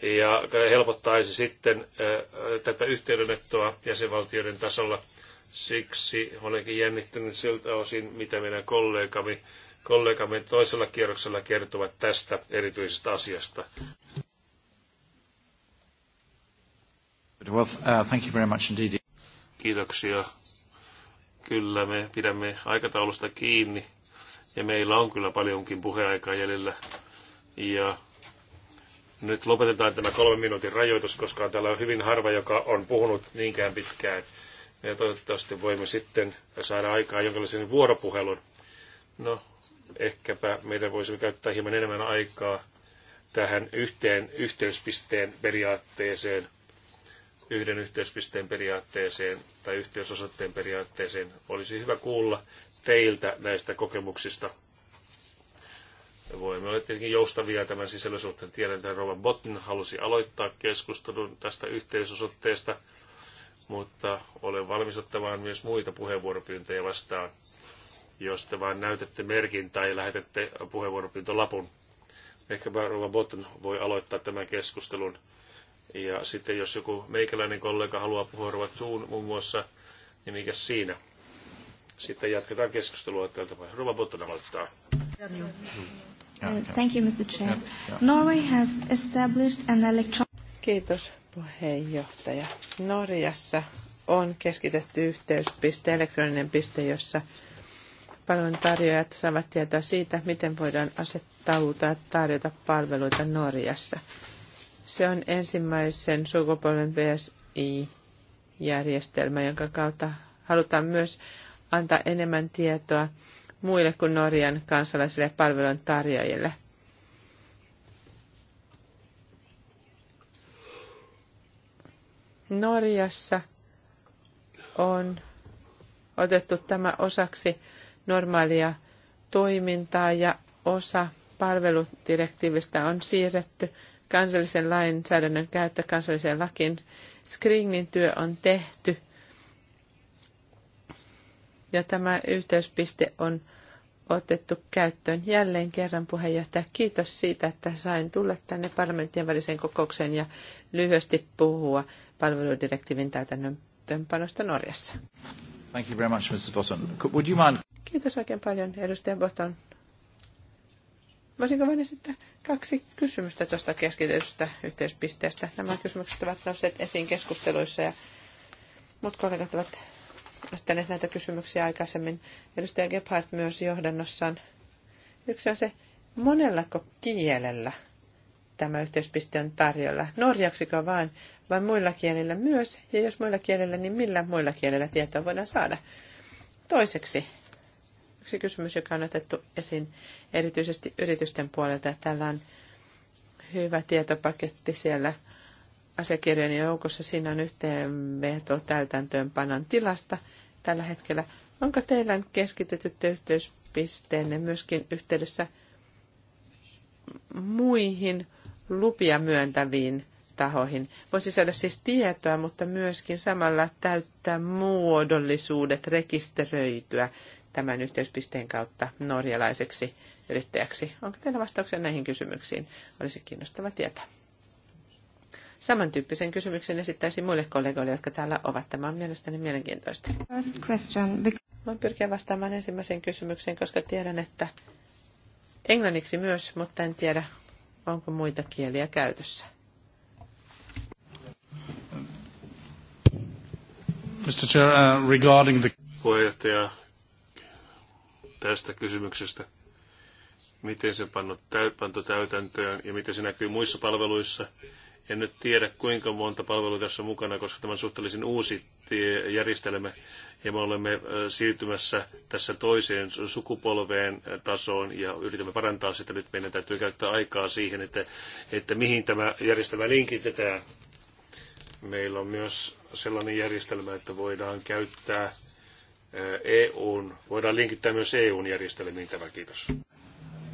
Ja helpottaisi sitten eh, tätä yhteydenottoa jäsenvaltioiden tasolla. Siksi olenkin jännittynyt siltä osin, mitä meidän kollegamme, kollegamme toisella kierroksella kertovat tästä erityisestä asiasta. Well, uh, thank you very much indeed. Kiitoksia. Kyllä me pidämme aikataulusta kiinni ja meillä on kyllä paljonkin puheaikaa jäljellä. Ja nyt lopetetaan tämä kolmen minuutin rajoitus, koska täällä on hyvin harva, joka on puhunut niinkään pitkään. Ja toivottavasti voimme sitten saada aikaa jonkinlaisen vuoropuhelun. No, ehkäpä meidän voisimme käyttää hieman enemmän aikaa tähän yhteen yhteyspisteen periaatteeseen – yhden yhteyspisteen periaatteeseen tai yhteysosoitteen periaatteeseen. Olisi hyvä kuulla teiltä näistä kokemuksista. Voimme olla tietenkin joustavia tämän sisällön suhteen. Tiedän, että Rova Botten halusi aloittaa keskustelun tästä yhteysosoitteesta, mutta olen valmis ottamaan myös muita puheenvuoropyyntöjä vastaan, jos te vain näytätte merkin tai lähetätte puheenvuoropyyntölapun. Ehkä Rova Botten voi aloittaa tämän keskustelun ja sitten jos joku meikäläinen kollega haluaa puhua Ruotsuun muun muassa, niin mikä siinä? Sitten jatketaan keskustelua tältä vai Rova Bottona aloittaa. Thank you, Mr. Norway has established an electronic... Kiitos, puheenjohtaja. Norjassa on keskitetty yhteyspiste, elektroninen piste, jossa palveluntarjoajat saavat tietoa siitä, miten voidaan asettautua tarjota palveluita Norjassa. Se on ensimmäisen sukupolven bsi järjestelmä jonka kautta halutaan myös antaa enemmän tietoa muille kuin Norjan kansalaisille palvelun tarjoajille. Norjassa on otettu tämä osaksi normaalia toimintaa ja osa palveludirektiivistä on siirretty kansallisen lainsäädännön käyttö kansalliseen lakiin. Screenin työ on tehty ja tämä yhteyspiste on otettu käyttöön. Jälleen kerran puheenjohtaja, kiitos siitä, että sain tulla tänne parlamenttien väliseen kokoukseen ja lyhyesti puhua palveludirektiivin täytäntöönpanosta Norjassa. Thank you very much, Mrs. Would you mind... Kiitos oikein paljon, edustaja Botton. Voisinko vain esittää kaksi kysymystä tuosta keskitystä yhteispisteestä. Nämä kysymykset ovat nousseet esiin keskusteluissa ja muut kollegat ovat esittäneet näitä kysymyksiä aikaisemmin. Edustaja Gebhardt myös johdannossaan. Yksi on se, monellako kielellä tämä yhteispiste on tarjolla? Norjaksiko vain vai muilla kielillä myös? Ja jos muilla kielillä, niin millä muilla kielillä tietoa voidaan saada? Toiseksi, yksi kysymys, joka on otettu esiin erityisesti yritysten puolelta. Täällä on hyvä tietopaketti siellä asiakirjojen joukossa. Siinä on yhteenveto täytäntöönpanon tilasta tällä hetkellä. Onko teillä keskitetyt yhteyspisteenne myöskin yhteydessä muihin lupia myöntäviin tahoihin? Voisi saada siis tietoa, mutta myöskin samalla täyttää muodollisuudet, rekisteröityä tämän yhteyspisteen kautta norjalaiseksi yrittäjäksi. Onko teillä vastauksia näihin kysymyksiin? Olisi kiinnostava tietää. Samantyyppisen kysymyksen esittäisin muille kollegoille, jotka täällä ovat. Tämä on mielestäni mielenkiintoista. Mä pyrkiä vastaamaan ensimmäiseen kysymykseen, koska tiedän, että englanniksi myös, mutta en tiedä, onko muita kieliä käytössä. Mr. Chair, uh, regarding the... Puheenjohtaja, tästä kysymyksestä, miten se pantu täytäntöön ja miten se näkyy muissa palveluissa. En nyt tiedä, kuinka monta palvelua tässä on mukana, koska tämä on suhteellisen uusi järjestelmä ja me olemme siirtymässä tässä toiseen sukupolveen tasoon ja yritämme parantaa sitä. Nyt meidän täytyy käyttää aikaa siihen, että, että mihin tämä järjestelmä linkitetään. Meillä on myös sellainen järjestelmä, että voidaan käyttää EUn, voidaan linkittää myös EUn järjestelmiin tämä. Kiitos.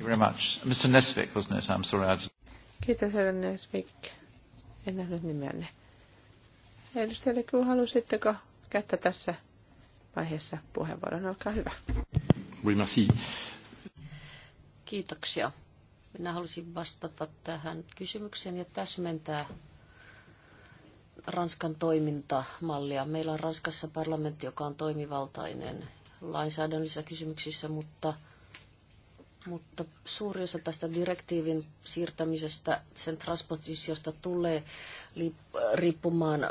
Very much. Mr. Nesvik, wasn't it? I'm sorry. I... Kiitos, herra Nesvik. En nähnyt nimenne. Edustaja Lekku, halusitteko käyttää tässä vaiheessa puheenvuoron? Olkaa hyvä. Oui, merci. Kiitoksia. Minä halusin vastata tähän kysymykseen ja täsmentää Ranskan toimintamallia. Meillä on Ranskassa parlamentti, joka on toimivaltainen lainsäädännöllisissä kysymyksissä, mutta, mutta suuri osa tästä direktiivin siirtämisestä, sen transpositiosta tulee riippumaan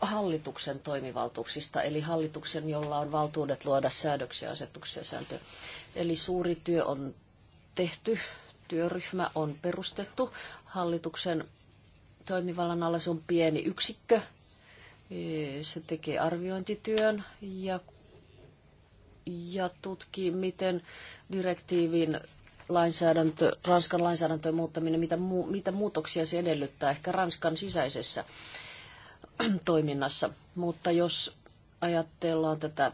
hallituksen toimivaltuuksista, eli hallituksen, jolla on valtuudet luoda säädöksiä, asetuksia, sääntöjä. Eli suuri työ on tehty, työryhmä on perustettu, hallituksen toimivallan alla. Se on pieni yksikkö. Se tekee arviointityön ja, ja tutkii, miten direktiivin lainsäädäntö, Ranskan lainsäädäntöön muuttaminen, mitä, mu, mitä muutoksia se edellyttää ehkä Ranskan sisäisessä [CLEARS THROAT] toiminnassa. Mutta jos ajatellaan tätä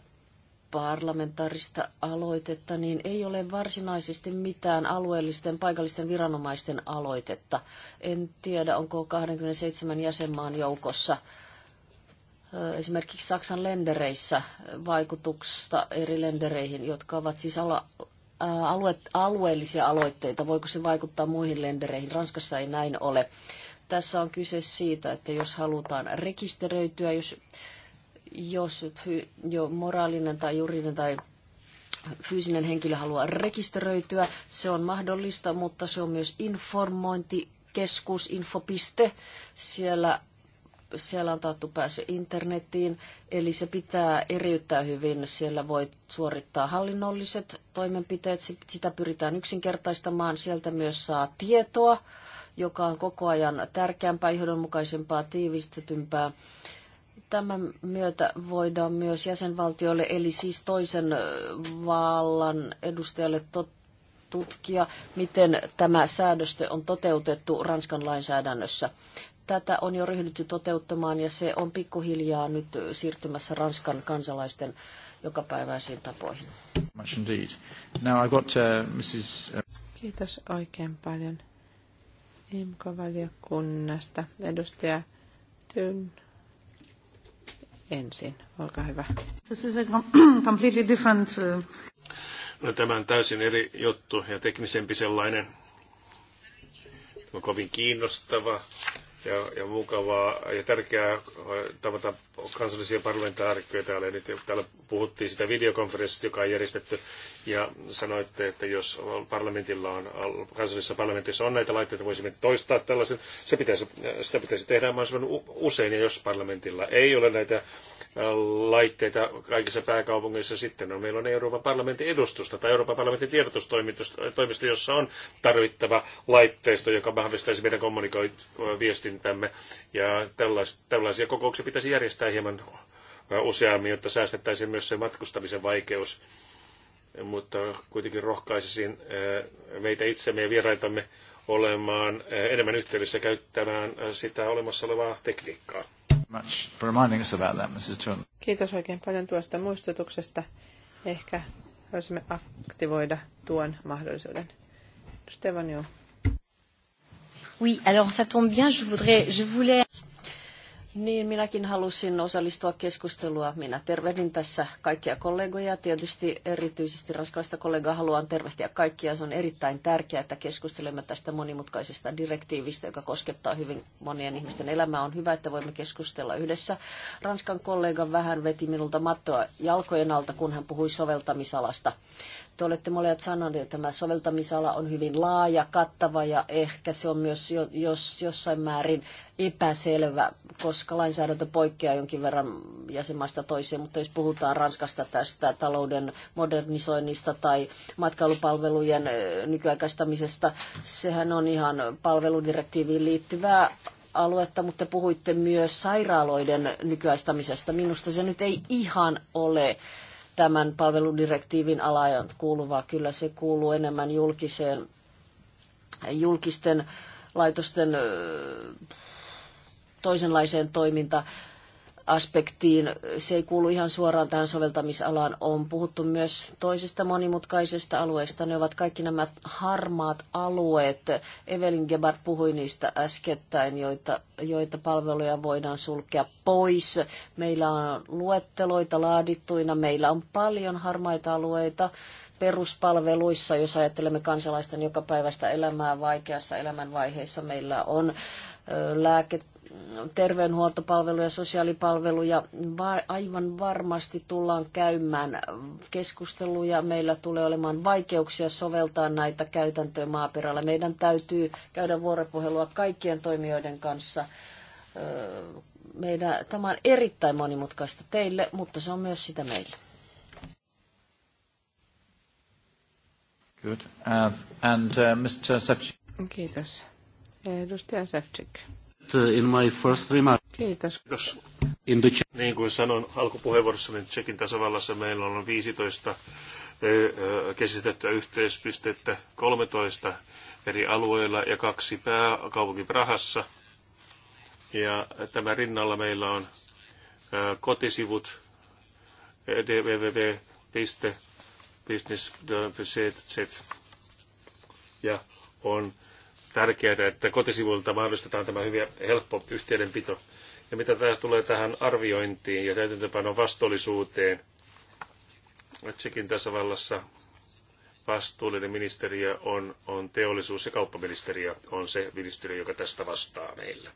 parlamentaarista aloitetta, niin ei ole varsinaisesti mitään alueellisten paikallisten viranomaisten aloitetta. En tiedä, onko 27 jäsenmaan joukossa esimerkiksi Saksan lendereissä vaikutusta eri lendereihin, jotka ovat siis ala, alue, alueellisia aloitteita. Voiko se vaikuttaa muihin lendereihin? Ranskassa ei näin ole. Tässä on kyse siitä, että jos halutaan rekisteröityä, jos jos jo moraalinen tai juridinen tai fyysinen henkilö haluaa rekisteröityä, se on mahdollista, mutta se on myös informointikeskus, infopiste. Siellä, siellä on taattu pääsy internetiin, eli se pitää eriyttää hyvin. Siellä voi suorittaa hallinnolliset toimenpiteet, sitä pyritään yksinkertaistamaan. Sieltä myös saa tietoa, joka on koko ajan tärkeämpää, johdonmukaisempaa, tiivistetympää Tämän myötä voidaan myös jäsenvaltioille, eli siis toisen vallan edustajalle tutkia, miten tämä säädöstö on toteutettu Ranskan lainsäädännössä. Tätä on jo ryhdytty toteuttamaan ja se on pikkuhiljaa nyt siirtymässä Ranskan kansalaisten jokapäiväisiin tapoihin. Now I got, uh, Mrs. Uh, Kiitos oikein paljon IMKO-valiokunnasta. Edustaja Tyn ensin. Olkaa hyvä. This is a [CLEARS THROAT] completely different... Uh, no, tämä on täysin eri juttu ja teknisempi sellainen. Tämä on kovin kiinnostava ja, ja mukavaa ja tärkeää äh, tavata kansallisia parlamentaarikkoja täällä. Nyt täällä puhuttiin sitä videokonferenssista, joka on järjestetty ja sanoitte, että jos parlamentilla on, kansallisessa parlamentissa on näitä laitteita, voisimme toistaa tällaisen. Se pitäisi, sitä pitäisi tehdä mahdollisimman usein, ja jos parlamentilla ei ole näitä laitteita kaikissa pääkaupungeissa sitten on. Meillä on Euroopan parlamentin edustusta tai Euroopan parlamentin tiedotustoimisto, jossa on tarvittava laitteisto, joka mahdollistaisi meidän viestintämme Ja tällaisia kokouksia pitäisi järjestää hieman useammin, jotta säästettäisiin myös se matkustamisen vaikeus mutta kuitenkin rohkaisisin eh, meitä itsemme ja vieraitamme olemaan eh, enemmän yhteydessä käyttämään eh, sitä olemassa olevaa tekniikkaa. Kiitos oikein paljon tuosta muistutuksesta. Ehkä voisimme aktivoida tuon mahdollisuuden. Stefan, joo. Oui, alors ça tombe bien, je voudrais, je voulais... Niin, minäkin halusin osallistua keskustelua. Minä tervehdin tässä kaikkia kollegoja. Tietysti erityisesti ranskalaista kollegaa haluan tervehtiä kaikkia. Se on erittäin tärkeää, että keskustelemme tästä monimutkaisesta direktiivistä, joka koskettaa hyvin monien ihmisten elämää. On hyvä, että voimme keskustella yhdessä. Ranskan kollega vähän veti minulta mattoa jalkojen alta, kun hän puhui soveltamisalasta. Te olette molemmat sanoneet, että tämä soveltamisala on hyvin laaja, kattava ja ehkä se on myös jo, jos, jossain määrin epäselvä, koska lainsäädäntö poikkeaa jonkin verran jäsenmaista toiseen, mutta jos puhutaan Ranskasta tästä talouden modernisoinnista tai matkailupalvelujen nykyaikaistamisesta, sehän on ihan palveludirektiiviin liittyvää aluetta, mutta puhuitte myös sairaaloiden nykyaistamisesta. Minusta se nyt ei ihan ole tämän palveludirektiivin alajan kuuluvaa. Kyllä se kuuluu enemmän julkiseen, julkisten laitosten toisenlaiseen toimintaan aspektiin. Se ei kuulu ihan suoraan tähän soveltamisalaan. On puhuttu myös toisesta monimutkaisesta alueesta. Ne ovat kaikki nämä harmaat alueet. Evelin Gebhardt puhui niistä äskettäin, joita, joita palveluja voidaan sulkea pois. Meillä on luetteloita laadittuina. Meillä on paljon harmaita alueita peruspalveluissa, jos ajattelemme kansalaisten jokapäiväistä elämää vaikeassa elämänvaiheessa. Meillä on lääket terveydenhuoltopalveluja, sosiaalipalveluja. Aivan varmasti tullaan käymään keskusteluja. Meillä tulee olemaan vaikeuksia soveltaa näitä käytäntöjä maaperällä. Meidän täytyy käydä vuoropuhelua kaikkien toimijoiden kanssa. Meidän, tämä on erittäin monimutkaista teille, mutta se on myös sitä meille. Good. Uh, and, uh, Mr. Kiitos. Edustaja Sefcik. Uh, in my first remark. Kiitos. Kiitos. In the... Niin kuin sanon alkupuheenvuorossa, niin Tsekin tasavallassa meillä on 15 eh, eh, kesitettyä yhteispistettä, 13 eri alueilla ja kaksi pääkaupunki Prahassa. Ja tämän rinnalla meillä on eh, kotisivut www.business.cz ja on tärkeää, että kotisivuilta mahdollistetaan tämä hyvin helppo yhteydenpito. Ja mitä tämä tulee tähän arviointiin ja täytäntöpanon vastuullisuuteen, tässä tasavallassa vastuullinen ministeriö on, on teollisuus- ja kauppaministeriö, on se ministeriö, joka tästä vastaa meillä.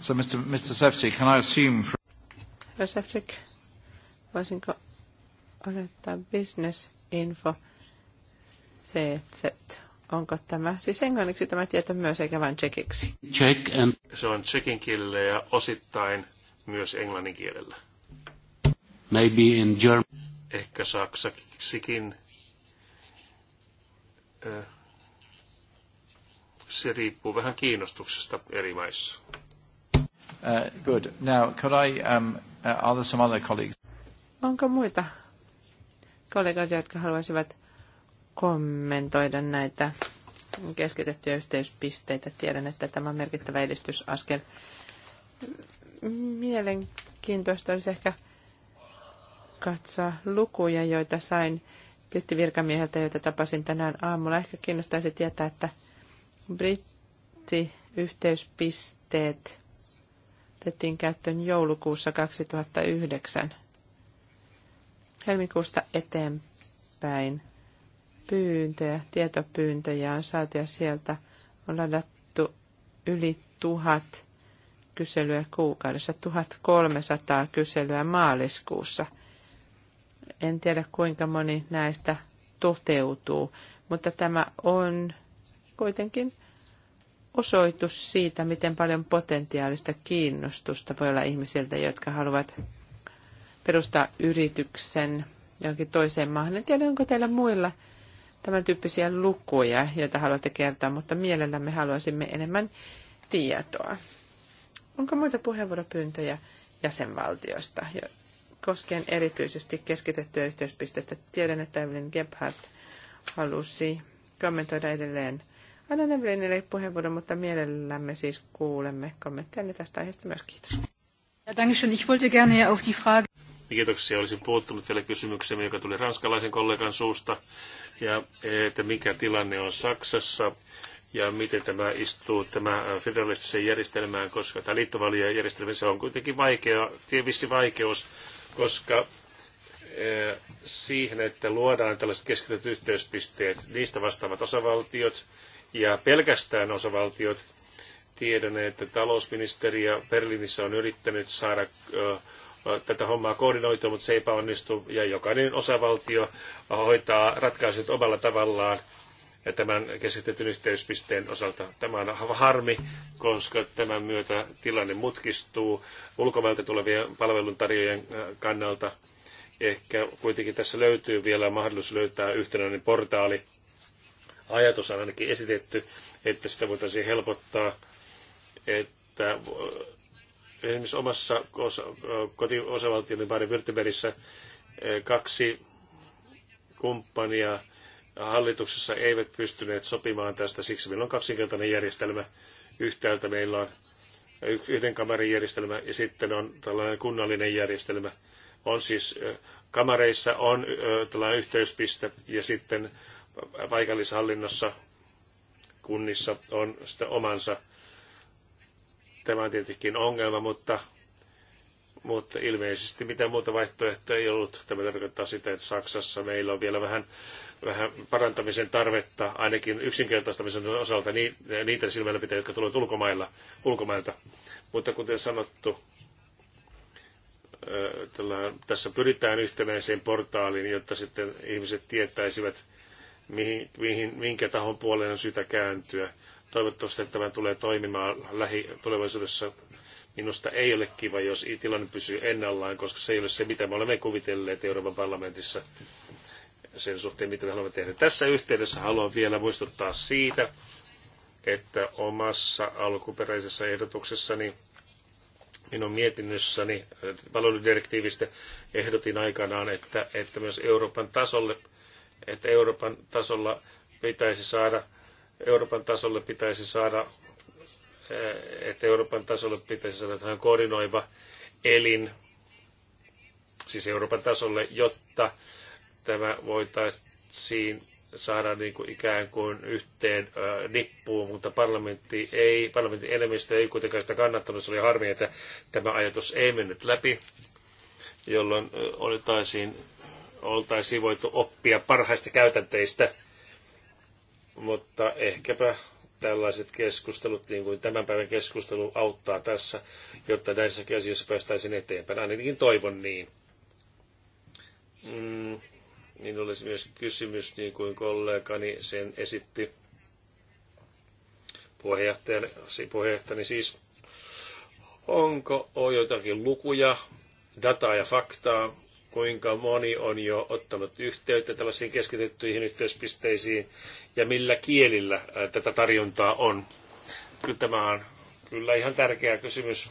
So Mr. Mr. Sefcik, can I assume... from Herra Sefcik, voisinko olettaa business info CZ Onko tämä siis englanniksi tämä tieto myös, eikä vain tsekiksi? Check and... Se on tsekin kielellä ja osittain myös englannin kielellä. Maybe in German. Ehkä saksaksikin. Se riippuu vähän kiinnostuksesta eri maissa. Uh, good. Now, could I, um, uh, are there some other colleagues? Onko muita kollegoita, jotka haluaisivat kommentoida näitä keskitettyjä yhteyspisteitä. Tiedän, että tämä on merkittävä edistysaskel. Mielenkiintoista olisi ehkä katsoa lukuja, joita sain brittivirkamieheltä, joita tapasin tänään aamulla. Ehkä kiinnostaisi tietää, että brittiyhteyspisteet otettiin käyttöön joulukuussa 2009. Helmikuusta eteenpäin pyyntöjä, tietopyyntöjä on saatu ja sieltä on ladattu yli tuhat kyselyä kuukaudessa, 1300 kyselyä maaliskuussa. En tiedä kuinka moni näistä toteutuu, mutta tämä on kuitenkin osoitus siitä, miten paljon potentiaalista kiinnostusta voi olla ihmisiltä, jotka haluavat perustaa yrityksen jonkin toiseen maahan. En tiedä, onko teillä muilla tämän tyyppisiä lukuja, joita haluatte kertoa, mutta mielellämme haluaisimme enemmän tietoa. Onko muita puheenvuoropyyntöjä jäsenvaltiosta koskien erityisesti keskitettyä yhteyspistettä? Tiedän, että Evelyn Gebhardt halusi kommentoida edelleen aina Evelynille puheenvuoron, mutta mielellämme siis kuulemme kommentteja tästä aiheesta myös. Kiitos. Ja, danke schön. Ich wollte gerne auch die Frage... Kiitoksia. Olisin puuttunut vielä kysymykseen, joka tuli ranskalaisen kollegan suusta, ja että mikä tilanne on Saksassa ja miten tämä istuu tämä federalistiseen järjestelmään, koska tämä liittovalijajärjestelmä se on kuitenkin vaikea, vissi vaikeus, koska e, siihen, että luodaan tällaiset keskityt yhteyspisteet, niistä vastaavat osavaltiot ja pelkästään osavaltiot. Tiedän, että talousministeriä Berliinissä on yrittänyt saada Äh, tätä hommaa koordinoitua, mutta se epäonnistui. ja jokainen osavaltio hoitaa ratkaisut omalla tavallaan ja tämän keskitetyn yhteyspisteen osalta. Tämä on harmi, koska tämän myötä tilanne mutkistuu ulkomailta tulevien palveluntarjoajien äh, kannalta. Ehkä kuitenkin tässä löytyy vielä mahdollisuus löytää yhtenäinen portaali. Ajatus on ainakin esitetty, että sitä voitaisiin helpottaa, että esimerkiksi omassa kotiosavaltiomme Baden-Württembergissä eh, kaksi kumppania hallituksessa eivät pystyneet sopimaan tästä, siksi meillä on kaksinkertainen järjestelmä. Yhtäältä meillä on yhden kamarin järjestelmä ja sitten on tällainen kunnallinen järjestelmä. On siis eh, kamareissa on eh, tällainen yhteyspiste ja sitten paikallishallinnossa kunnissa on sitä omansa Tämä on tietenkin ongelma, mutta, mutta ilmeisesti mitään muuta vaihtoehtoa ei ollut. Tämä tarkoittaa sitä, että Saksassa meillä on vielä vähän, vähän parantamisen tarvetta, ainakin yksinkertaistamisen osalta niin, niitä silmällä pitää, jotka tulevat ulkomailla, ulkomailta. Mutta kuten sanottu, tässä pyritään yhtenäiseen portaaliin, jotta sitten ihmiset tietäisivät, mihin, mihin, minkä tahon puoleen on syytä kääntyä. Toivottavasti tämä tulee toimimaan lähitulevaisuudessa. Minusta ei ole kiva, jos tilanne pysyy ennallaan, koska se ei ole se, mitä me olemme kuvitelleet Euroopan parlamentissa sen suhteen, mitä me haluamme tehdä. Tässä yhteydessä haluan vielä muistuttaa siitä, että omassa alkuperäisessä ehdotuksessani minun mietinnössäni palveludirektiivistä ehdotin aikanaan, että, että myös Euroopan tasolle, että Euroopan tasolla pitäisi saada Euroopan tasolle pitäisi saada, eh, että Euroopan tasolle pitäisi saada tähän koordinoiva elin, siis Euroopan tasolle, jotta tämä voitaisiin saada niin kuin ikään kuin yhteen äh, nippuun, mutta parlamentti ei, parlamentin enemmistö ei kuitenkaan sitä kannattanut. Se oli harmi, että tämä ajatus ei mennyt läpi, jolloin oltaisiin, oltaisiin voitu oppia parhaista käytänteistä mutta ehkäpä tällaiset keskustelut, niin kuin tämän päivän keskustelu, auttaa tässä, jotta näissäkin asioissa päästäisiin eteenpäin. Ainakin toivon niin. Mm, minulla niin olisi myös kysymys, niin kuin kollegani sen esitti puheenjohtajani, siis, onko on jotakin lukuja, dataa ja faktaa, kuinka moni on jo ottanut yhteyttä tällaisiin keskitettyihin yhteyspisteisiin ja millä kielillä tätä tarjontaa on. Kyllä tämä on kyllä ihan tärkeä kysymys.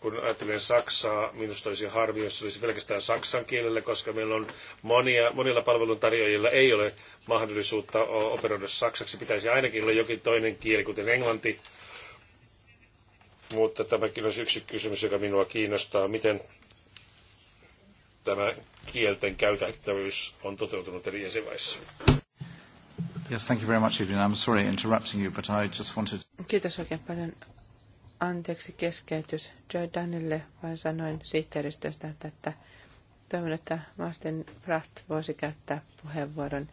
Kun ajattelen Saksaa, minusta olisi harmi, jos olisi pelkästään saksan kielellä, koska meillä on monia, monilla palveluntarjoajilla ei ole mahdollisuutta operoida saksaksi. Pitäisi ainakin olla jokin toinen kieli, kuten englanti. Mutta tämäkin olisi yksi kysymys, joka minua kiinnostaa. Miten tämä kielten käytettävyys on toteutunut eri jäsenmaissa. Yes, thank you very much, Evelyn. I'm sorry interrupting you, but I just wanted... Kiitos oikein paljon. Anteeksi keskeytys. Joe Danille vain sanoin sihteeristöstä, että toivon, että Martin Pratt voisi käyttää puheenvuoron,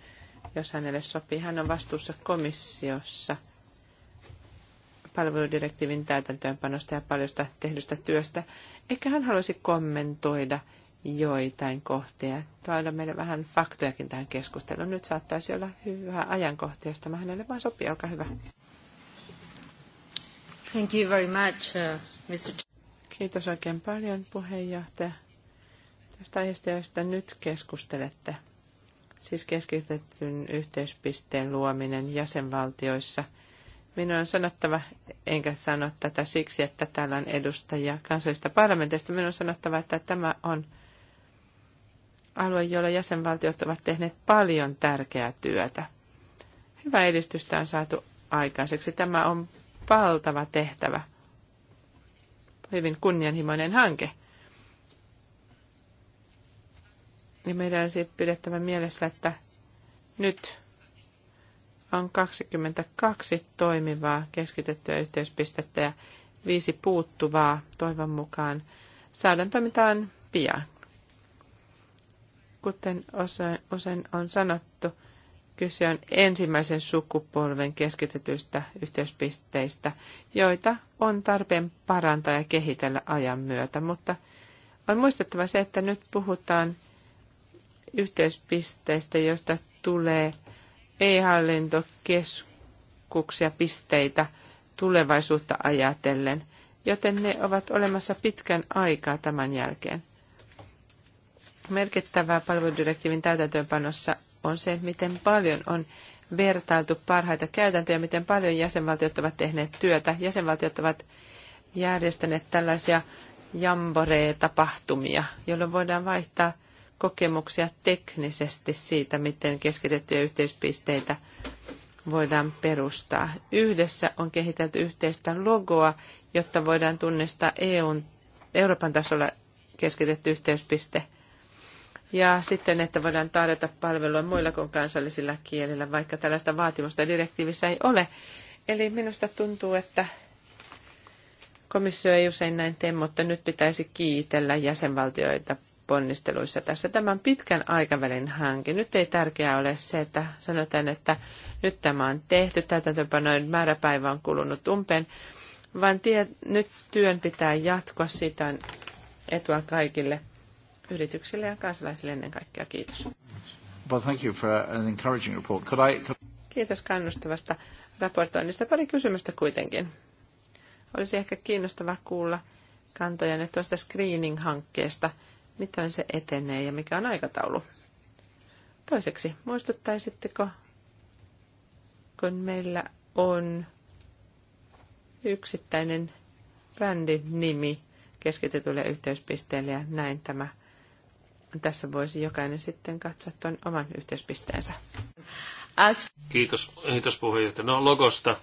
jos hänelle sopii. Hän on vastuussa komissiossa palveludirektiivin täytäntöönpanosta ja paljosta tehdystä työstä. Ehkä hän haluaisi kommentoida – joitain kohtia. Tuolla meille vähän faktojakin tähän keskusteluun. Nyt saattaisi olla hyvä ajankohta, jos tämä hänelle vain sopii. Olkaa hyvä. Thank you very much, uh, Mr. Kiitos oikein paljon, puheenjohtaja. Tästä aiheesta, josta nyt keskustelette, siis keskitetyn yhteispisteen luominen jäsenvaltioissa – Minun on sanottava, enkä sano tätä siksi, että täällä on edustajia kansallisista parlamenteista, minun on sanottava, että tämä on alue, jolla jäsenvaltiot ovat tehneet paljon tärkeää työtä. Hyvää edistystä on saatu aikaiseksi. Tämä on valtava tehtävä. Hyvin kunnianhimoinen hanke. Ja meidän on pidettävä mielessä, että nyt on 22 toimivaa keskitettyä yhteyspistettä ja viisi puuttuvaa toivon mukaan. Saadaan toimintaan pian. Kuten osan on sanottu, kyse on ensimmäisen sukupolven keskitetyistä yhteyspisteistä, joita on tarpeen parantaa ja kehitellä ajan myötä, mutta on muistettava se, että nyt puhutaan yhteyspisteistä, joista tulee e-hallintokeskuksia pisteitä tulevaisuutta ajatellen, joten ne ovat olemassa pitkän aikaa tämän jälkeen. Merkittävää palveludirektiivin täytäntöönpanossa on se, miten paljon on vertailtu parhaita käytäntöjä, miten paljon jäsenvaltiot ovat tehneet työtä. Jäsenvaltiot ovat järjestäneet tällaisia jamboree-tapahtumia, jolloin voidaan vaihtaa kokemuksia teknisesti siitä, miten keskitettyjä yhteispisteitä voidaan perustaa. Yhdessä on kehitelty yhteistä logoa, jotta voidaan tunnistaa EUn, Euroopan tasolla keskitetty yhteyspiste – ja sitten, että voidaan tarjota palvelua muilla kuin kansallisilla kielillä, vaikka tällaista vaatimusta direktiivissä ei ole. Eli minusta tuntuu, että komissio ei usein näin tee, mutta nyt pitäisi kiitellä jäsenvaltioita ponnisteluissa tässä. Tämän pitkän aikavälin hanke. Nyt ei tärkeää ole se, että sanotaan, että nyt tämä on tehty, täytäntöpanojen määräpäivä on kulunut umpeen, vaan tie, nyt työn pitää jatkua, siitä on etua kaikille – yrityksille ja kansalaisille ennen kaikkea. Kiitos. Well, thank you for an encouraging report. Could I, could... Kiitos kannustavasta raportoinnista. Pari kysymystä kuitenkin. Olisi ehkä kiinnostavaa kuulla kantojanne tuosta screening-hankkeesta. Miten se etenee ja mikä on aikataulu? Toiseksi, muistuttaisitteko, kun meillä on yksittäinen brändin nimi keskitetylle yhteyspisteelle ja näin tämä tässä voisi jokainen sitten katsoa tuon oman yhteispisteensä. As- kiitos, kiitos puheenjohtaja. No logosta.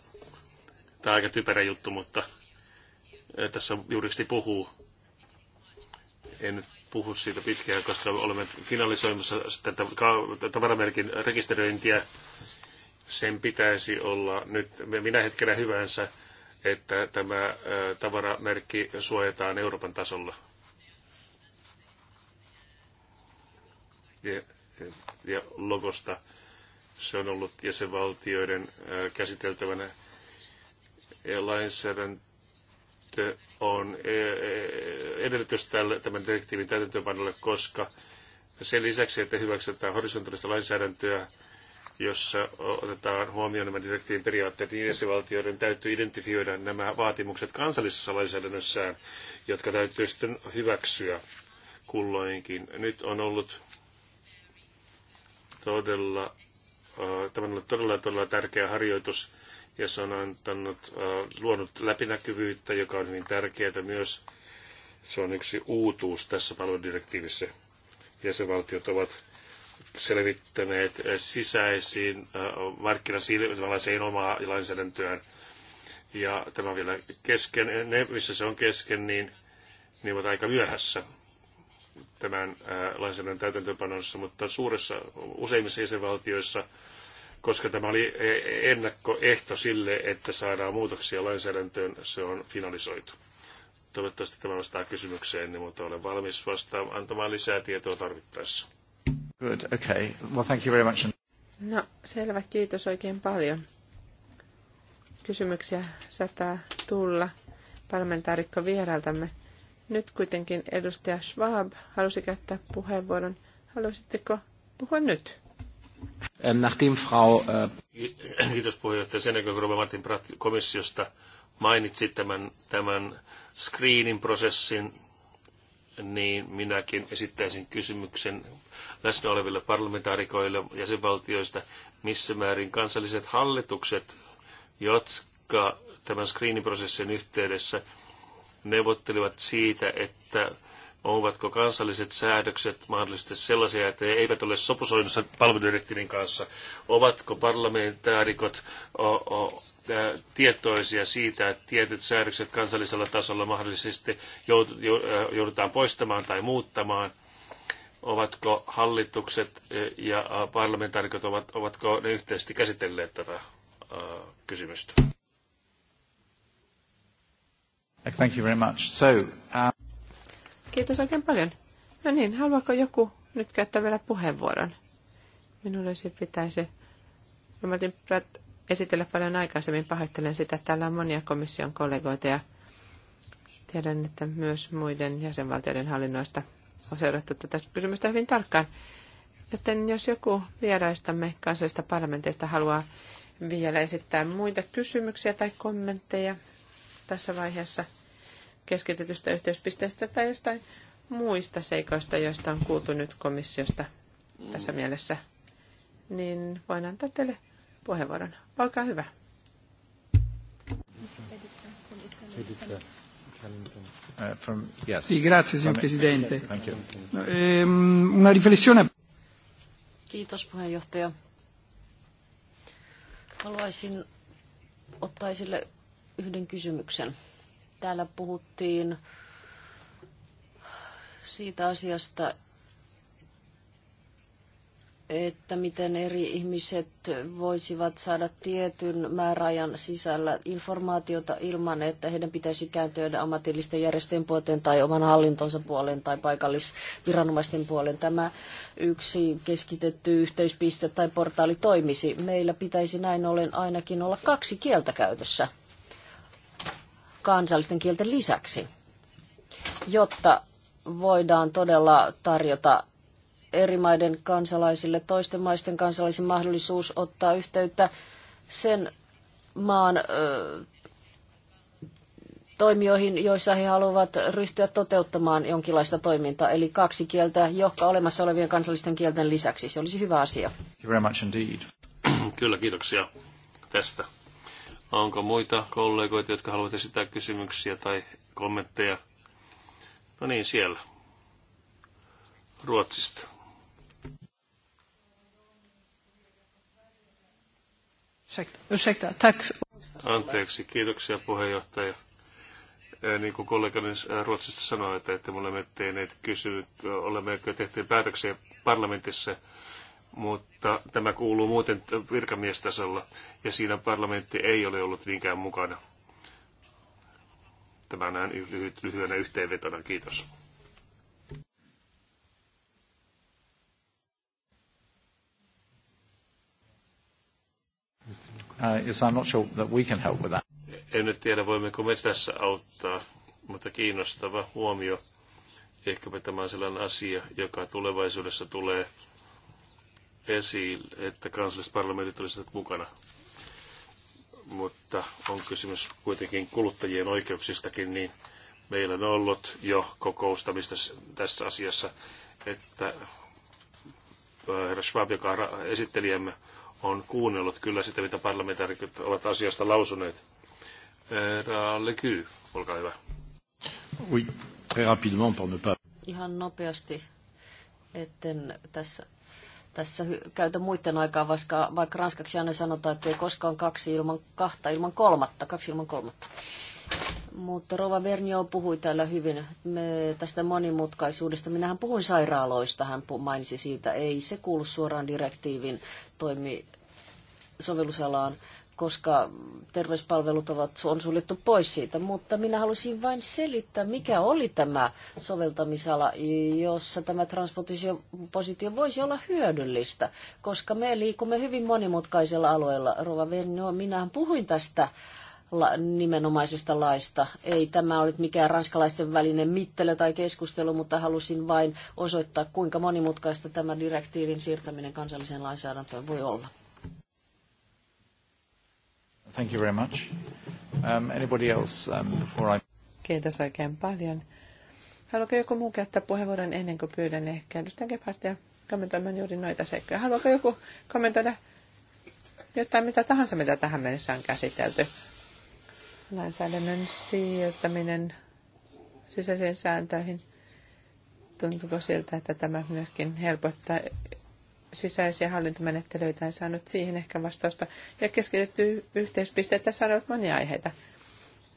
Tämä on aika typerä juttu, mutta eh, tässä juristi puhuu. En nyt puhu siitä pitkään, koska olemme finalisoimassa tätä tavaramerkin rekisteröintiä. Sen pitäisi olla nyt minä hetkenä hyvänsä, että tämä eh, tavaramerkki suojataan Euroopan tasolla. ja, ja logosta. Se on ollut jäsenvaltioiden käsiteltävänä. Ja lainsäädäntö on edellytys tälle, tämän direktiivin täytäntöönpanolle, koska sen lisäksi, että hyväksytään horisontaalista lainsäädäntöä, jossa otetaan huomioon nämä direktiivin periaatteet, niin jäsenvaltioiden täytyy identifioida nämä vaatimukset kansallisessa lainsäädännössään, jotka täytyy sitten hyväksyä kulloinkin. Nyt on ollut todella, äh, tämä on ollut todella, todella tärkeä harjoitus ja se on antanut, äh, luonut läpinäkyvyyttä, joka on hyvin tärkeää myös. Se on yksi uutuus tässä palveludirektiivissä. Jäsenvaltiot ovat selvittäneet äh, sisäisiin markkinasilmälaiseen omaa lainsäädäntöään. Ja tämä on vielä kesken. Ne, missä se on kesken, niin, niin ovat aika myöhässä tämän lainsäädännön täytäntöönpanossa, mutta suuressa useimmissa jäsenvaltioissa, koska tämä oli e, ennakkoehto sille, että saadaan muutoksia lainsäädäntöön, se on finalisoitu. Toivottavasti tämä vastaa kysymykseen, niin mutta olen valmis vastaamaan antamaan lisää tietoa tarvittaessa. Good, okay. Well, thank you very much. No, selvä. Kiitos oikein paljon. Kysymyksiä saattaa tulla parlamentaarikko vierältämme. Nyt kuitenkin edustaja Schwab halusi käyttää puheenvuoron. Haluaisitteko puhua nyt? Ähm, nachdem Frau... Äh, Kiitos puheenjohtaja. Sen jälkeen, kun Martin Pratt komissiosta mainitsi tämän, tämän screenin prosessin, niin minäkin esittäisin kysymyksen läsnä oleville parlamentaarikoille jäsenvaltioista, missä määrin kansalliset hallitukset, jotka tämän screening-prosessin yhteydessä neuvottelivat siitä, että ovatko kansalliset säädökset mahdollisesti sellaisia, että he eivät ole sopusoinnussa palveludirektiivin kanssa? Ovatko parlamentaarikot o, o, ä, tietoisia siitä, että tietyt säädökset kansallisella tasolla mahdollisesti joudutaan poistamaan tai muuttamaan? Ovatko hallitukset ja parlamentaarikot, ovat, ovatko ne yhteisesti käsitelleet tätä ä, kysymystä? Thank you very much. So, um... Kiitos oikein paljon. No niin, haluaako joku nyt käyttää vielä puheenvuoron? Minulle se pitäisi no, Mä esitellä paljon aikaisemmin. Pahoittelen sitä, että täällä on monia komission kollegoita ja tiedän, että myös muiden jäsenvaltioiden hallinnoista on seurattu tätä kysymystä hyvin tarkkaan. Joten jos joku vieraistamme kansallisista parlamenteista haluaa vielä esittää muita kysymyksiä tai kommentteja, tässä vaiheessa keskitetystä yhteyspisteestä tai jostain muista seikoista, joista on kuultu nyt komissiosta tässä mielessä, niin voin antaa teille puheenvuoron. Olkaa hyvä. Uh, Presidente. No, ehm, Kiitos puheenjohtaja. Haluaisin ottaa esille yhden kysymyksen. Täällä puhuttiin siitä asiasta, että miten eri ihmiset voisivat saada tietyn määräajan sisällä informaatiota ilman, että heidän pitäisi kääntyä ammatillisten järjestöjen puolen tai oman hallintonsa puolen tai paikallisviranomaisten puolen. Tämä yksi keskitetty yhteispiste tai portaali toimisi. Meillä pitäisi näin ollen ainakin olla kaksi kieltä käytössä kansallisten kielten lisäksi, jotta voidaan todella tarjota eri maiden kansalaisille, toisten maisten kansalaisen mahdollisuus ottaa yhteyttä sen maan ö, toimijoihin, joissa he haluavat ryhtyä toteuttamaan jonkinlaista toimintaa, eli kaksi kieltä, johka olemassa olevien kansallisten kielten lisäksi. Se olisi hyvä asia. Kyllä, kiitoksia tästä. Onko muita kollegoita, jotka haluavat esittää kysymyksiä tai kommentteja? No niin, siellä. Ruotsista. Anteeksi, kiitoksia puheenjohtaja. Niin kuin kollegani Ruotsista sanoi, että, että me olemme tehneet kysynyt, olemmeko tehty päätöksiä parlamentissa mutta tämä kuuluu muuten virkamiestasolla ja siinä parlamentti ei ole ollut niinkään mukana. Tämä näin lyhyenä yhteenvetona. Kiitos. Uh, en nyt tiedä, voimmeko me tässä auttaa, mutta kiinnostava huomio. Ehkäpä tämä on sellainen asia, joka tulevaisuudessa tulee esiin, että kansallisparlamentit olisivat mukana. Mutta on kysymys kuitenkin kuluttajien oikeuksistakin, niin meillä on ollut jo kokoustamista tässä asiassa, että äh, herra Schwab, joka on esittelijämme, on kuunnellut kyllä sitä, mitä parlamentaarikot ovat asiasta lausuneet. Herra Leky, olkaa hyvä. Oui, très rapidement pour ne pas... Ihan nopeasti, etten tässä tässä käytä muiden aikaa, vaikka, vaikka ranskaksi aina sanotaan, että ei koskaan kaksi ilman kahta, ilman kolmatta, kaksi ilman kolmatta. Mutta Rova Vernio puhui täällä hyvin me, tästä monimutkaisuudesta. Minähän puhun sairaaloista, hän mainitsi siitä. Ei se kuulu suoraan direktiivin toimi sovellusalaan koska terveyspalvelut ovat, on suljettu pois siitä. Mutta minä halusin vain selittää, mikä oli tämä soveltamisala, jossa tämä transpositio voisi olla hyödyllistä, koska me liikumme hyvin monimutkaisella alueella. Rova Venno, minähän puhuin tästä la, nimenomaisesta laista. Ei tämä ole mikään ranskalaisten välinen mittele tai keskustelu, mutta halusin vain osoittaa, kuinka monimutkaista tämä direktiivin siirtäminen kansalliseen lainsäädäntöön voi olla. Thank you very much. Um, anybody else um, before I... Kiitos oikein paljon. Haluatko joku muu käyttää puheenvuoron ennen kuin pyydän ehkä edustajan Gebhardtia kommentoimaan juuri noita seikkoja? Haluatko joku kommentoida jotain mitä tahansa, mitä tähän mennessä on käsitelty? Lainsäädännön siirtäminen sisäisiin sääntöihin. Tuntuuko siltä, että tämä myöskin helpottaa sisäisiä hallintomenettelyitä en saanut siihen ehkä vastausta. Ja keskitytty yhteispisteitä sanoit monia aiheita.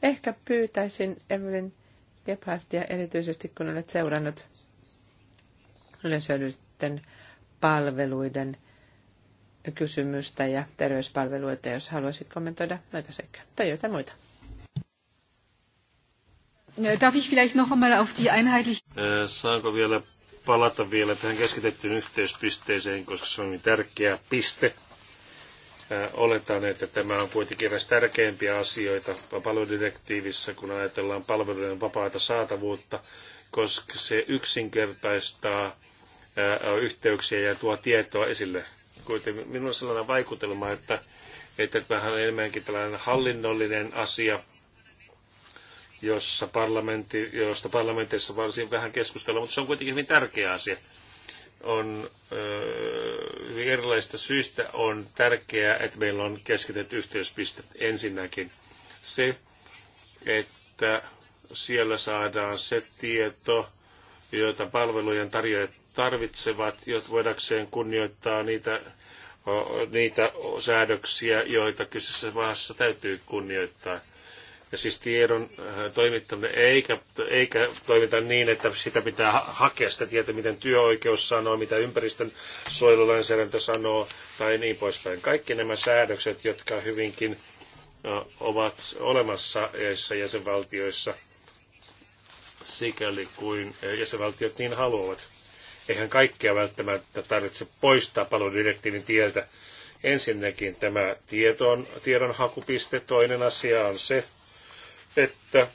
Ehkä pyytäisin Evelyn Gebhardtia erityisesti, kun olet seurannut yleisöllisten palveluiden kysymystä ja terveyspalveluita, jos haluaisit kommentoida noita sekä tai jotain muita. Darf ich äh, vielleicht noch einmal auf die einheitliche... Saanko vielä palata vielä tähän keskitettyyn yhteyspisteeseen, koska se on niin tärkeä piste. Oletan, että tämä on kuitenkin eräs tärkeimpiä asioita palveludirektiivissä, kun ajatellaan palveluiden vapaata saatavuutta, koska se yksinkertaistaa yhteyksiä ja tuo tietoa esille. Kuitenkin minulla on sellainen vaikutelma, että, että vähän enemmänkin tällainen hallinnollinen asia – jossa parlamentti, josta parlamentissa varsin vähän keskustelua, mutta se on kuitenkin hyvin tärkeä asia. On hyvin erilaisista syistä on tärkeää, että meillä on keskitetty yhteyspistet ensinnäkin. Se, että siellä saadaan se tieto, joita palvelujen tarjoajat tarvitsevat, jotta voidakseen kunnioittaa niitä, niitä säädöksiä, joita kyseisessä maassa täytyy kunnioittaa – siis tiedon äh, toimittaminen, eikä, eikä toimita niin, että sitä pitää hakea sitä tietoa, miten työoikeus sanoo, mitä ympäristön suojelulainsäädäntö sanoo tai niin poispäin. Kaikki nämä säädökset, jotka hyvinkin äh, ovat olemassa joissa jäsenvaltioissa, sikäli kuin äh, jäsenvaltiot niin haluavat. Eihän kaikkea välttämättä tarvitse poistaa palodirektiivin tieltä. Ensinnäkin tämä tieton, tiedonhakupiste, toinen asia on se, että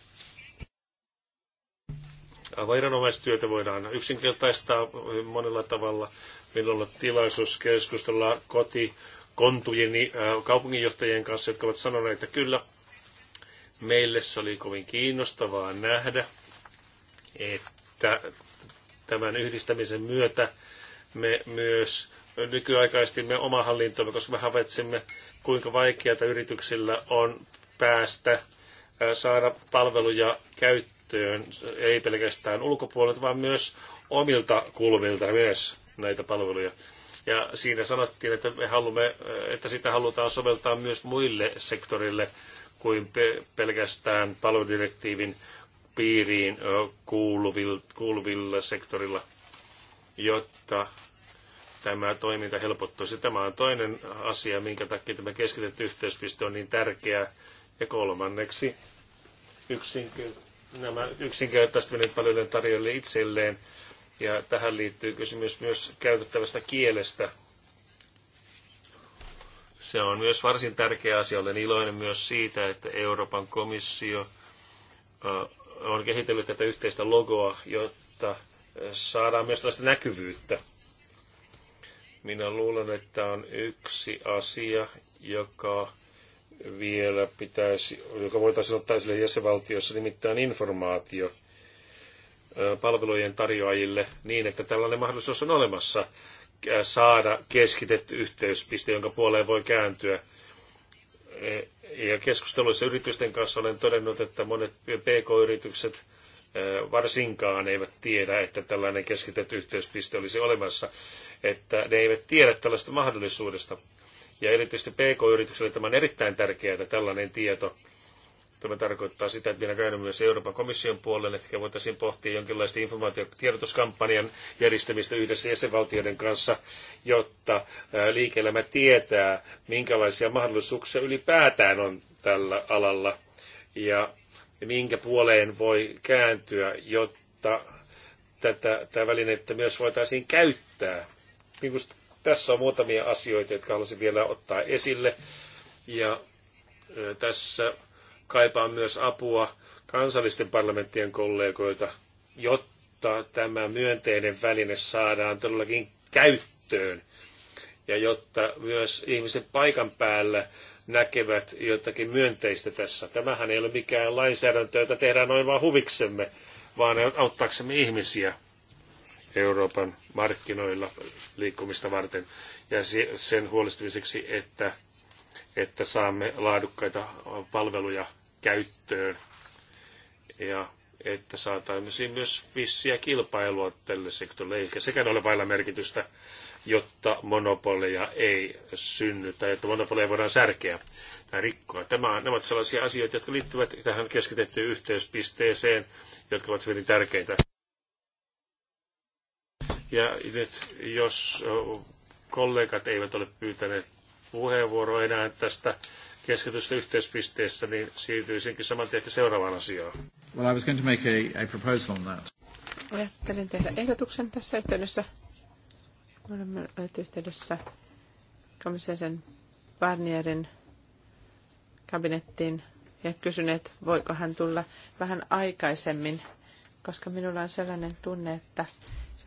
viranomaistyötä voidaan yksinkertaistaa monella tavalla. Meillä on tilaisuus keskustella koti kontujen kaupunginjohtajien kanssa, jotka ovat sanoneet, että kyllä, meille se oli kovin kiinnostavaa nähdä, että tämän yhdistämisen myötä me myös nykyaikaistimme oma hallintoa, koska me havaitsimme, kuinka vaikeata yrityksillä on päästä saada palveluja käyttöön, ei pelkästään ulkopuolelta, vaan myös omilta kulmilta myös näitä palveluja. Ja siinä sanottiin, että, me haluamme, että sitä halutaan soveltaa myös muille sektorille kuin pelkästään palveludirektiivin piiriin kuuluvilla, kuuluvilla sektorilla, jotta tämä toiminta helpottuisi. Tämä on toinen asia, minkä takia tämä keskitetty yhteyspiste on niin tärkeä ja kolmanneksi yksinkertaisesti nämä yksinkertaistaminen paljoille tarjolle itselleen. Ja tähän liittyy kysymys myös käytettävästä kielestä. Se on myös varsin tärkeä asia. Olen iloinen myös siitä, että Euroopan komissio on kehitellyt tätä yhteistä logoa, jotta saadaan myös tällaista näkyvyyttä. Minä luulen, että on yksi asia, joka vielä pitäisi, joka voitaisiin ottaa esille jäsenvaltiossa, nimittäin informaatio palvelujen tarjoajille niin, että tällainen mahdollisuus on olemassa saada keskitetty yhteyspiste, jonka puoleen voi kääntyä. E, ja keskusteluissa yritysten kanssa olen todennut, että monet PK-yritykset varsinkaan eivät tiedä, että tällainen keskitetty yhteyspiste olisi olemassa, että ne eivät tiedä tällaista mahdollisuudesta. Ja erityisesti PK-yrityksille tämä on erittäin tärkeää, tällainen tieto. Tämä tarkoittaa sitä, että minä käyn myös Euroopan komission puolelle, että voitaisiin pohtia jonkinlaista informaatiotiedotuskampanjan järjestämistä yhdessä jäsenvaltioiden kanssa, jotta liike-elämä tietää, minkälaisia mahdollisuuksia ylipäätään on tällä alalla ja minkä puoleen voi kääntyä, jotta tätä, tätä välinettä myös voitaisiin käyttää. Niin kuin tässä on muutamia asioita, jotka haluaisin vielä ottaa esille. Ja tässä kaipaan myös apua kansallisten parlamenttien kollegoita, jotta tämä myönteinen väline saadaan todellakin käyttöön ja jotta myös ihmiset paikan päällä näkevät jotakin myönteistä tässä. Tämähän ei ole mikään lainsäädäntö, jota tehdään noin vaan huviksemme, vaan auttaaksemme ihmisiä. Euroopan markkinoilla liikkumista varten ja sen huolestimiseksi, että, että saamme laadukkaita palveluja käyttöön ja että saataisiin myös vissiä kilpailua tälle sektorille, eikä sekään ole vailla merkitystä, jotta monopoleja ei synny tai että monopoleja voidaan särkeä tai rikkoa. Tämä, nämä ovat sellaisia asioita, jotka liittyvät tähän keskitettyyn yhteyspisteeseen, jotka ovat hyvin tärkeitä. Ja nyt jos kollegat eivät ole pyytäneet puheenvuoroa enää tästä keskitystä yhteispisteestä, niin siirtyisinkin saman tien seuraavaan asiaan. Well, I was going to make a, a proposal on that. Ajattelin tehdä ehdotuksen tässä yhteydessä. Me olemme olleet yhteydessä komissaisen Barnierin kabinettiin ja kysyneet, voiko hän tulla vähän aikaisemmin, koska minulla on sellainen tunne, että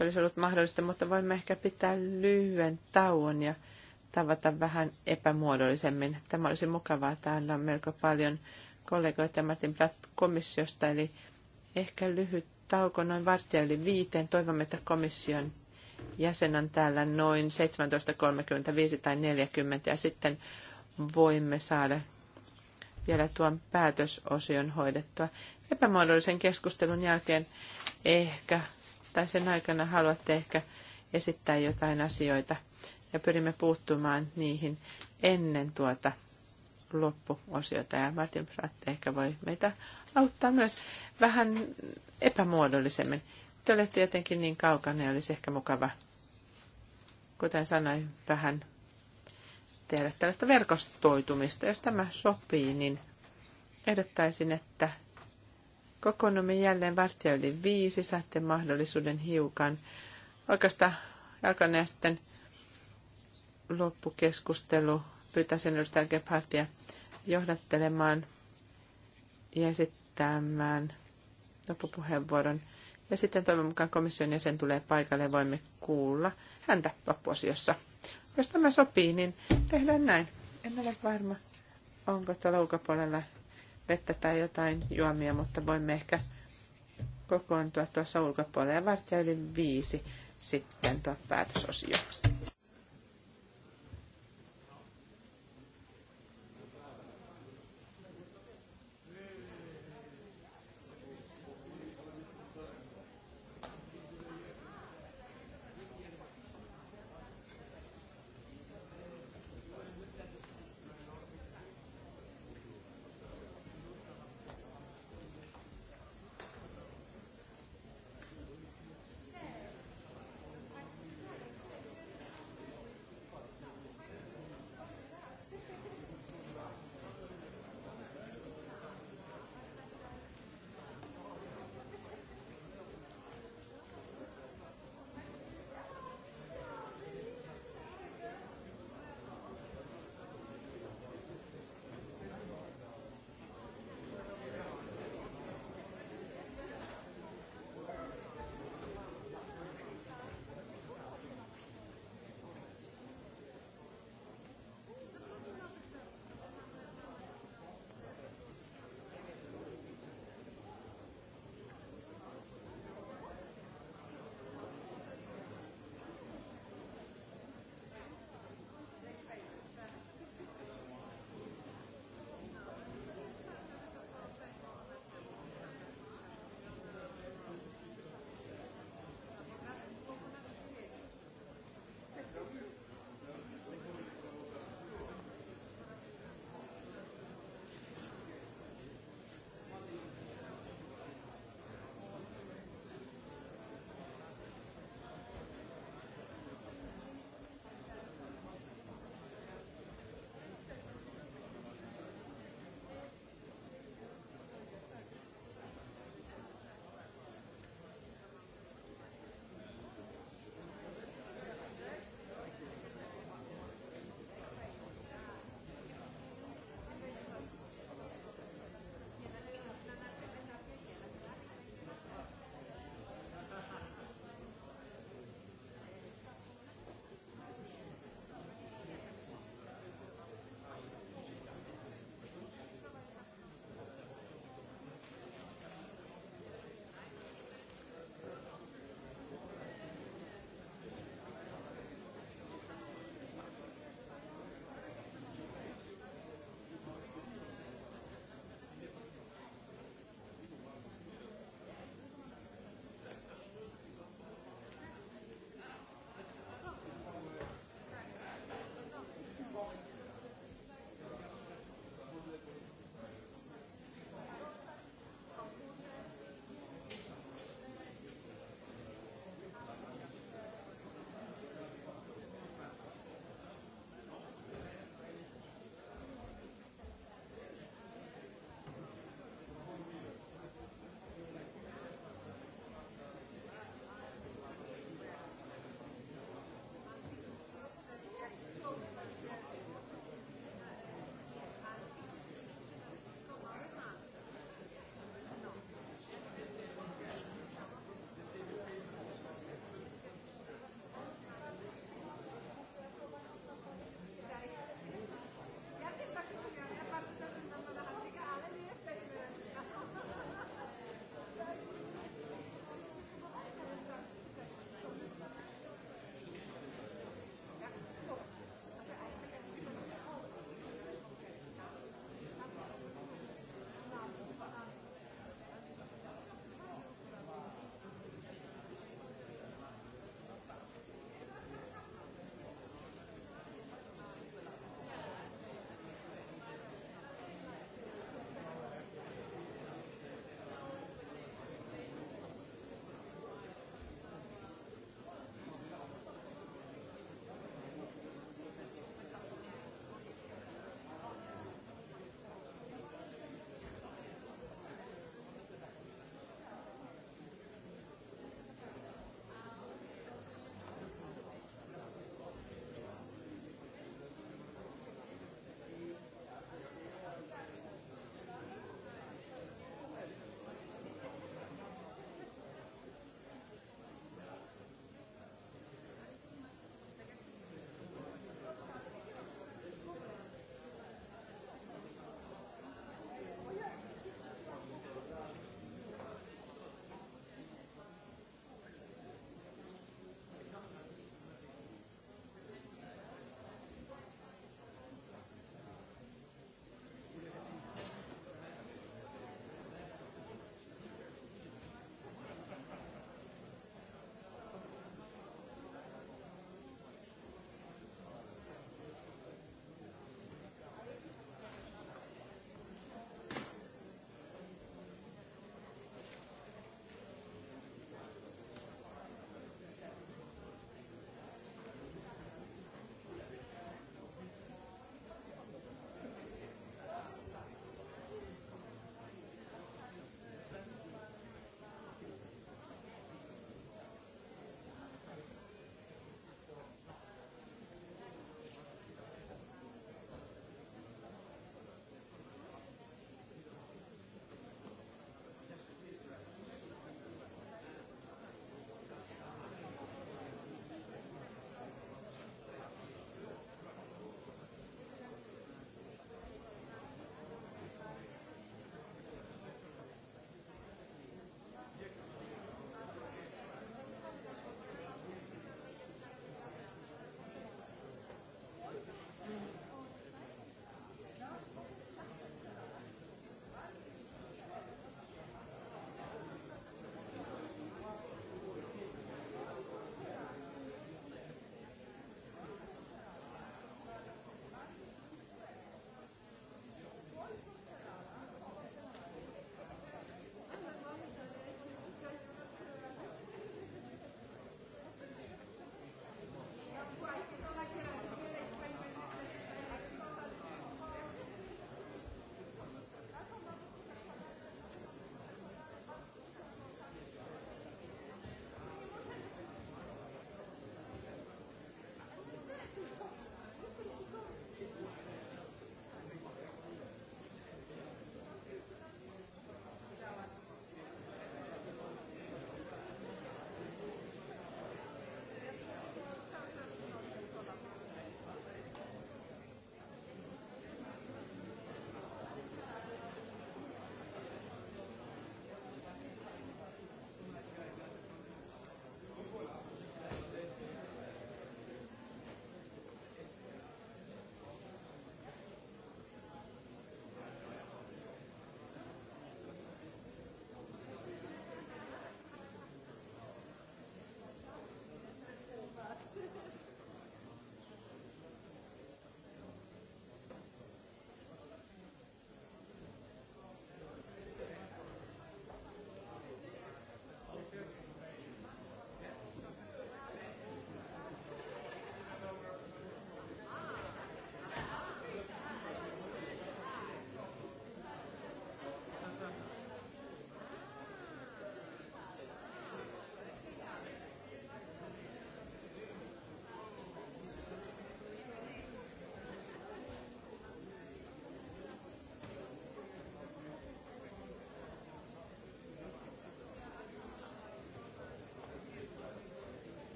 se olisi ollut mahdollista, mutta voimme ehkä pitää lyhyen tauon ja tavata vähän epämuodollisemmin. Tämä olisi mukavaa. Täällä on melko paljon kollegoita Martin Platt komissiosta, eli ehkä lyhyt tauko noin vartija yli viiteen. Toivomme, että komission jäsen on täällä noin 17.35 tai 40 ja sitten voimme saada vielä tuon päätösosion hoidettua. Epämuodollisen keskustelun jälkeen ehkä tai sen aikana haluatte ehkä esittää jotain asioita ja pyrimme puuttumaan niihin ennen tuota loppuosiota. Ja Martin Pratt ehkä voi meitä auttaa myös vähän epämuodollisemmin. Te olette jotenkin niin kaukana ja olisi ehkä mukava, kuten sanoin, vähän tehdä tällaista verkostoitumista. Jos tämä sopii, niin ehdottaisin, että Kokoonnumme jälleen varttia yli viisi, saatte mahdollisuuden hiukan oikeastaan jalkanne sitten loppukeskustelu. Pyytäisin edustaja Gebhardtia johdattelemaan ja esittämään loppupuheenvuoron. Ja sitten toivon mukaan komission jäsen tulee paikalle ja voimme kuulla häntä loppuosiossa. Jos tämä sopii, niin tehdään näin. En ole varma, onko tuolla ulkopuolella vettä tai jotain juomia, mutta voimme ehkä kokoontua tuossa ulkopuolella ja vartija yli viisi sitten tuo päätösosio.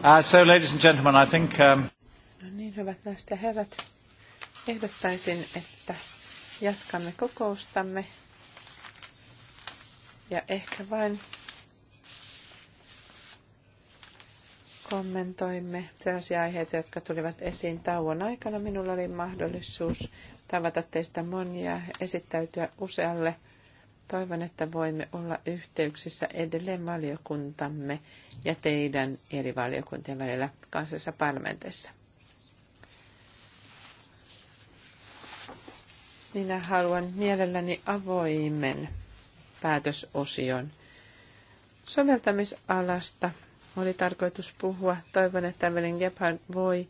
Uh, so, ladies and gentlemen, I think... Um... No niin, hyvät naiset ja herrat. Ehdottaisin, että jatkamme kokoustamme. Ja ehkä vain kommentoimme sellaisia aiheita, jotka tulivat esiin tauon aikana. Minulla oli mahdollisuus tavata teistä monia, esittäytyä usealle Toivon, että voimme olla yhteyksissä edelleen valiokuntamme ja teidän eri valiokuntien välillä kansallisessa parlamenteissa. Minä haluan mielelläni avoimen päätösosion soveltamisalasta. Oli tarkoitus puhua. Toivon, että Evelyn Gebhard voi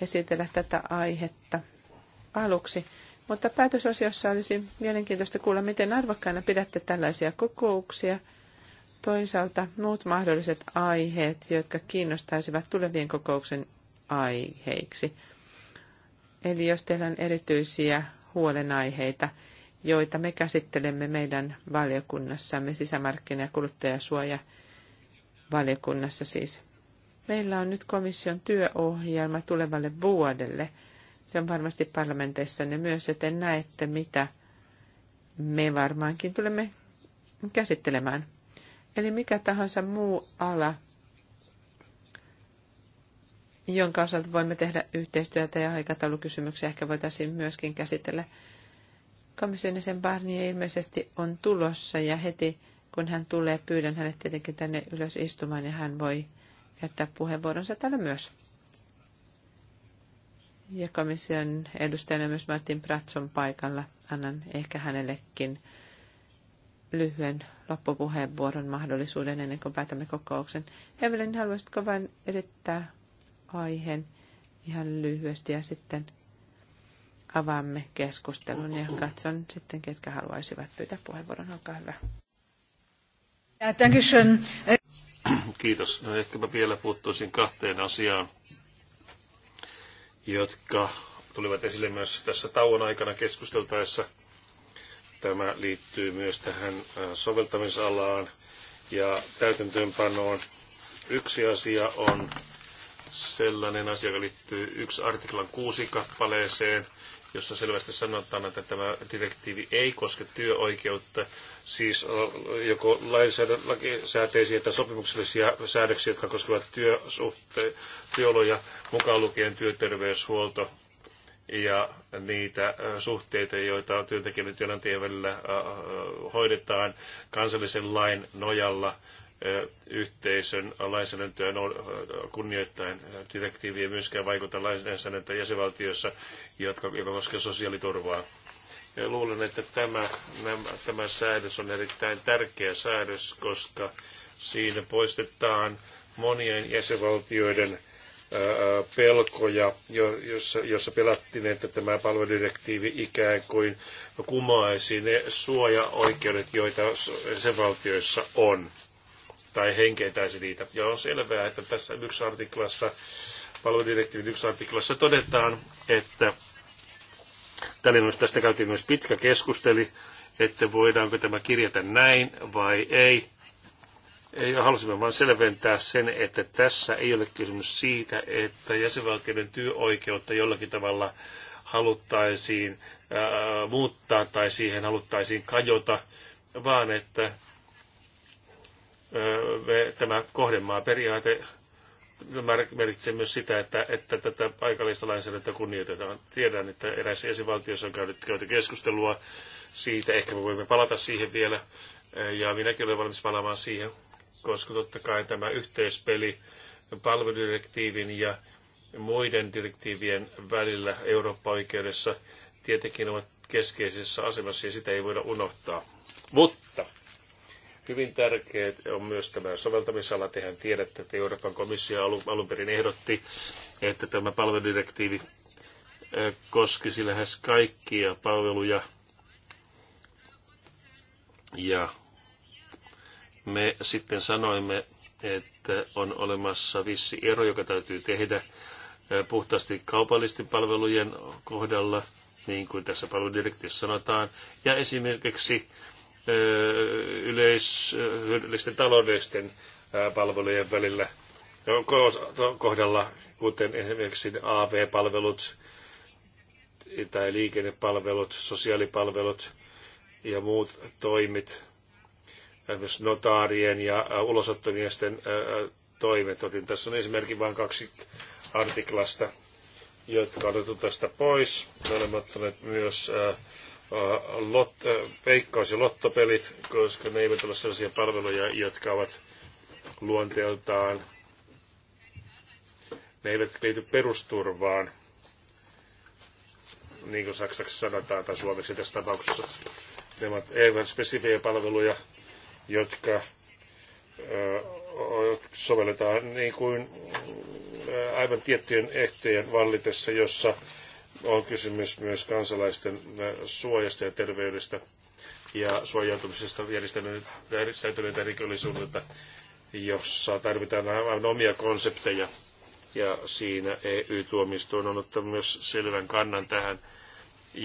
esitellä tätä aihetta aluksi. Mutta päätösosiossa olisi mielenkiintoista kuulla, miten arvokkaina pidätte tällaisia kokouksia. Toisaalta muut mahdolliset aiheet, jotka kiinnostaisivat tulevien kokouksen aiheiksi. Eli jos teillä on erityisiä huolenaiheita, joita me käsittelemme meidän valiokunnassamme, sisämarkkina- ja kuluttajasuoja valiokunnassa siis. Meillä on nyt komission työohjelma tulevalle vuodelle – se on varmasti parlamenteissanne myös, joten näette, mitä me varmaankin tulemme käsittelemään. Eli mikä tahansa muu ala, jonka osalta voimme tehdä yhteistyötä ja aikataulukysymyksiä ehkä voitaisiin myöskin käsitellä. Komission sen Barnier ilmeisesti on tulossa ja heti kun hän tulee, pyydän hänet tietenkin tänne ylös istumaan ja hän voi jättää puheenvuoronsa täällä myös. Ja komission edustajana myös Martin Pratson paikalla. Annan ehkä hänellekin lyhyen loppupuheenvuoron mahdollisuuden ennen kuin päätämme kokouksen. Evelyn, haluaisitko vain esittää aiheen ihan lyhyesti ja sitten avaamme keskustelun ja katson sitten, ketkä haluaisivat pyytää puheenvuoron. Olkaa hyvä. Kiitos. No mä vielä puuttuisin kahteen asiaan jotka tulivat esille myös tässä tauon aikana keskusteltaessa. Tämä liittyy myös tähän soveltamisalaan ja täytäntöönpanoon. Yksi asia on sellainen asia, joka liittyy yksi artiklan kuusi kappaleeseen – jossa selvästi sanotaan, että tämä direktiivi ei koske työoikeutta, siis joko lainsääteisiä tai sopimuksellisia säädöksiä, jotka koskevat työsuhte- työoloja, mukaan lukien työterveyshuolto ja niitä suhteita, joita työntekijöiden ja työnantajien välillä hoidetaan kansallisen lain nojalla yhteisön lainsäädäntöä no, kunnioittain. Direktiivi ei myöskään vaikuta lainsäädäntöä jäsenvaltioissa, jotka, joka koskee sosiaaliturvaa. Ja luulen, että tämä, nämä, tämä säädös on erittäin tärkeä säädös, koska siinä poistetaan monien jäsenvaltioiden pelkoja, jossa, jossa pelattiin, että tämä palveludirektiivi ikään kuin kumoaisi ne suojaoikeudet, joita jäsenvaltioissa on tai henkeitäisi niitä. Ja on selvää, että tässä yksi artiklassa, palveludirektiivin yksi artiklassa todetaan, että myös, tästä käytiin myös pitkä keskusteli, että voidaanko tämä kirjata näin vai ei. ei halusimme vain selventää sen, että tässä ei ole kysymys siitä, että jäsenvaltioiden työoikeutta jollakin tavalla haluttaisiin ää, muuttaa tai siihen haluttaisiin kajota, vaan että tämä kohdemaa periaate merkitsee myös sitä, että, että tätä paikallista lainsäädäntöä kunnioitetaan. Tiedän, että eräissä esivaltioissa on käynyt, käyty keskustelua siitä, ehkä me voimme palata siihen vielä, ja minäkin olen valmis palaamaan siihen, koska totta kai tämä yhteispeli palveludirektiivin ja muiden direktiivien välillä Eurooppa-oikeudessa tietenkin ovat keskeisessä asemassa ja sitä ei voida unohtaa. Mutta Hyvin tärkeä on myös tämä soveltamisala. Tehän tiedätte, että Euroopan komissio alun, alun perin ehdotti, että tämä palveludirektiivi koskisi lähes kaikkia palveluja. Ja me sitten sanoimme, että on olemassa vissi ero, joka täytyy tehdä puhtaasti kaupallisten palvelujen kohdalla, niin kuin tässä palveludirektiivissä sanotaan, ja esimerkiksi yleishyödyllisten taloudellisten palvelujen välillä no, kohdalla, kuten esimerkiksi AV-palvelut tai liikennepalvelut, sosiaalipalvelut ja muut toimit, myös notaarien ja ulosottomiesten toimet. Otin tässä on esimerkki vain kaksi artiklasta, jotka on otettu tästä pois. Me olemme ottaneet myös Äh, lot, äh, veikkaus- ja lottopelit, koska ne eivät ole sellaisia palveluja, jotka ovat luonteeltaan, ne eivät liity perusturvaan, niin kuin saksaksi sanotaan, tai suomeksi tässä tapauksessa. Ne ovat eivät spesifiä palveluja, jotka äh, sovelletaan niin kuin aivan tiettyjen ehtojen vallitessa, jossa on kysymys myös kansalaisten suojasta ja terveydestä ja suojautumisesta järjestäytyneitä rikollisuudelta, jossa tarvitaan aivan omia konsepteja. Ja siinä eu tuomisto on ottanut myös selvän kannan tähän.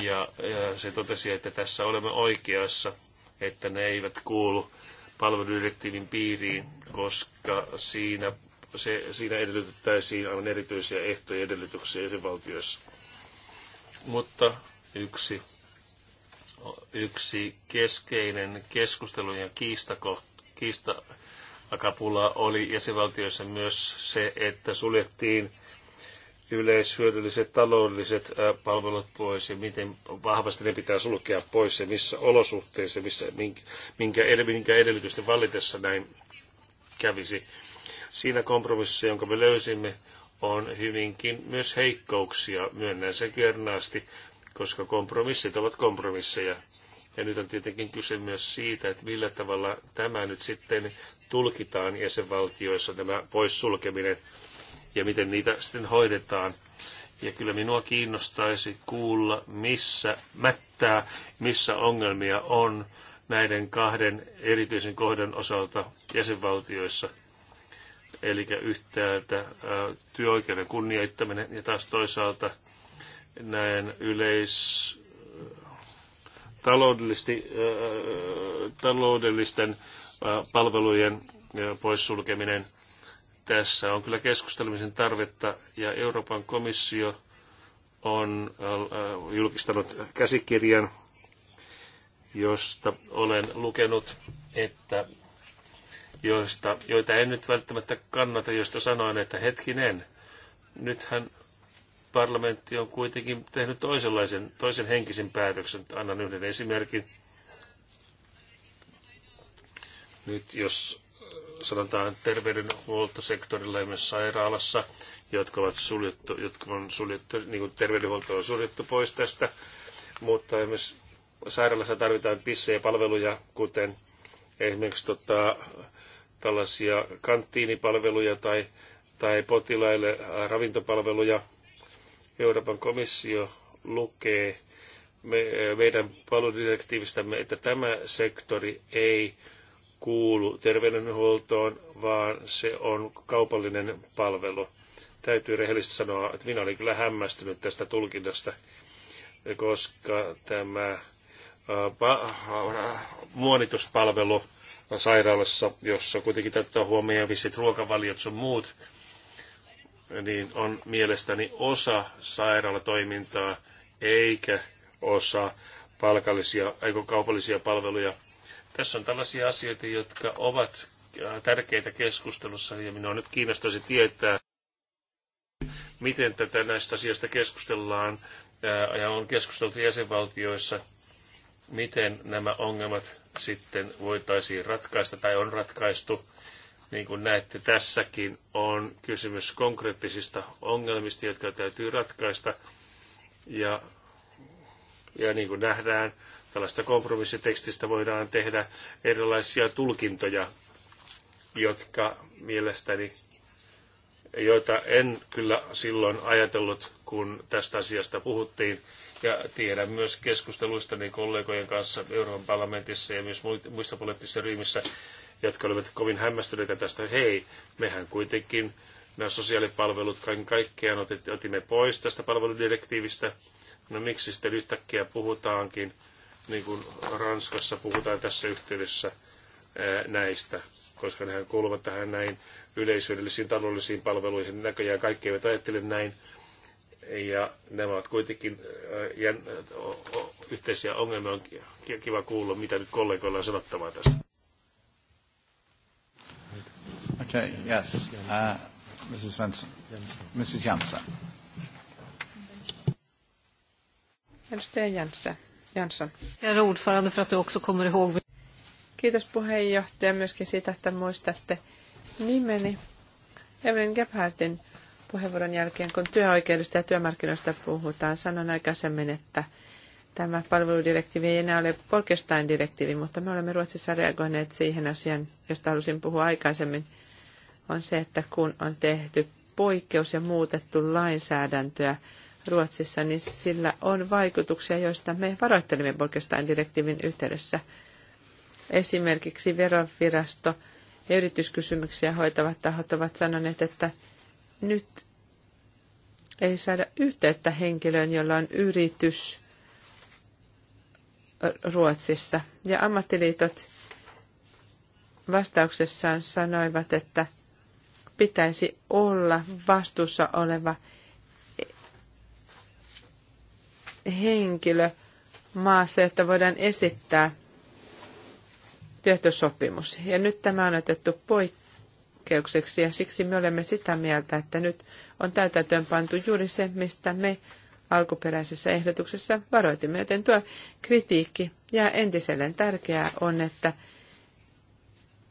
Ja, ja se totesi, että tässä olemme oikeassa, että ne eivät kuulu palveludirektiivin piiriin, koska siinä, se, siinä edellytettäisiin aivan erityisiä ehtoja edellytyksiä jäsenvaltioissa mutta yksi, yksi keskeinen keskustelu ja kiistakapula kiista, oli jäsenvaltioissa myös se, että suljettiin yleishyödylliset taloudelliset palvelut pois ja miten vahvasti ne pitää sulkea pois ja missä olosuhteissa, missä, minkä, minkä edellytysten vallitessa näin kävisi. Siinä kompromississa, jonka me löysimme, on hyvinkin myös heikkouksia, myönnän sen kernaasti, koska kompromissit ovat kompromisseja. Ja nyt on tietenkin kyse myös siitä, että millä tavalla tämä nyt sitten tulkitaan jäsenvaltioissa, tämä poissulkeminen, ja miten niitä sitten hoidetaan. Ja kyllä minua kiinnostaisi kuulla, missä mättää, missä ongelmia on näiden kahden erityisen kohdan osalta jäsenvaltioissa – eli yhtäältä työoikeuden kunnioittaminen ja taas toisaalta näin yleis taloudellisten palvelujen poissulkeminen. Tässä on kyllä keskustelemisen tarvetta ja Euroopan komissio on julkistanut käsikirjan, josta olen lukenut, että joista, joita en nyt välttämättä kannata, joista sanoin, että hetkinen, nythän parlamentti on kuitenkin tehnyt toisenlaisen, toisen henkisen päätöksen. Annan yhden esimerkin. Nyt jos äh, sanotaan terveydenhuoltosektorilla ja myös sairaalassa, jotka, ovat suljettu, jotka on suljettu, niin kuin terveydenhuolto on suljettu pois tästä, mutta myös sairaalassa tarvitaan pissejä palveluja, kuten esimerkiksi tota, tällaisia kanttiinipalveluja tai, tai potilaille ravintopalveluja. Euroopan komissio lukee me, meidän palveludirektiivistämme, että tämä sektori ei kuulu terveydenhuoltoon, vaan se on kaupallinen palvelu. Täytyy rehellisesti sanoa, että minä olin kyllä hämmästynyt tästä tulkinnasta, koska tämä muonituspalvelu sairaalassa, jossa kuitenkin täyttää huomioon vissit ruokavaliot sun muut, niin on mielestäni osa sairaalatoimintaa eikä osa palkallisia, eikä kaupallisia palveluja. Tässä on tällaisia asioita, jotka ovat äh, tärkeitä keskustelussa ja minua nyt kiinnostaisi tietää, miten tätä näistä asioista keskustellaan äh, ja on keskusteltu jäsenvaltioissa – miten nämä ongelmat sitten voitaisiin ratkaista tai on ratkaistu. Niin kuin näette tässäkin, on kysymys konkreettisista ongelmista, jotka täytyy ratkaista. Ja, ja niin kuin nähdään, tällaista kompromissitekstistä voidaan tehdä erilaisia tulkintoja, jotka mielestäni, joita en kyllä silloin ajatellut, kun tästä asiasta puhuttiin, ehkä tiedän myös keskusteluista niin kollegojen kanssa Euroopan parlamentissa ja myös muissa poliittisissa ryhmissä, jotka olivat kovin hämmästyneitä tästä. Hei, mehän kuitenkin nämä sosiaalipalvelut kaiken kaikkiaan otimme pois tästä palveludirektiivistä. No miksi sitten yhtäkkiä puhutaankin, niin kuin Ranskassa puhutaan tässä yhteydessä näistä, koska nehän kuuluvat tähän näin yleishyödyllisiin taloudellisiin palveluihin. Näköjään kaikki eivät ajattele näin, ja nämä ovat kuitenkin äh, o, yhteisiä ongelmia. On kiva kuulla, mitä nyt kollegoilla on sanottavaa tästä. Okay, yes. Uh, Mrs. Svensson. Mrs. Janssen. Edustaja Jansson. Herra ordförande, för att du också kommer ihåg. Kiitos puheenjohtaja myöskin siitä, että muistatte nimeni. Evelyn Gebhardin puheenvuoron jälkeen, kun työoikeudesta ja työmarkkinoista puhutaan, sanon aikaisemmin, että tämä palveludirektiivi ei enää ole Polkestain direktiivi, mutta me olemme Ruotsissa reagoineet siihen asiaan, josta halusin puhua aikaisemmin, on se, että kun on tehty poikkeus ja muutettu lainsäädäntöä Ruotsissa, niin sillä on vaikutuksia, joista me varoittelimme Polkestain direktiivin yhteydessä. Esimerkiksi verovirasto ja yrityskysymyksiä hoitavat tahot ovat sanoneet, että nyt ei saada yhteyttä henkilöön, jolla on yritys Ruotsissa. Ja ammattiliitot vastauksessaan sanoivat, että pitäisi olla vastuussa oleva henkilö maassa, että voidaan esittää työtösopimus. Ja nyt tämä on otettu poikki poikkeukseksi ja siksi me olemme sitä mieltä, että nyt on täytäntöön pantu juuri se, mistä me alkuperäisessä ehdotuksessa varoitimme, joten tuo kritiikki ja entiselleen tärkeää on, että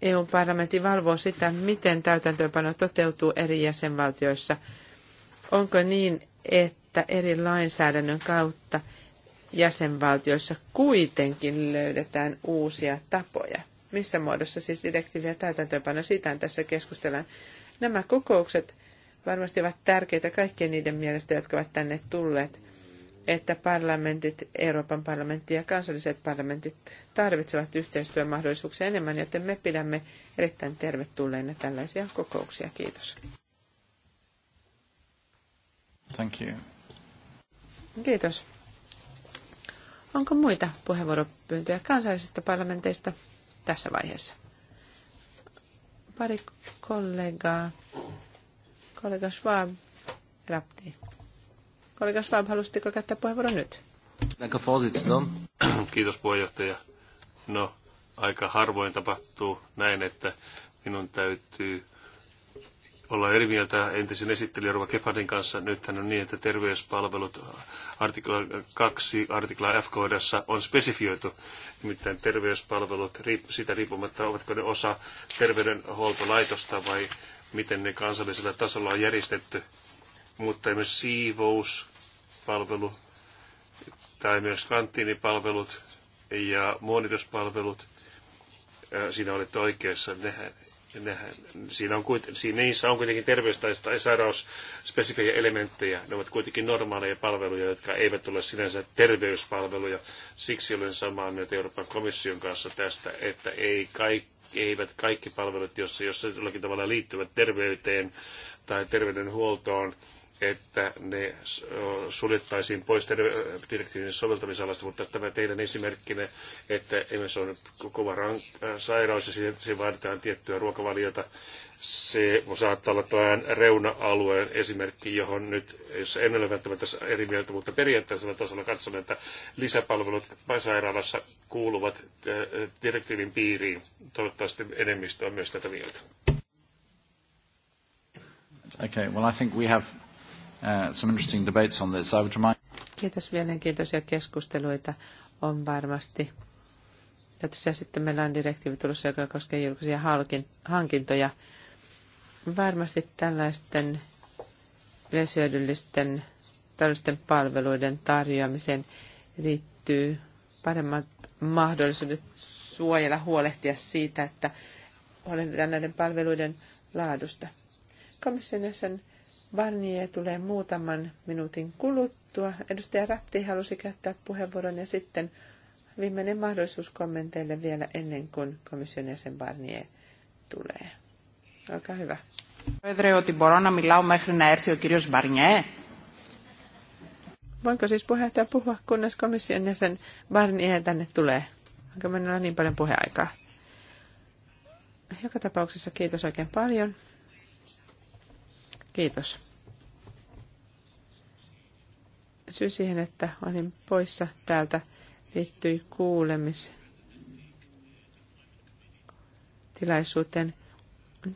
EU-parlamentti valvoo sitä, miten täytäntöönpano toteutuu eri jäsenvaltioissa. Onko niin, että eri lainsäädännön kautta jäsenvaltioissa kuitenkin löydetään uusia tapoja? missä muodossa siis direktiiviä täytäntöönpano, siitä tässä keskustellaan. Nämä kokoukset varmasti ovat tärkeitä kaikkien niiden mielestä, jotka ovat tänne tulleet, että parlamentit, Euroopan parlamentti ja kansalliset parlamentit tarvitsevat yhteistyön mahdollisuuksia enemmän, joten me pidämme erittäin tervetulleina tällaisia kokouksia. Kiitos. Thank you. Kiitos. Onko muita puheenvuoropyyntöjä kansallisista parlamenteista? tässä vaiheessa. Pari kollegaa. Kollega Schwab rapti. Kollega Schwab, halusitteko käyttää puheenvuoron nyt? Kiitos puheenjohtaja. No, aika harvoin tapahtuu näin, että minun täytyy olla eri mieltä entisen esittelijän Rova Kepardin kanssa. hän on niin, että terveyspalvelut artikla 2, artikla f kohdassa on spesifioitu. Nimittäin terveyspalvelut, sitä riippumatta ovatko ne osa terveydenhuoltolaitosta vai miten ne kansallisella tasolla on järjestetty. Mutta myös siivouspalvelu tai myös kanttiinipalvelut ja muonituspalvelut, siinä olette oikeassa, nehän Nehän, siinä on kuiten, siinä niissä on kuitenkin terveys- tai, tai sairausspesifejä elementtejä. Ne ovat kuitenkin normaaleja palveluja, jotka eivät ole sinänsä terveyspalveluja. Siksi olen samaa mieltä Euroopan komission kanssa tästä, että ei kaikki eivät kaikki palvelut, jossa jos jollakin tavalla liittyvät terveyteen tai terveydenhuoltoon, että ne suljettaisiin pois direktiivin soveltamisalasta, mutta tämä teidän esimerkkinne, että esimerkiksi on kova sairaus ja siihen, vaaditaan tiettyä ruokavaliota, se saattaa olla tällainen reuna-alueen esimerkki, johon nyt, jos en ole välttämättä eri mieltä, mutta periaatteessa tasolla katson, että lisäpalvelut sairaalassa kuuluvat direktiivin piiriin. Toivottavasti enemmistö on myös tätä mieltä. Okay, well I think we have Uh, some interesting debates on this. I would remind... Kiitos mielenkiintoisia keskusteluita on varmasti. Ja tosiaan sitten meillä on direktiivi tulossa, joka koskee julkisia hankintoja. Varmasti tällaisten yleishyödyllisten tällaisten palveluiden tarjoamiseen liittyy paremmat mahdollisuudet suojella, huolehtia siitä, että huolehditaan näiden palveluiden laadusta. Komission jäsen Varnie tulee muutaman minuutin kuluttua. Edustaja Rapti halusi käyttää puheenvuoron ja sitten viimeinen mahdollisuus kommenteille vielä ennen kuin komission jäsen Barnier tulee. Olkaa hyvä. Πρόεδρε, ότι μπορώ να μιλάω μέχρι να έρθει Voinko siis puheenjohtaja puhua, kunnes komission jäsen Barnier tänne tulee? Onko minulla niin paljon puheaikaa? Joka tapauksessa kiitos oikein paljon. Kiitos. Syy siihen, että olin poissa täältä, liittyi kuulemistilaisuuteen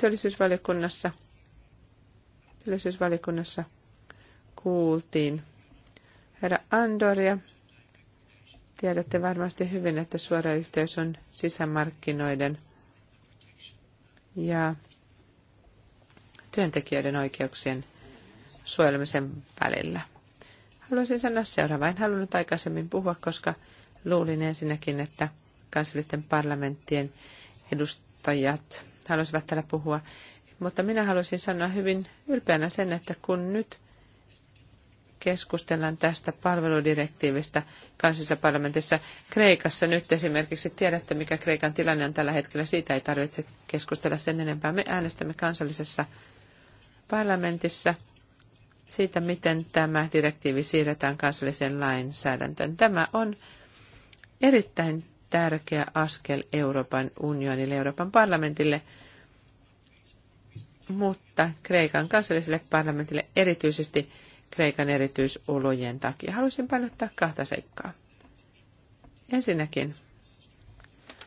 työllisyysvaliokunnassa. Työllisyysvaliokunnassa kuultiin herra Andoria. Tiedätte varmasti hyvin, että suora yhteys on sisämarkkinoiden ja työntekijöiden oikeuksien suojelemisen välillä. Haluaisin sanoa seuraava. En halunnut aikaisemmin puhua, koska luulin ensinnäkin, että kansallisten parlamenttien edustajat haluaisivat täällä puhua. Mutta minä haluaisin sanoa hyvin ylpeänä sen, että kun nyt keskustellaan tästä palveludirektiivistä kansallisessa parlamentissa. Kreikassa nyt esimerkiksi tiedätte, mikä Kreikan tilanne on tällä hetkellä. Siitä ei tarvitse keskustella sen enempää. Me äänestämme kansallisessa parlamentissa siitä, miten tämä direktiivi siirretään kansalliseen lainsäädäntöön. Tämä on erittäin tärkeä askel Euroopan unionille, Euroopan parlamentille, mutta Kreikan kansalliselle parlamentille erityisesti Kreikan erityisolojen takia. Haluaisin painottaa kahta seikkaa. Ensinnäkin,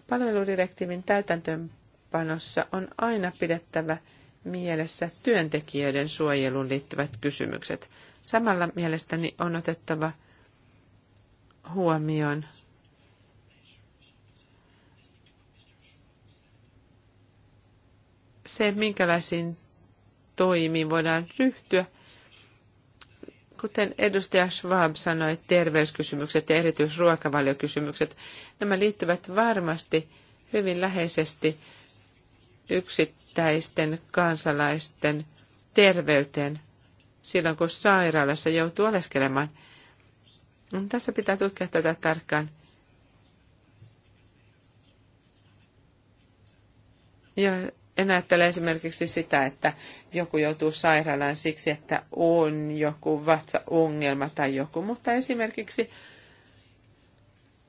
palveludirektiivin täytäntöönpanossa on aina pidettävä – mielessä työntekijöiden suojeluun liittyvät kysymykset. Samalla mielestäni on otettava huomioon se, minkälaisiin toimiin voidaan ryhtyä. Kuten edustaja Schwab sanoi, terveyskysymykset ja erityisruokavaliokysymykset, nämä liittyvät varmasti hyvin läheisesti yksi yksittäisten kansalaisten terveyteen silloin, kun sairaalassa joutuu oleskelemaan. Mm, tässä pitää tutkia tätä tarkkaan. Ja en ajattele esimerkiksi sitä, että joku joutuu sairaalaan siksi, että on joku vatsaongelma tai joku, mutta esimerkiksi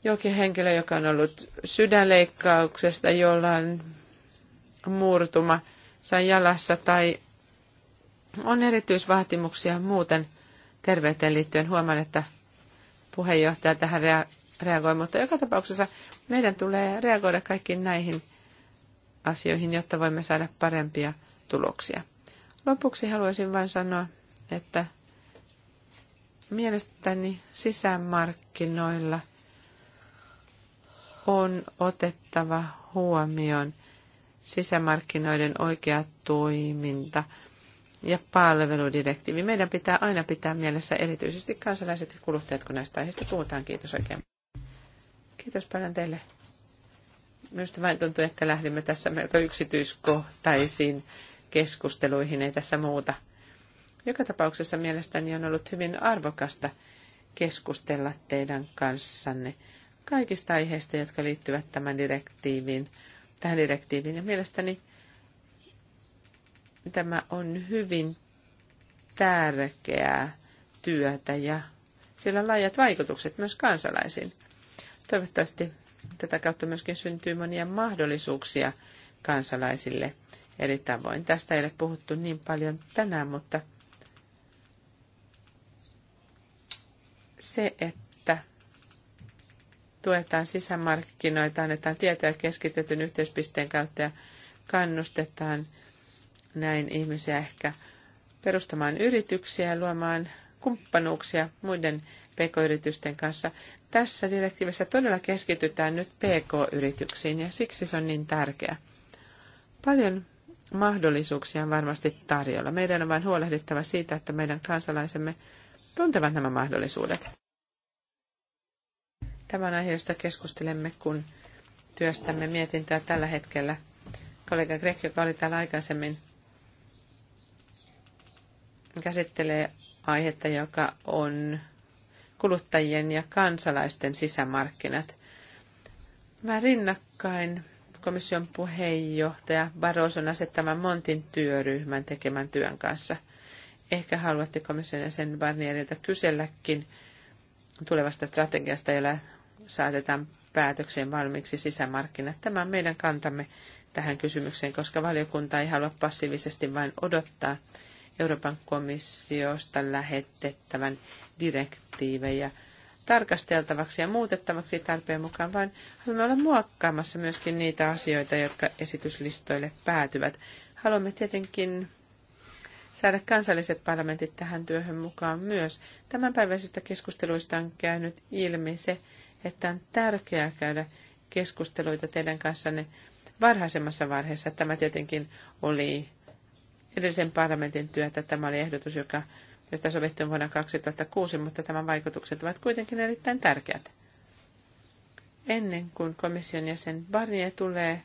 jokin henkilö, joka on ollut sydänleikkauksesta, jolla on murtuma sen jalassa tai on erityisvaatimuksia muuten terveyteen liittyen. Huomaan, että puheenjohtaja tähän rea- reagoi, mutta joka tapauksessa meidän tulee reagoida kaikkiin näihin asioihin, jotta voimme saada parempia tuloksia. Lopuksi haluaisin vain sanoa, että mielestäni sisämarkkinoilla on otettava huomioon sisämarkkinoiden oikea toiminta ja palveludirektiivi. Meidän pitää aina pitää mielessä erityisesti kansalaiset ja kuluttajat, kun näistä aiheista puhutaan. Kiitos oikein. Kiitos paljon teille. Minusta vain tuntuu, että lähdimme tässä melko yksityiskohtaisiin keskusteluihin, ei tässä muuta. Joka tapauksessa mielestäni on ollut hyvin arvokasta keskustella teidän kanssanne kaikista aiheista, jotka liittyvät tämän direktiivin tähän direktiiviin. Ja mielestäni tämä on hyvin tärkeää työtä ja sillä on laajat vaikutukset myös kansalaisiin. Toivottavasti tätä kautta myöskin syntyy monia mahdollisuuksia kansalaisille eri tavoin. Tästä ei ole puhuttu niin paljon tänään, mutta se, että tuetaan sisämarkkinoita, annetaan tietoja keskitetyn yhteispisteen kautta ja kannustetaan näin ihmisiä ehkä perustamaan yrityksiä ja luomaan kumppanuuksia muiden pk-yritysten kanssa. Tässä direktiivissä todella keskitytään nyt pk-yrityksiin ja siksi se on niin tärkeä. Paljon mahdollisuuksia on varmasti tarjolla. Meidän on vain huolehdittava siitä, että meidän kansalaisemme tuntevat nämä mahdollisuudet. Tämän on josta keskustelemme, kun työstämme mietintöä tällä hetkellä. Kollega Greg, joka oli täällä aikaisemmin, käsittelee aihetta, joka on kuluttajien ja kansalaisten sisämarkkinat. Mä rinnakkain komission puheenjohtaja Baros on asettaman Montin työryhmän tekemän työn kanssa. Ehkä haluatte komission jäsen Barnierilta kyselläkin tulevasta strategiasta, jolla saatetaan päätökseen valmiiksi sisämarkkinat. Tämä on meidän kantamme tähän kysymykseen, koska valiokunta ei halua passiivisesti vain odottaa Euroopan komissiosta lähetettävän direktiivejä tarkasteltavaksi ja muutettavaksi tarpeen mukaan, vaan haluamme olla muokkaamassa myöskin niitä asioita, jotka esityslistoille päätyvät. Haluamme tietenkin saada kansalliset parlamentit tähän työhön mukaan myös. Tämänpäiväisistä keskusteluista on käynyt ilmi se, että on tärkeää käydä keskusteluita teidän kanssanne varhaisemmassa vaiheessa. Tämä tietenkin oli edellisen parlamentin työtä. Tämä oli ehdotus, joka, josta sovittiin vuonna 2006, mutta tämän vaikutukset ovat kuitenkin erittäin tärkeät. Ennen kuin komission jäsen Barnier tulee,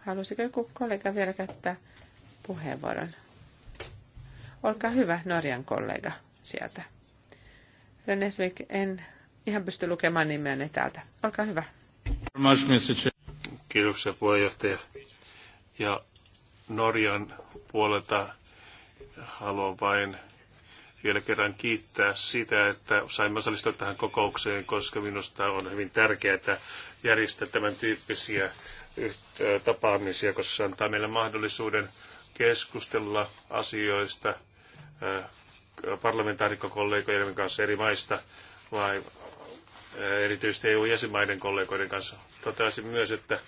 haluaisiko joku kollega vielä käyttää puheenvuoron? Olkaa hyvä, Norjan kollega sieltä. Renesvik, en ihan pysty lukemaan nimeäni täältä. Olkaa hyvä. Kiitoksia puheenjohtaja. Ja Norjan puolelta haluan vain vielä kerran kiittää sitä, että saimme osallistua tähän kokoukseen, koska minusta on hyvin tärkeää järjestää tämän tyyppisiä tapaamisia, koska se antaa meille mahdollisuuden keskustella asioista parlamentaarikkokollegojen kanssa eri maista, vai erityisesti EU-jäsenmaiden kollegoiden kanssa. Toteaisin myös, että,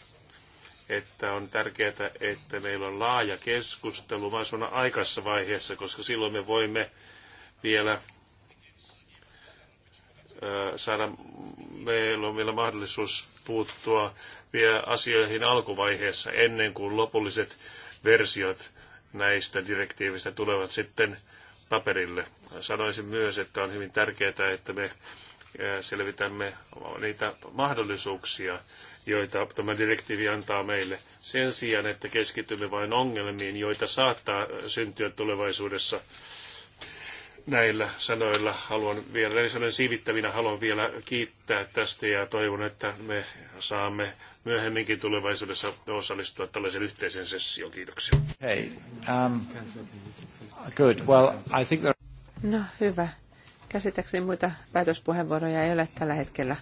että on tärkeää, että meillä on laaja keskustelu mahdollisimman aikaisessa vaiheessa, koska silloin me voimme vielä saada, meillä on vielä mahdollisuus puuttua vielä asioihin alkuvaiheessa ennen kuin lopulliset versiot näistä direktiivistä tulevat sitten paperille. Sanoisin myös, että on hyvin tärkeää, että me Äh, selvitämme niitä mahdollisuuksia, joita tämä direktiivi antaa meille, sen sijaan, että keskitymme vain ongelmiin, joita saattaa syntyä tulevaisuudessa. Näillä sanoilla haluan vielä, näillä sanojen siivittävinä haluan vielä kiittää tästä ja toivon, että me saamme myöhemminkin tulevaisuudessa osallistua tällaisen yhteisen sessioon. Kiitoksia. Hei. Um, good. Well, I think there... No hyvä. Käsitäkseni muita päätöspuheenvuoroja ei ole tällä hetkellä.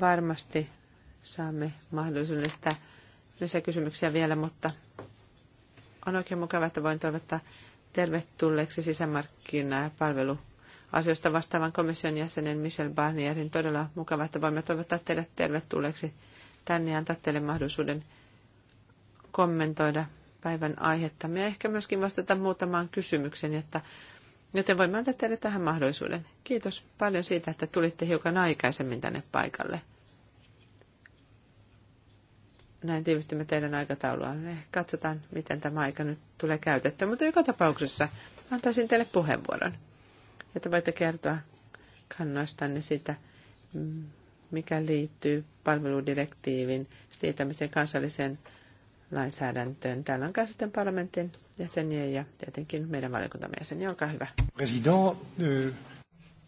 Varmasti saamme mahdollisuuden sitä kysymyksiä vielä, mutta on oikein mukava, että voin toivottaa tervetulleeksi sisämarkkina- ja palveluasioista vastaavan komission jäsenen Michel Barnierin. Todella mukava, että voimme toivottaa teille tervetulleeksi tänne ja antaa teille mahdollisuuden kommentoida päivän aihetta. Me ehkä myöskin vastata muutamaan kysymykseen, että Joten voimme antaa teille tähän mahdollisuuden. Kiitos paljon siitä, että tulitte hiukan aikaisemmin tänne paikalle. Näin tiivistimme teidän aikataulua. Katsotaan, miten tämä aika nyt tulee käytettyä. Mutta joka tapauksessa antaisin teille puheenvuoron, jotta voitte kertoa kannoistanne siitä, mikä liittyy palveludirektiivin siirtämiseen kansalliseen lainsäädäntöön. Täällä on sitten parlamentin jäseniä ja tietenkin meidän valiokuntamme jäseniä. Olkaa hyvä. President, äh.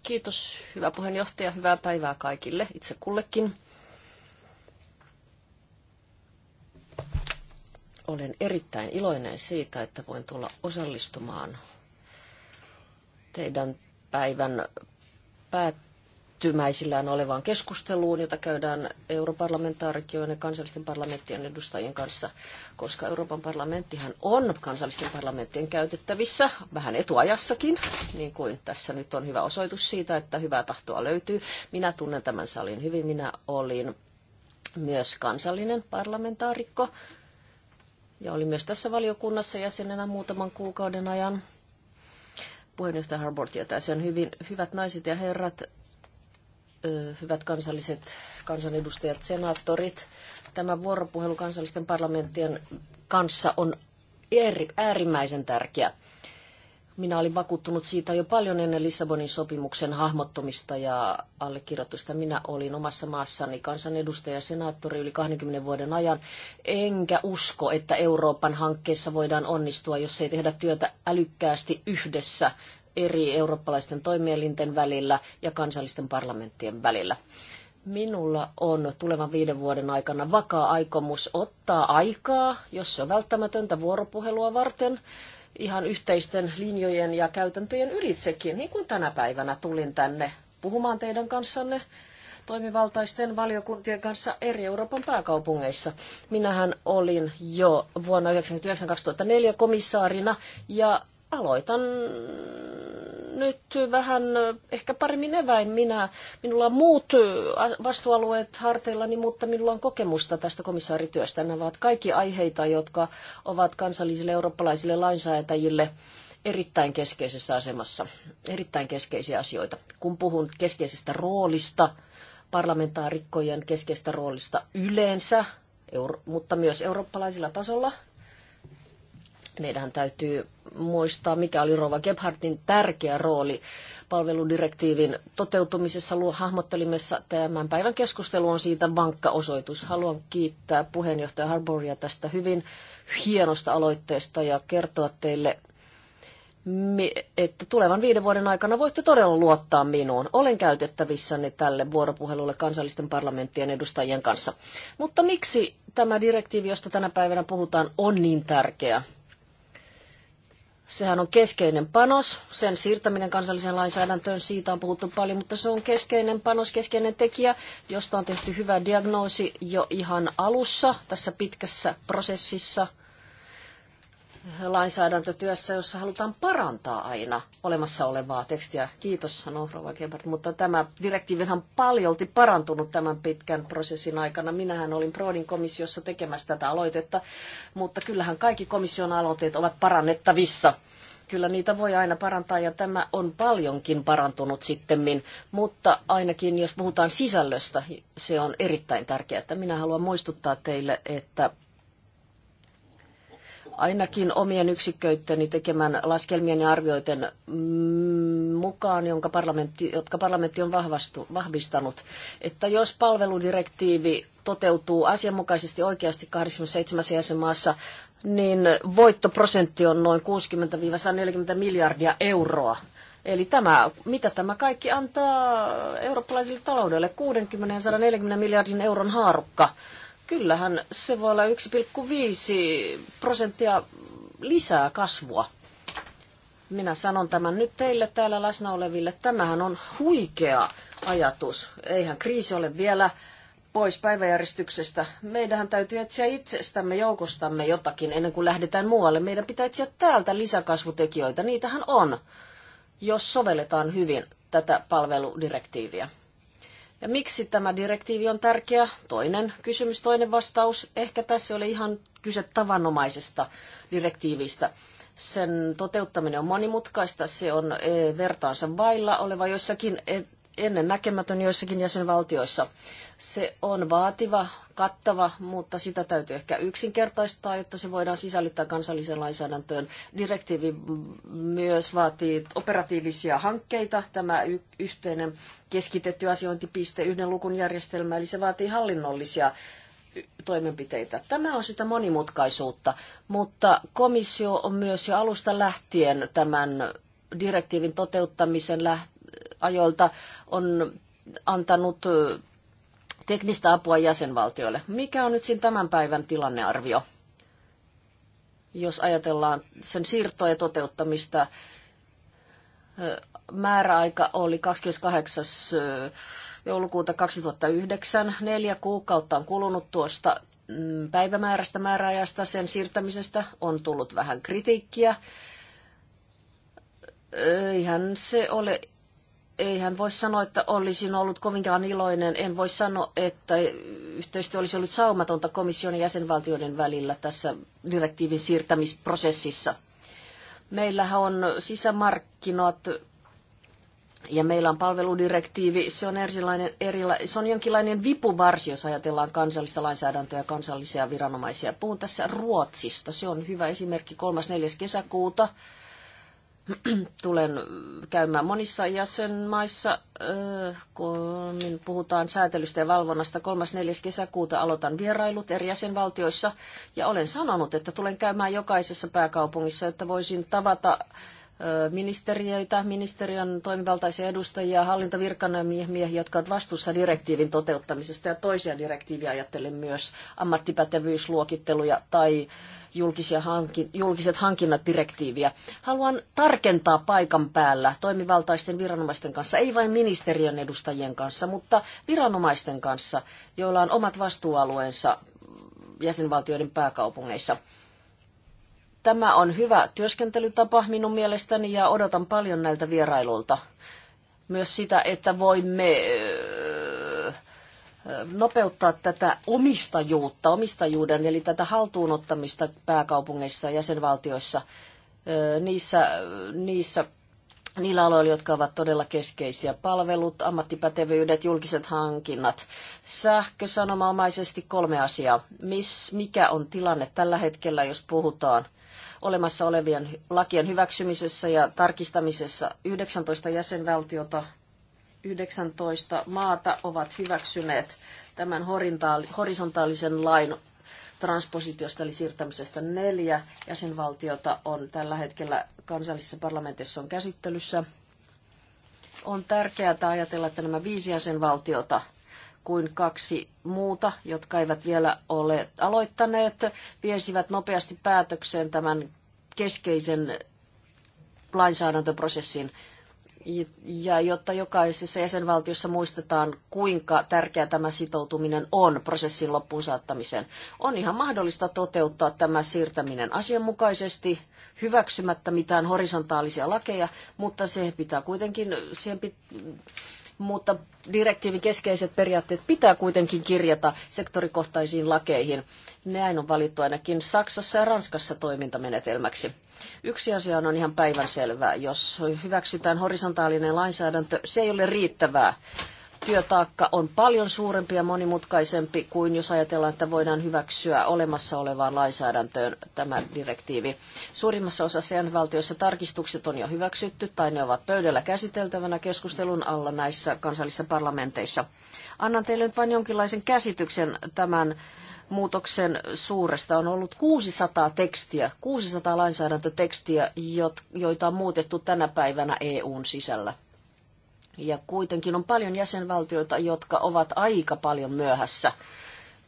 Kiitos, hyvä puheenjohtaja. Hyvää päivää kaikille, itse kullekin. Olen erittäin iloinen siitä, että voin tulla osallistumaan teidän päivän päättämiseen tyytymäisillään olevaan keskusteluun, jota käydään europarlamentaarikkojen ja kansallisten parlamenttien edustajien kanssa, koska Euroopan parlamenttihan on kansallisten parlamenttien käytettävissä vähän etuajassakin, niin kuin tässä nyt on hyvä osoitus siitä, että hyvää tahtoa löytyy. Minä tunnen tämän salin hyvin, minä olin myös kansallinen parlamentaarikko ja olin myös tässä valiokunnassa jäsenenä muutaman kuukauden ajan puheenjohtaja Harbour tietää sen hyvin. Hyvät naiset ja herrat, hyvät kansalliset kansanedustajat, senaattorit. Tämä vuoropuhelu kansallisten parlamenttien kanssa on äärimmäisen tärkeä. Minä olin vakuuttunut siitä jo paljon ennen Lissabonin sopimuksen hahmottumista ja allekirjoitusta. Minä olin omassa maassani kansanedustaja ja senaattori yli 20 vuoden ajan, enkä usko, että Euroopan hankkeessa voidaan onnistua, jos ei tehdä työtä älykkäästi yhdessä eri eurooppalaisten toimielinten välillä ja kansallisten parlamenttien välillä. Minulla on tulevan viiden vuoden aikana vakaa aikomus ottaa aikaa, jos se on välttämätöntä vuoropuhelua varten, ihan yhteisten linjojen ja käytäntöjen ylitsekin, niin kuin tänä päivänä tulin tänne puhumaan teidän kanssanne toimivaltaisten valiokuntien kanssa eri Euroopan pääkaupungeissa. Minähän olin jo vuonna 1999-2004 komissaarina ja aloitan nyt vähän ehkä paremmin eväin. Minä, minulla on muut vastuualueet harteillani, mutta minulla on kokemusta tästä komissaarityöstä. Nämä ovat kaikki aiheita, jotka ovat kansallisille eurooppalaisille lainsäätäjille erittäin keskeisessä asemassa, erittäin keskeisiä asioita. Kun puhun keskeisestä roolista, parlamentaarikkojen keskeisestä roolista yleensä, mutta myös eurooppalaisilla tasolla – meidän täytyy muistaa, mikä oli Rova Gebhardtin tärkeä rooli palveludirektiivin toteutumisessa luo hahmottelimessa. Tämän päivän keskustelu on siitä vankka osoitus. Haluan kiittää puheenjohtaja Harboria tästä hyvin hienosta aloitteesta ja kertoa teille että tulevan viiden vuoden aikana voitte todella luottaa minuun. Olen käytettävissäni tälle vuoropuhelulle kansallisten parlamenttien edustajien kanssa. Mutta miksi tämä direktiivi, josta tänä päivänä puhutaan, on niin tärkeä? Sehän on keskeinen panos, sen siirtäminen kansalliseen lainsäädäntöön, siitä on puhuttu paljon, mutta se on keskeinen panos, keskeinen tekijä, josta on tehty hyvä diagnoosi jo ihan alussa tässä pitkässä prosessissa – lainsäädäntötyössä, jossa halutaan parantaa aina olemassa olevaa tekstiä. Kiitos, sanoo Rova Gebert, mutta tämä direktiivihan on paljolti parantunut tämän pitkän prosessin aikana. Minähän olin Prodin komissiossa tekemässä tätä aloitetta, mutta kyllähän kaikki komission aloitteet ovat parannettavissa kyllä niitä voi aina parantaa ja tämä on paljonkin parantunut sittemmin, mutta ainakin jos puhutaan sisällöstä, se on erittäin tärkeää. Minä haluan muistuttaa teille, että ainakin omien yksikköitteni tekemän laskelmien ja arvioiden mm, mukaan, jonka parlamentti, jotka parlamentti on vahvastu, vahvistanut, että jos palveludirektiivi toteutuu asianmukaisesti oikeasti 27 jäsenmaassa, niin voittoprosentti on noin 60-140 miljardia euroa. Eli tämä, mitä tämä kaikki antaa eurooppalaisille taloudelle? 60-140 miljardin euron haarukka kyllähän se voi olla 1,5 prosenttia lisää kasvua. Minä sanon tämän nyt teille täällä läsnä oleville. Tämähän on huikea ajatus. Eihän kriisi ole vielä pois päiväjärjestyksestä. Meidän täytyy etsiä itsestämme, joukostamme jotakin ennen kuin lähdetään muualle. Meidän pitää etsiä täältä lisäkasvutekijöitä. Niitähän on, jos sovelletaan hyvin tätä palveludirektiiviä. Ja miksi tämä direktiivi on tärkeä? Toinen kysymys, toinen vastaus. Ehkä tässä ole ihan kyse tavanomaisesta direktiivistä. Sen toteuttaminen on monimutkaista, se on e, vertaansa vailla oleva jossakin ennen näkemätön joissakin jäsenvaltioissa. Se on vaativa kattava, mutta sitä täytyy ehkä yksinkertaistaa, jotta se voidaan sisällyttää kansalliseen lainsäädäntöön. Direktiivi myös vaatii operatiivisia hankkeita, tämä yhteinen keskitetty asiointipiste, yhden lukun järjestelmä, eli se vaatii hallinnollisia toimenpiteitä. Tämä on sitä monimutkaisuutta, mutta komissio on myös jo alusta lähtien tämän direktiivin toteuttamisen läht- ajoilta on antanut teknistä apua jäsenvaltioille. Mikä on nyt siinä tämän päivän tilannearvio, jos ajatellaan sen siirtoa ja toteuttamista? Määräaika oli 28 joulukuuta 2009. Neljä kuukautta on kulunut tuosta mm, päivämäärästä määräajasta, sen siirtämisestä on tullut vähän kritiikkiä. Eihän se ole ei, hän voi sanoa, että olisin ollut kovinkaan iloinen. En voi sanoa, että yhteistyö olisi ollut saumatonta komission ja jäsenvaltioiden välillä tässä direktiivin siirtämisprosessissa. Meillähän on sisämarkkinat ja meillä on palveludirektiivi. Se on, erilainen, erila, se on jonkinlainen vipuvarsi, jos ajatellaan kansallista lainsäädäntöä ja kansallisia viranomaisia. Puhun tässä Ruotsista. Se on hyvä esimerkki 3.4. kesäkuuta [CLEARS THROAT] tulen käymään monissa jäsenmaissa, äh, kun puhutaan säätelystä ja valvonnasta. 3.4. kesäkuuta aloitan vierailut eri jäsenvaltioissa ja olen sanonut, että tulen käymään jokaisessa pääkaupungissa, että voisin tavata äh, ministeriöitä, ministeriön toimivaltaisia edustajia, hallintovirkamiehiä, jotka ovat vastuussa direktiivin toteuttamisesta ja toisia direktiiviä ajattelen myös ammattipätevyysluokitteluja tai julkisia hankin, julkiset hankinnat direktiiviä. Haluan tarkentaa paikan päällä toimivaltaisten viranomaisten kanssa, ei vain ministeriön edustajien kanssa, mutta viranomaisten kanssa, joilla on omat vastuualueensa jäsenvaltioiden pääkaupungeissa. Tämä on hyvä työskentelytapa minun mielestäni ja odotan paljon näiltä vierailulta. Myös sitä, että voimme nopeuttaa tätä omistajuutta, omistajuuden eli tätä haltuunottamista pääkaupungeissa ja jäsenvaltioissa niissä, niissä niillä aloilla, jotka ovat todella keskeisiä. Palvelut, ammattipätevyydet, julkiset hankinnat. Sähkö sanomaomaisesti kolme asiaa. Mis, mikä on tilanne tällä hetkellä, jos puhutaan olemassa olevien lakien hyväksymisessä ja tarkistamisessa 19 jäsenvaltiota 19 maata ovat hyväksyneet tämän horisontaalisen lain transpositiosta eli siirtämisestä neljä jäsenvaltiota on tällä hetkellä kansallisissa parlamentissa on käsittelyssä. On tärkeää ajatella, että nämä viisi jäsenvaltiota kuin kaksi muuta, jotka eivät vielä ole aloittaneet, viesivät nopeasti päätökseen tämän keskeisen lainsäädäntöprosessin ja jotta jokaisessa jäsenvaltiossa muistetaan, kuinka tärkeä tämä sitoutuminen on prosessin loppuun saattamiseen. On ihan mahdollista toteuttaa tämä siirtäminen asianmukaisesti, hyväksymättä mitään horisontaalisia lakeja, mutta se pitää kuitenkin, siihen pit, mutta direktiivin keskeiset periaatteet pitää kuitenkin kirjata sektorikohtaisiin lakeihin. Näin on valittu ainakin Saksassa ja Ranskassa toimintamenetelmäksi. Yksi asia on ihan päivänselvää. Jos hyväksytään horisontaalinen lainsäädäntö, se ei ole riittävää työtaakka on paljon suurempi ja monimutkaisempi kuin jos ajatellaan, että voidaan hyväksyä olemassa olevaan lainsäädäntöön tämä direktiivi. Suurimmassa osassa jäsenvaltioissa tarkistukset on jo hyväksytty tai ne ovat pöydällä käsiteltävänä keskustelun alla näissä kansallisissa parlamenteissa. Annan teille nyt vain jonkinlaisen käsityksen tämän muutoksen suuresta on ollut 600 tekstiä, 600 lainsäädäntötekstiä, joita on muutettu tänä päivänä EUn sisällä. Ja kuitenkin on paljon jäsenvaltioita, jotka ovat aika paljon myöhässä,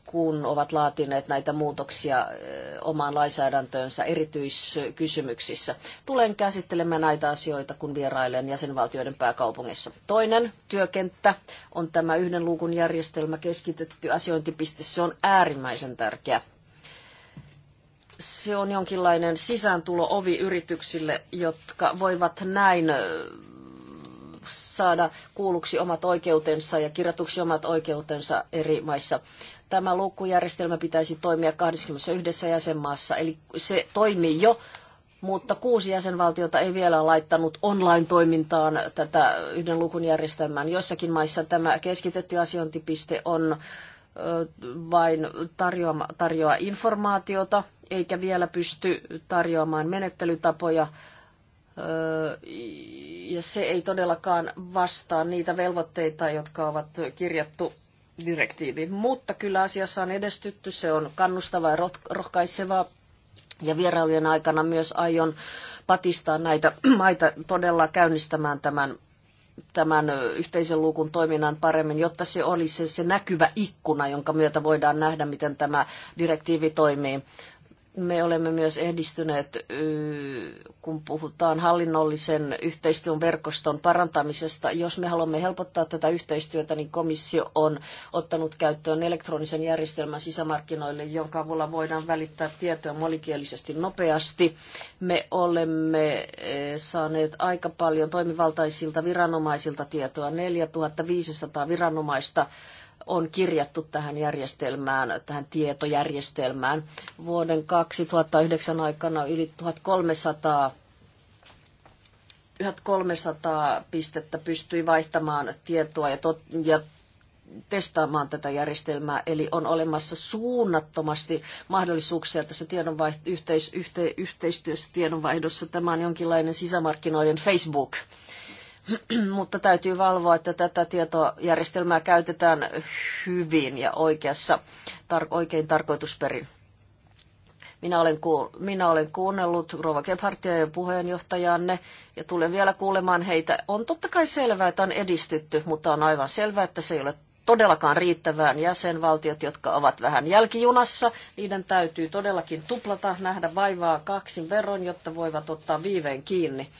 kun ovat laatineet näitä muutoksia eh, omaan lainsäädäntöönsä erityiskysymyksissä. Tulen käsittelemään näitä asioita, kun vierailen jäsenvaltioiden pääkaupungissa. Toinen työkenttä on tämä yhden luukun järjestelmä keskitetty asiointipiste. Se on äärimmäisen tärkeä se on jonkinlainen sisääntulo-ovi yrityksille, jotka voivat näin eh, saada kuulluksi omat oikeutensa ja kirjatuksi omat oikeutensa eri maissa. Tämä lukujärjestelmä pitäisi toimia 21 jäsenmaassa, eli se toimii jo, mutta kuusi jäsenvaltiota ei vielä laittanut online-toimintaan tätä yhden lukun järjestelmään. Jossakin maissa tämä keskitetty asiointipiste on vain tarjoama, tarjoaa informaatiota, eikä vielä pysty tarjoamaan menettelytapoja ja se ei todellakaan vastaa niitä velvoitteita, jotka ovat kirjattu direktiiviin. Mutta kyllä asiassa on edestytty, se on kannustavaa ja rohkaiseva. Ja vierailujen aikana myös aion patistaa näitä [CLEARS THROAT] maita todella käynnistämään tämän tämän yhteisen luukun toiminnan paremmin, jotta se olisi se näkyvä ikkuna, jonka myötä voidaan nähdä, miten tämä direktiivi toimii me olemme myös edistyneet, kun puhutaan hallinnollisen yhteistyön verkoston parantamisesta. Jos me haluamme helpottaa tätä yhteistyötä, niin komissio on ottanut käyttöön elektronisen järjestelmän sisämarkkinoille, jonka avulla voidaan välittää tietoa monikielisesti nopeasti. Me olemme e, saaneet aika paljon toimivaltaisilta viranomaisilta tietoa, 4500 viranomaista on kirjattu tähän järjestelmään, tähän tietojärjestelmään. Vuoden 2009 aikana yli 1300 1300 pistettä pystyi vaihtamaan tietoa ja, tot, ja testaamaan tätä järjestelmää, eli on olemassa suunnattomasti mahdollisuuksia tässä tiedonvaiht- yhteis- yhte- yhteistyössä tiedonvaihdossa. Tämä on jonkinlainen sisämarkkinoiden Facebook [CLEARS THROAT] mutta täytyy valvoa, että tätä tietojärjestelmää käytetään hyvin ja oikeassa, tar- oikein tarkoitusperin. Minä olen, ku- minä olen kuunnellut Rova Gebhardtia ja puheenjohtajanne ja tulen vielä kuulemaan heitä. On totta kai selvää, että on edistytty, mutta on aivan selvää, että se ei ole todellakaan riittävään jäsenvaltiot, jotka ovat vähän jälkijunassa. Niiden täytyy todellakin tuplata, nähdä vaivaa kaksin verron, jotta voivat ottaa viiveen kiinni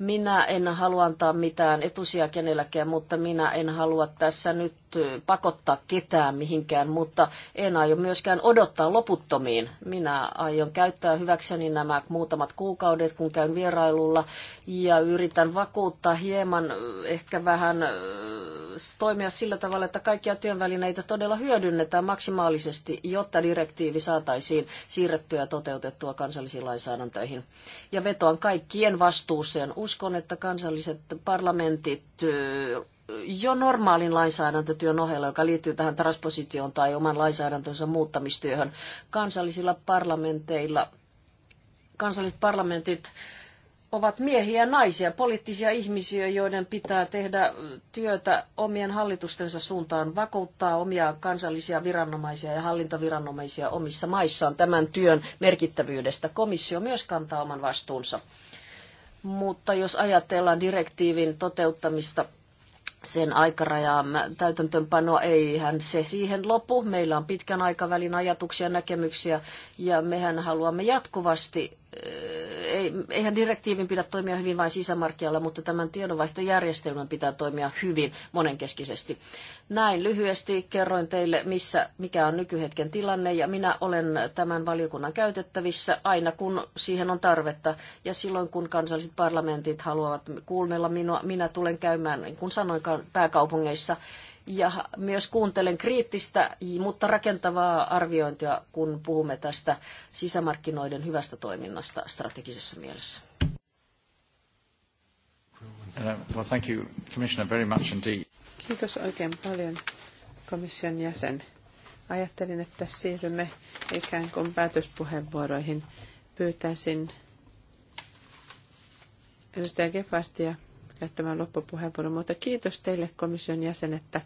minä en halua antaa mitään etusia kenellekään, mutta minä en halua tässä nyt pakottaa ketään mihinkään, mutta en aio myöskään odottaa loputtomiin. Minä aion käyttää hyväkseni nämä muutamat kuukaudet, kun käyn vierailulla ja yritän vakuuttaa hieman, ehkä vähän toimia sillä tavalla, että kaikkia työnvälineitä todella hyödynnetään maksimaalisesti, jotta direktiivi saataisiin siirrettyä ja toteutettua kansallisiin lainsäädäntöihin. Ja vetoan kaikkien vastuuseen uskon, että kansalliset parlamentit jo normaalin lainsäädäntötyön ohella, joka liittyy tähän transpositioon tai oman lainsäädäntönsä muuttamistyöhön, kansallisilla parlamenteilla, kansalliset parlamentit ovat miehiä ja naisia, poliittisia ihmisiä, joiden pitää tehdä työtä omien hallitustensa suuntaan, vakuuttaa omia kansallisia viranomaisia ja hallintoviranomaisia omissa maissaan tämän työn merkittävyydestä. Komissio myös kantaa oman vastuunsa. Mutta jos ajatellaan direktiivin toteuttamista sen aikarajaa täytäntöönpanoa, ei hän se siihen lopu. Meillä on pitkän aikavälin ajatuksia ja näkemyksiä ja mehän haluamme jatkuvasti Äh, eihän direktiivin pidä toimia hyvin vain sisämarkkinoilla, mutta tämän tiedonvaihtojärjestelmän pitää toimia hyvin monenkeskisesti. Näin lyhyesti kerroin teille, missä, mikä on nykyhetken tilanne, ja minä olen tämän valiokunnan käytettävissä aina, kun siihen on tarvetta, ja silloin, kun kansalliset parlamentit haluavat kuunnella minua, minä tulen käymään, niin kuin sanoin, pääkaupungeissa, ja myös kuuntelen kriittistä, mutta rakentavaa arviointia, kun puhumme tästä sisämarkkinoiden hyvästä toiminnasta strategisessa mielessä. Uh, Kiitos oikein paljon komission jäsen. Ajattelin, että siirrymme ikään kuin päätöspuheenvuoroihin. Pyytäisin edustaja Gebhardtia käyttämään loppupuheenvuoron, mutta kiitos teille komission jäsen, että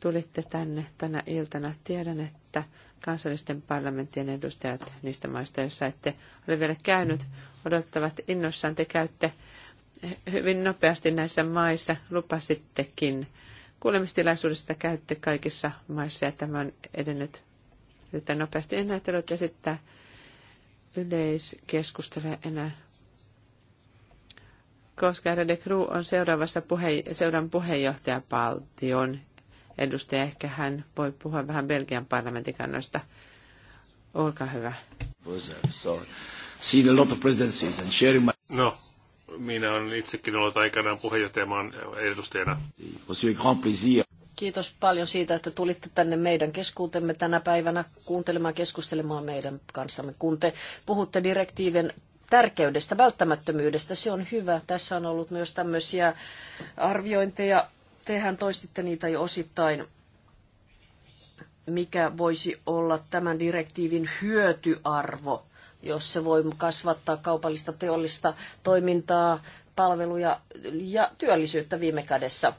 tulitte tänne tänä iltana. Tiedän, että kansallisten parlamenttien edustajat niistä maista, joissa ette ole vielä käynyt, odottavat innossaan. Te käytte hyvin nopeasti näissä maissa, lupasittekin. Kuulemistilaisuudesta käytte kaikissa maissa ja tämä on edennyt nopeasti. En näytellyt esittää yleiskeskustelua enää koska herra kru on seuraavassa puhe, seuran puheenjohtajapaltion edustaja. Ehkä hän voi puhua vähän Belgian parlamentin kannoista. Olkaa hyvä. No, minä olen itsekin ollut aikanaan puheenjohtajamaan edustajana. Kiitos paljon siitä, että tulitte tänne meidän keskuutemme tänä päivänä kuuntelemaan keskustelemaan meidän kanssamme. Kun te puhutte direktiivin tärkeydestä, välttämättömyydestä. Se on hyvä. Tässä on ollut myös tämmöisiä arviointeja. Tehän toistitte niitä jo osittain. Mikä voisi olla tämän direktiivin hyötyarvo, jos se voi kasvattaa kaupallista teollista toimintaa, palveluja ja työllisyyttä viime kädessä?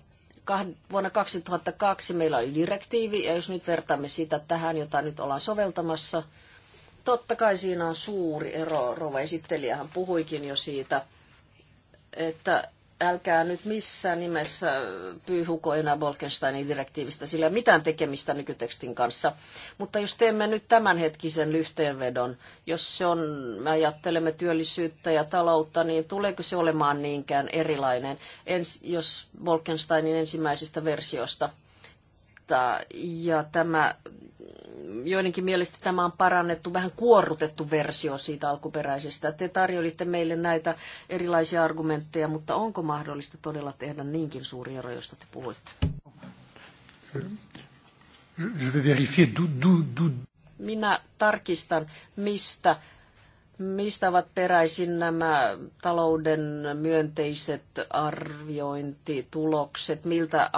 vuonna 2002 meillä oli direktiivi, ja jos nyt vertaamme sitä tähän, jota nyt ollaan soveltamassa, Totta kai siinä on suuri ero. Rova esittelijähän puhuikin jo siitä, että älkää nyt missään nimessä pyyhuko enää Bolkensteinin direktiivistä, sillä ei mitään tekemistä nykytekstin kanssa. Mutta jos teemme nyt tämänhetkisen lyhteenvedon, jos se on, me ajattelemme työllisyyttä ja taloutta, niin tuleeko se olemaan niinkään erilainen, ens, jos Bolkensteinin ensimmäisestä versiosta vuotta Ja tämä, joidenkin mielestä tämä on parannettu, vähän kuorrutettu versio siitä alkuperäisestä. Te tarjolitte meille näitä erilaisia argumentteja, mutta onko mahdollista todella tehdä niinkin suuri ero, josta te puhuitte? Je vais vérifier Minä tarkistan, mistä Mistä ovat peräisin nämä talouden myönteiset arviointitulokset? Miltä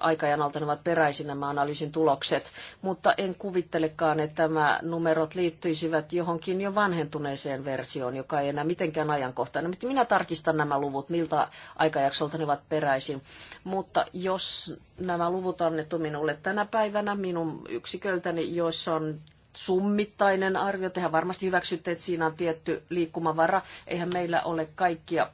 aikajanalta ne ovat peräisin nämä analyysin tulokset? Mutta en kuvittelekaan, että nämä numerot liittyisivät johonkin jo vanhentuneeseen versioon, joka ei enää mitenkään ajankohtainen. Minä tarkistan nämä luvut, miltä aikajaksolta ne ovat peräisin. Mutta jos nämä luvut annettu minulle tänä päivänä minun yksiköltäni, joissa on summittainen arvio. Tehän varmasti hyväksytte, että siinä on tietty liikkumavara. Eihän meillä ole kaikkia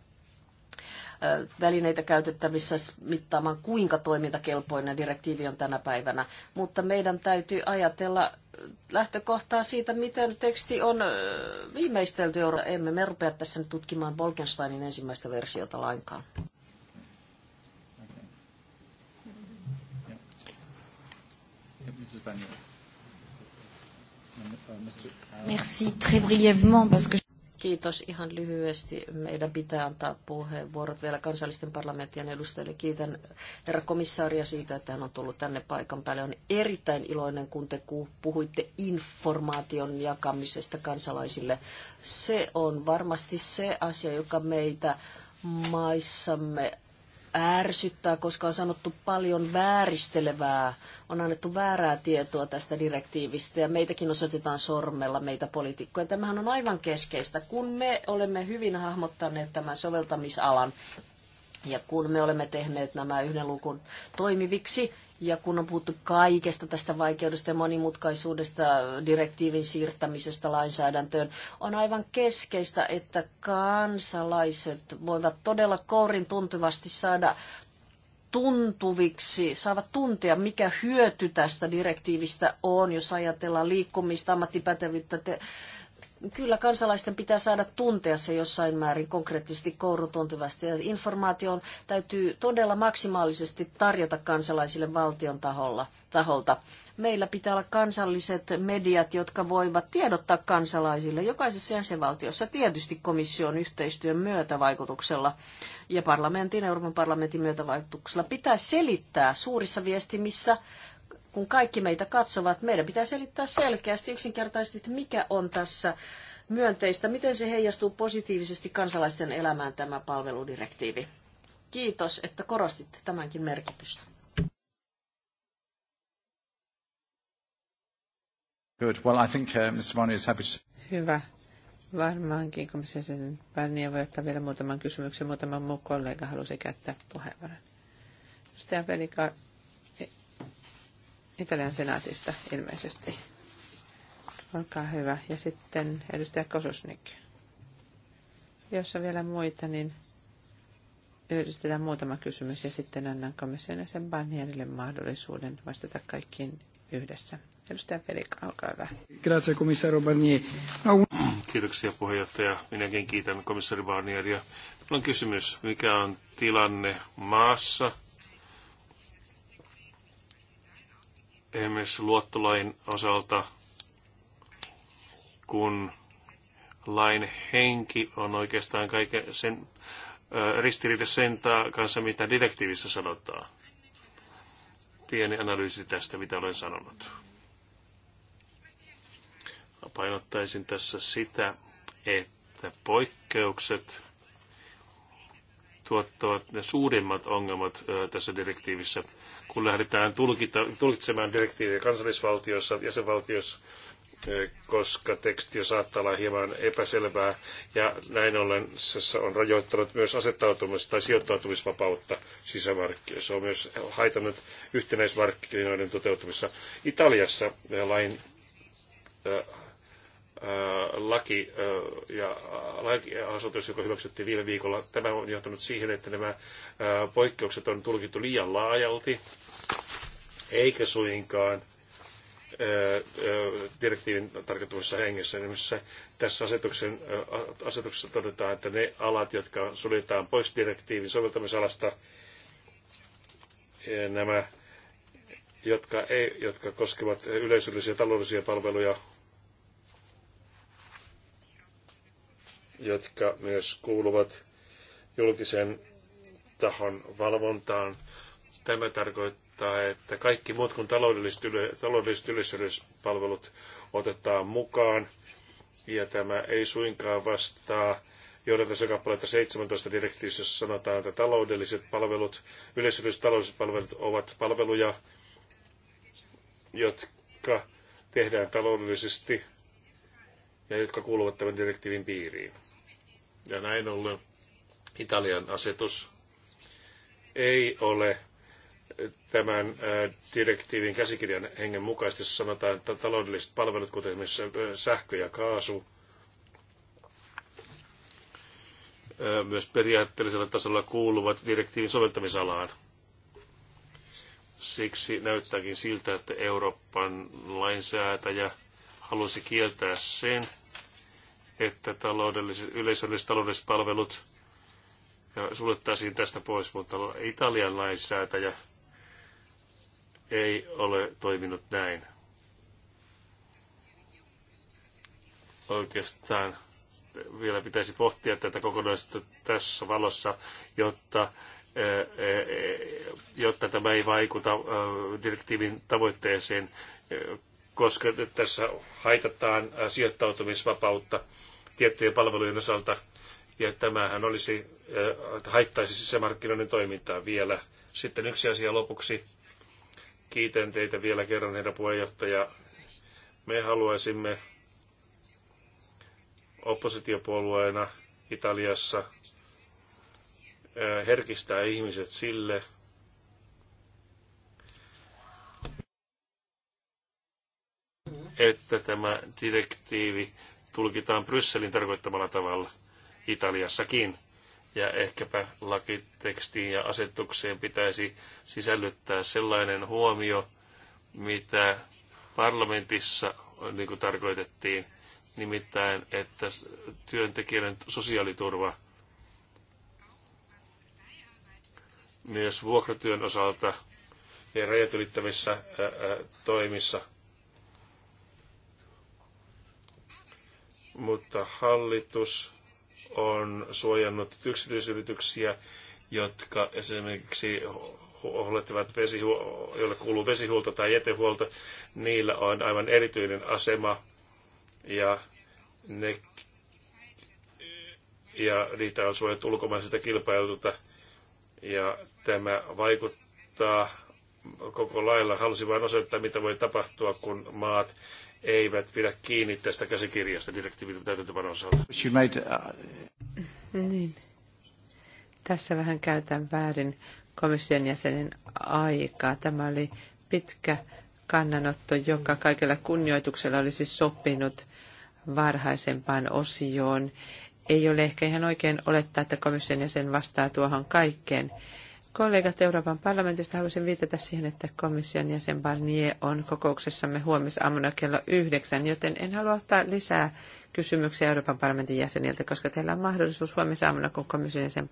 välineitä käytettävissä mittaamaan, kuinka toimintakelpoinen direktiivi on tänä päivänä. Mutta meidän täytyy ajatella lähtökohtaa siitä, miten teksti on viimeistelty. Emme me rupea tässä nyt tutkimaan Wolkensteinin ensimmäistä versiota lainkaan. Okay. Merci, très brièvement, parce que... Kiitos ihan lyhyesti. Meidän pitää antaa puheenvuorot vielä kansallisten parlamenttien edustajille. Kiitän herra komissaaria siitä, että hän on tullut tänne paikan päälle. On erittäin iloinen, kun te puhuitte informaation jakamisesta kansalaisille. Se on varmasti se asia, joka meitä maissamme ärsyttää, koska on sanottu paljon vääristelevää, on annettu väärää tietoa tästä direktiivistä ja meitäkin osoitetaan sormella, meitä poliitikkoja. Tämähän on aivan keskeistä, kun me olemme hyvin hahmottaneet tämän soveltamisalan ja kun me olemme tehneet nämä yhden lukun toimiviksi, ja kun on puhuttu kaikesta tästä vaikeudesta ja monimutkaisuudesta, direktiivin siirtämisestä lainsäädäntöön, on aivan keskeistä, että kansalaiset voivat todella kourin tuntuvasti saada tuntuviksi, saavat tuntea, mikä hyöty tästä direktiivistä on, jos ajatellaan liikkumista, ammattipätevyyttä, te- kyllä kansalaisten pitää saada tuntea se jossain määrin konkreettisesti kourun tuntuvasti. Ja informaation täytyy todella maksimaalisesti tarjota kansalaisille valtion taholla, taholta. Meillä pitää olla kansalliset mediat, jotka voivat tiedottaa kansalaisille jokaisessa jäsenvaltiossa, tietysti komission yhteistyön myötävaikutuksella ja parlamentin, Euroopan parlamentin myötävaikutuksella. Pitää selittää suurissa viestimissä kun kaikki meitä katsovat, meidän pitää selittää selkeästi yksinkertaisesti, että mikä on tässä myönteistä, miten se heijastuu positiivisesti kansalaisten elämään tämä palveludirektiivi. Kiitos, että korostitte tämänkin merkitystä. Good. Well, I think uh, Mr. is happy to... Hyvä. Varmaankin komission Varnia voi ottaa vielä muutaman kysymyksen. Muutama muu kollega halusi käyttää puheenvuoron. Edustaja Velika Italian senaatista ilmeisesti. Olkaa hyvä. Ja sitten edustaja Kosusnik. Jos on vielä muita, niin yhdistetään muutama kysymys ja sitten annan komission ja sen Barnierille mahdollisuuden vastata kaikkiin yhdessä. Edustaja Pelik, olkaa hyvä. Grazie, komissaro Barnier. No, Kiitoksia puheenjohtaja. Minäkin kiitän komissaari Barnieria. Minulla on kysymys, mikä on tilanne maassa – esimerkiksi luottolain osalta, kun lain henki on oikeastaan kaiken sen ristiriidassa sen kanssa, mitä direktiivissä sanotaan. Pieni analyysi tästä, mitä olen sanonut. Painottaisin tässä sitä, että poikkeukset tuottavat ne suurimmat ongelmat tässä direktiivissä, kun lähdetään tulkita, tulkitsemaan direktiiviä kansallisvaltioissa, jäsenvaltioissa, koska teksti saattaa olla hieman epäselvää, ja näin ollen se on rajoittanut myös asettautumista tai sijoittautumisvapautta sisämarkkinoilla. Se on myös haitannut yhtenäismarkkinoiden toteutumissa. Italiassa lain laki ja lakiasetus, joka hyväksyttiin viime viikolla, tämä on johtanut siihen, että nämä poikkeukset on tulkittu liian laajalti, eikä suinkaan direktiivin tarkoittamassa hengessä. Nimissä tässä asetuksen, asetuksessa todetaan, että ne alat, jotka suljetaan pois direktiivin soveltamisalasta, nämä, jotka, ei, jotka koskevat yleisöllisiä taloudellisia palveluja, jotka myös kuuluvat julkisen tahon valvontaan. Tämä tarkoittaa, että kaikki muut kuin taloudelliset, taloudelliset yleisyyspalvelut otetaan mukaan, ja tämä ei suinkaan vastaa johdatus kappaletta 17 direktiivissä, jossa sanotaan, että taloudelliset palvelut, yleisölliset taloudelliset palvelut ovat palveluja, jotka tehdään taloudellisesti ja jotka kuuluvat tämän direktiivin piiriin. Ja näin ollen Italian asetus ei ole tämän direktiivin käsikirjan hengen mukaisesti, jos sanotaan, että taloudelliset palvelut, kuten esimerkiksi sähkö ja kaasu, myös periaatteellisella tasolla kuuluvat direktiivin soveltamisalaan. Siksi näyttääkin siltä, että Euroopan lainsäätäjä halusi kieltää sen, että taloudelliset, yleisölliset taloudelliset palvelut ja suljettaisiin tästä pois, mutta Italian lainsäätäjä ei ole toiminut näin. Oikeastaan vielä pitäisi pohtia tätä kokonaisuutta tässä valossa, jotta, eh, eh, jotta tämä ei vaikuta eh, direktiivin tavoitteeseen koska tässä haitataan äh, sijoittautumisvapautta tiettyjen palvelujen osalta, ja tämähän olisi, äh, haittaisi sisämarkkinoiden toimintaa vielä. Sitten yksi asia lopuksi. Kiitän teitä vielä kerran, herra puheenjohtaja. Me haluaisimme oppositiopuolueena Italiassa äh, herkistää ihmiset sille, että tämä direktiivi tulkitaan Brysselin tarkoittamalla tavalla Italiassakin. Ja ehkäpä lakitekstiin ja asetukseen pitäisi sisällyttää sellainen huomio, mitä parlamentissa niin kuin tarkoitettiin, nimittäin, että työntekijöiden sosiaaliturva myös vuokratyön osalta ja rajat ylittävissä toimissa – mutta hallitus on suojannut yksityisyrityksiä, jotka esimerkiksi huolehtivat vesihu- joille kuuluu vesihuolto tai jätehuolto, niillä on aivan erityinen asema ja, ne, ja niitä on suojattu ulkomaisilta kilpailulta ja tämä vaikuttaa koko lailla. Halusin vain osoittaa, mitä voi tapahtua, kun maat eivät pidä kiinni tästä käsikirjasta direktiivin täytäntöpanon osalta. Uh, niin. Tässä vähän käytän väärin komission jäsenen aikaa. Tämä oli pitkä kannanotto, joka kaikella kunnioituksella olisi sopinut varhaisempaan osioon. Ei ole ehkä ihan oikein olettaa, että komission jäsen vastaa tuohon kaikkeen kollegat Euroopan parlamentista, haluaisin viitata siihen, että komission jäsen Barnier on kokouksessamme huomisaamuna kello yhdeksän, joten en halua ottaa lisää kysymyksiä Euroopan parlamentin jäseniltä, koska teillä on mahdollisuus huomisaamuna, kun komission jäsen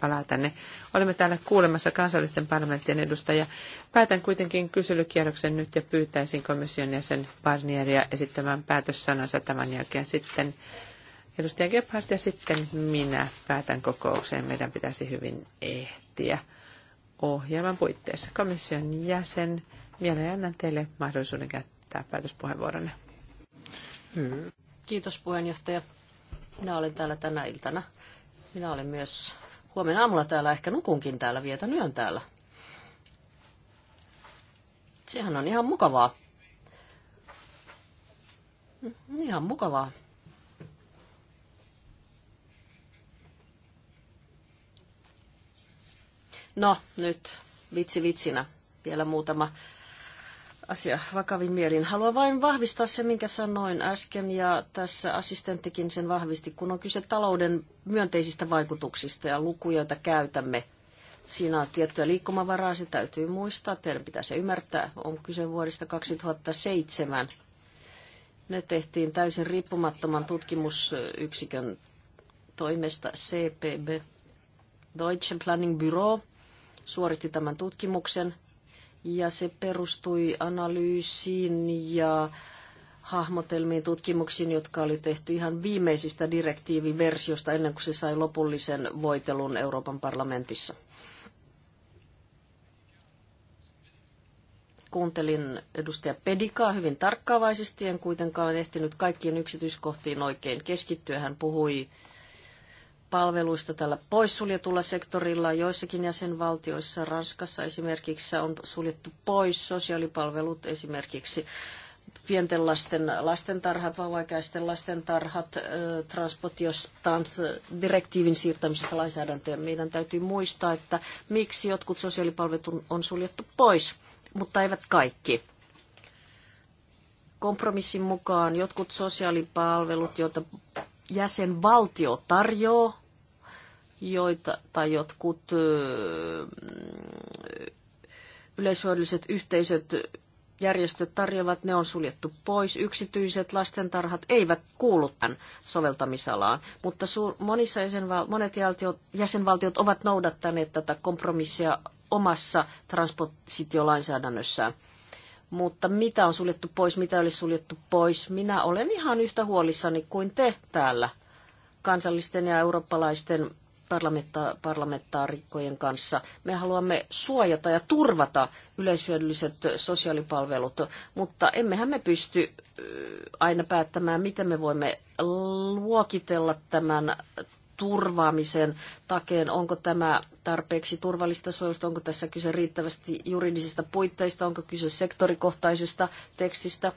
palaa tänne. Olemme täällä kuulemassa kansallisten parlamenttien edustajia. Päätän kuitenkin kyselykierroksen nyt ja pyytäisin komission jäsen Barnieria esittämään päätössanansa tämän jälkeen sitten Edustaja Gebhardt ja sitten minä päätän kokoukseen. Meidän pitäisi hyvin ehtiä miettiä ohjelman puitteissa. Komission jäsen, mielelläni annan teille mahdollisuuden käyttää päätöspuheenvuoronne. Kiitos puheenjohtaja. Minä olen täällä tänä iltana. Minä olen myös huomenna aamulla täällä, ehkä nukunkin täällä, vietän yön täällä. Sehän on ihan mukavaa. Mm, ihan mukavaa No, nyt vitsi vitsinä vielä muutama asia vakavin mielin. Haluan vain vahvistaa se, minkä sanoin äsken, ja tässä assistenttikin sen vahvisti, kun on kyse talouden myönteisistä vaikutuksista ja lukuja, joita käytämme. Siinä on tiettyä liikkumavaraa, se täytyy muistaa, teidän pitää se ymmärtää. On kyse vuodesta 2007. Ne tehtiin täysin riippumattoman tutkimusyksikön toimesta CPB, Deutsche Planning Bureau, suoritti tämän tutkimuksen ja se perustui analyysiin ja hahmotelmiin tutkimuksiin, jotka oli tehty ihan viimeisistä direktiiviversiosta ennen kuin se sai lopullisen voitelun Euroopan parlamentissa. Kuuntelin edustaja Pedikaa hyvin tarkkaavaisesti, en kuitenkaan ehtinyt kaikkien yksityiskohtiin oikein keskittyä. Hän puhui palveluista tällä poissuljetulla sektorilla. Joissakin jäsenvaltioissa, Ranskassa esimerkiksi, on suljettu pois sosiaalipalvelut esimerkiksi pienten lasten lastentarhat, vauvaikäisten lastentarhat, transpotiostans-direktiivin siirtämisestä lainsäädäntöön. Meidän täytyy muistaa, että miksi jotkut sosiaalipalvelut on suljettu pois, mutta eivät kaikki kompromissin mukaan jotkut sosiaalipalvelut, joita jäsenvaltio tarjoaa, joita, tai jotkut yleishyödylliset yhteisöt, järjestöt tarjoavat, ne on suljettu pois. Yksityiset lastentarhat eivät kuulu tämän soveltamisalaan, mutta suur, monissa jäsenval, monet jäsenvaltiot ovat noudattaneet tätä kompromissia omassa transpositiolainsäädännössään mutta mitä on suljettu pois, mitä olisi suljettu pois. Minä olen ihan yhtä huolissani kuin te täällä kansallisten ja eurooppalaisten parlamenta- parlamentaarikkojen kanssa. Me haluamme suojata ja turvata yleishyödylliset sosiaalipalvelut, mutta emmehän me pysty aina päättämään, miten me voimme luokitella tämän turvaamisen takeen. Onko tämä tarpeeksi turvallista suojelusta? Onko tässä kyse riittävästi juridisista puitteista? Onko kyse sektorikohtaisesta tekstistä?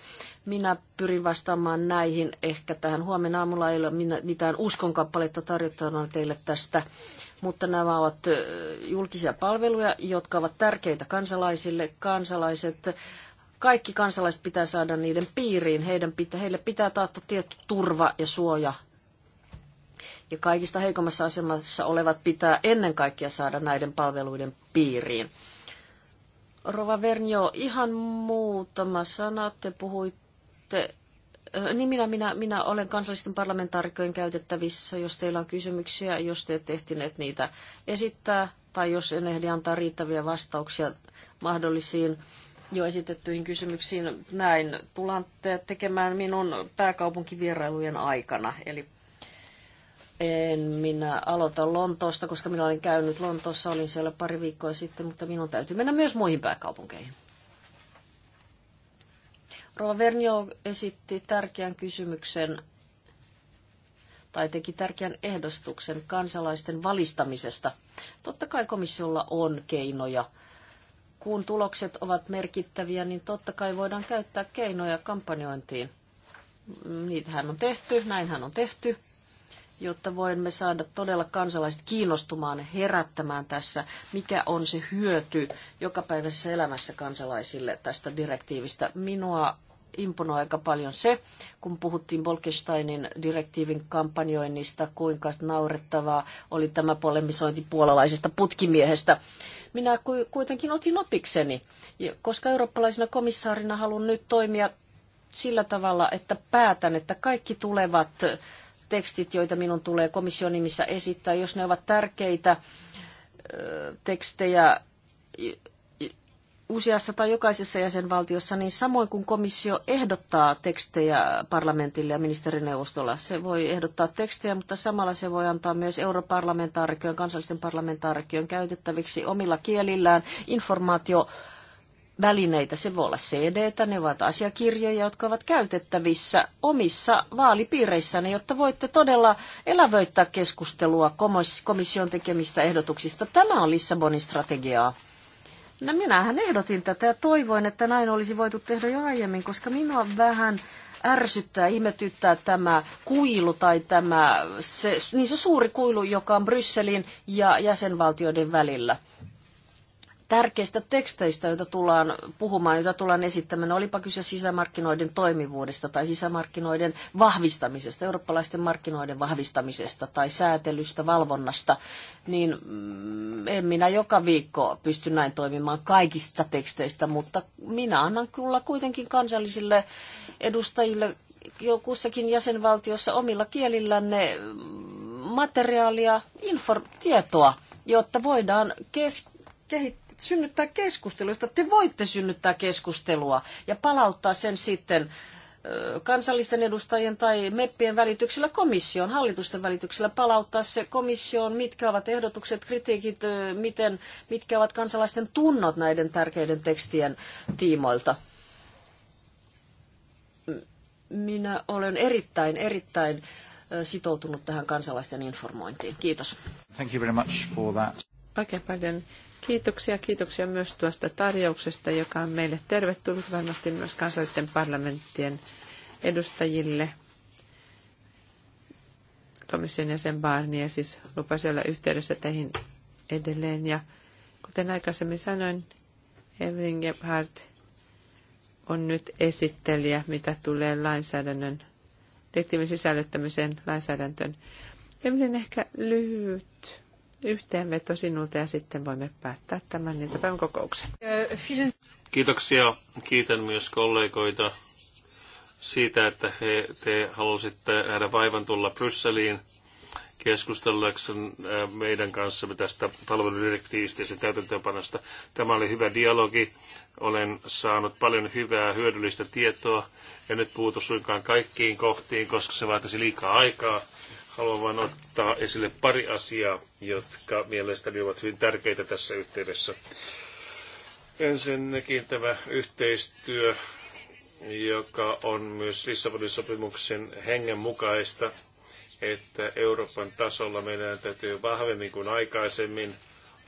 Minä pyrin vastaamaan näihin. Ehkä tähän huomenna aamulla ei ole mitään uskonkappaletta tarjottavana teille tästä. Mutta nämä ovat julkisia palveluja, jotka ovat tärkeitä kansalaisille. Kansalaiset kaikki kansalaiset pitää saada niiden piiriin. Heidän pitä, heille pitää taata tietty turva ja suoja ja kaikista heikommassa asemassa olevat pitää ennen kaikkea saada näiden palveluiden piiriin. Rova Vernio, ihan muutama sana. Te puhuitte, äh, niin minä, minä, minä olen kansallisten parlamentaarikkojen käytettävissä, jos teillä on kysymyksiä, jos te ette ehtineet niitä esittää, tai jos en ehdi antaa riittäviä vastauksia mahdollisiin jo esitettyihin kysymyksiin. Näin tullaan tekemään minun pääkaupunkivierailujen aikana, eli en minä aloita Lontoosta, koska minä olen käynyt Lontoossa, olin siellä pari viikkoa sitten, mutta minun täytyy mennä myös muihin pääkaupunkeihin. Rova Vernio esitti tärkeän kysymyksen tai teki tärkeän ehdostuksen kansalaisten valistamisesta. Totta kai komissiolla on keinoja. Kun tulokset ovat merkittäviä, niin totta kai voidaan käyttää keinoja kampanjointiin. Niitähän on tehty, näinhän on tehty jotta voimme saada todella kansalaiset kiinnostumaan, herättämään tässä, mikä on se hyöty jokapäiväisessä elämässä kansalaisille tästä direktiivistä. Minua imponoi aika paljon se, kun puhuttiin Bolkesteinin direktiivin kampanjoinnista, kuinka naurettavaa oli tämä polemisointi puolalaisesta putkimiehestä. Minä kuitenkin otin opikseni, koska eurooppalaisena komissaarina haluan nyt toimia sillä tavalla, että päätän, että kaikki tulevat tekstit, joita minun tulee komission nimissä esittää, jos ne ovat tärkeitä tekstejä useassa tai jokaisessa jäsenvaltiossa, niin samoin kuin komissio ehdottaa tekstejä parlamentille ja ministerineuvostolla, se voi ehdottaa tekstejä, mutta samalla se voi antaa myös europarlamentaarikkojen, kansallisten parlamentaarikkojen käytettäviksi omilla kielillään informaatio välineitä. Se voi olla cd -tä, ne ovat asiakirjoja, jotka ovat käytettävissä omissa vaalipiireissänne, jotta voitte todella elävöittää keskustelua komission tekemistä ehdotuksista. Tämä on Lissabonin strategiaa. No minähän ehdotin tätä ja toivoin, että näin olisi voitu tehdä jo aiemmin, koska minua vähän ärsyttää, ihmetyttää tämä kuilu tai tämä, se, niin se suuri kuilu, joka on Brysselin ja jäsenvaltioiden välillä – tärkeistä teksteistä, joita tullaan puhumaan, joita tullaan esittämään, olipa kyse sisämarkkinoiden toimivuudesta tai sisämarkkinoiden vahvistamisesta, eurooppalaisten markkinoiden vahvistamisesta tai säätelystä, valvonnasta, niin mm, en minä joka viikko pysty näin toimimaan kaikista teksteistä, mutta minä annan kyllä kuitenkin kansallisille edustajille jokussakin jäsenvaltiossa omilla kielillänne materiaalia, infor- tietoa, jotta voidaan kes- kehittää synnyttää keskustelua, jotta te voitte synnyttää keskustelua ja palauttaa sen sitten kansallisten edustajien tai meppien välityksellä komission, hallitusten välityksellä palauttaa se komissioon, mitkä ovat ehdotukset, kritiikit, miten, mitkä ovat kansalaisten tunnot näiden tärkeiden tekstien tiimoilta. Minä olen erittäin, erittäin sitoutunut tähän kansalaisten informointiin. Kiitos. Thank you very much for that. Oikein paljon Kiitoksia, kiitoksia myös tuosta tarjouksesta, joka on meille tervetullut varmasti myös kansallisten parlamenttien edustajille. Komission jäsen Barnier siis lupasi olla yhteydessä teihin edelleen. Ja kuten aikaisemmin sanoin, Evelyn Gebhardt on nyt esittelijä, mitä tulee lainsäädännön, liittymisen sisällyttämiseen lainsäädäntöön. Evelyn ehkä lyhyt yhteenveto sinulta ja sitten voimme päättää tämän iltapäivän kokouksen. Kiitoksia. Kiitän myös kollegoita siitä, että he, te halusitte nähdä vaivan tulla Brysseliin keskustellakseen meidän kanssamme tästä palveludirektiivistä ja sen täytäntöönpanosta. Tämä oli hyvä dialogi. Olen saanut paljon hyvää, hyödyllistä tietoa. En nyt puutu suinkaan kaikkiin kohtiin, koska se vaatisi liikaa aikaa Haluan vain ottaa esille pari asiaa, jotka mielestäni ovat hyvin tärkeitä tässä yhteydessä. Ensinnäkin tämä yhteistyö, joka on myös Lissabonin sopimuksen hengen mukaista, että Euroopan tasolla meidän täytyy vahvemmin kuin aikaisemmin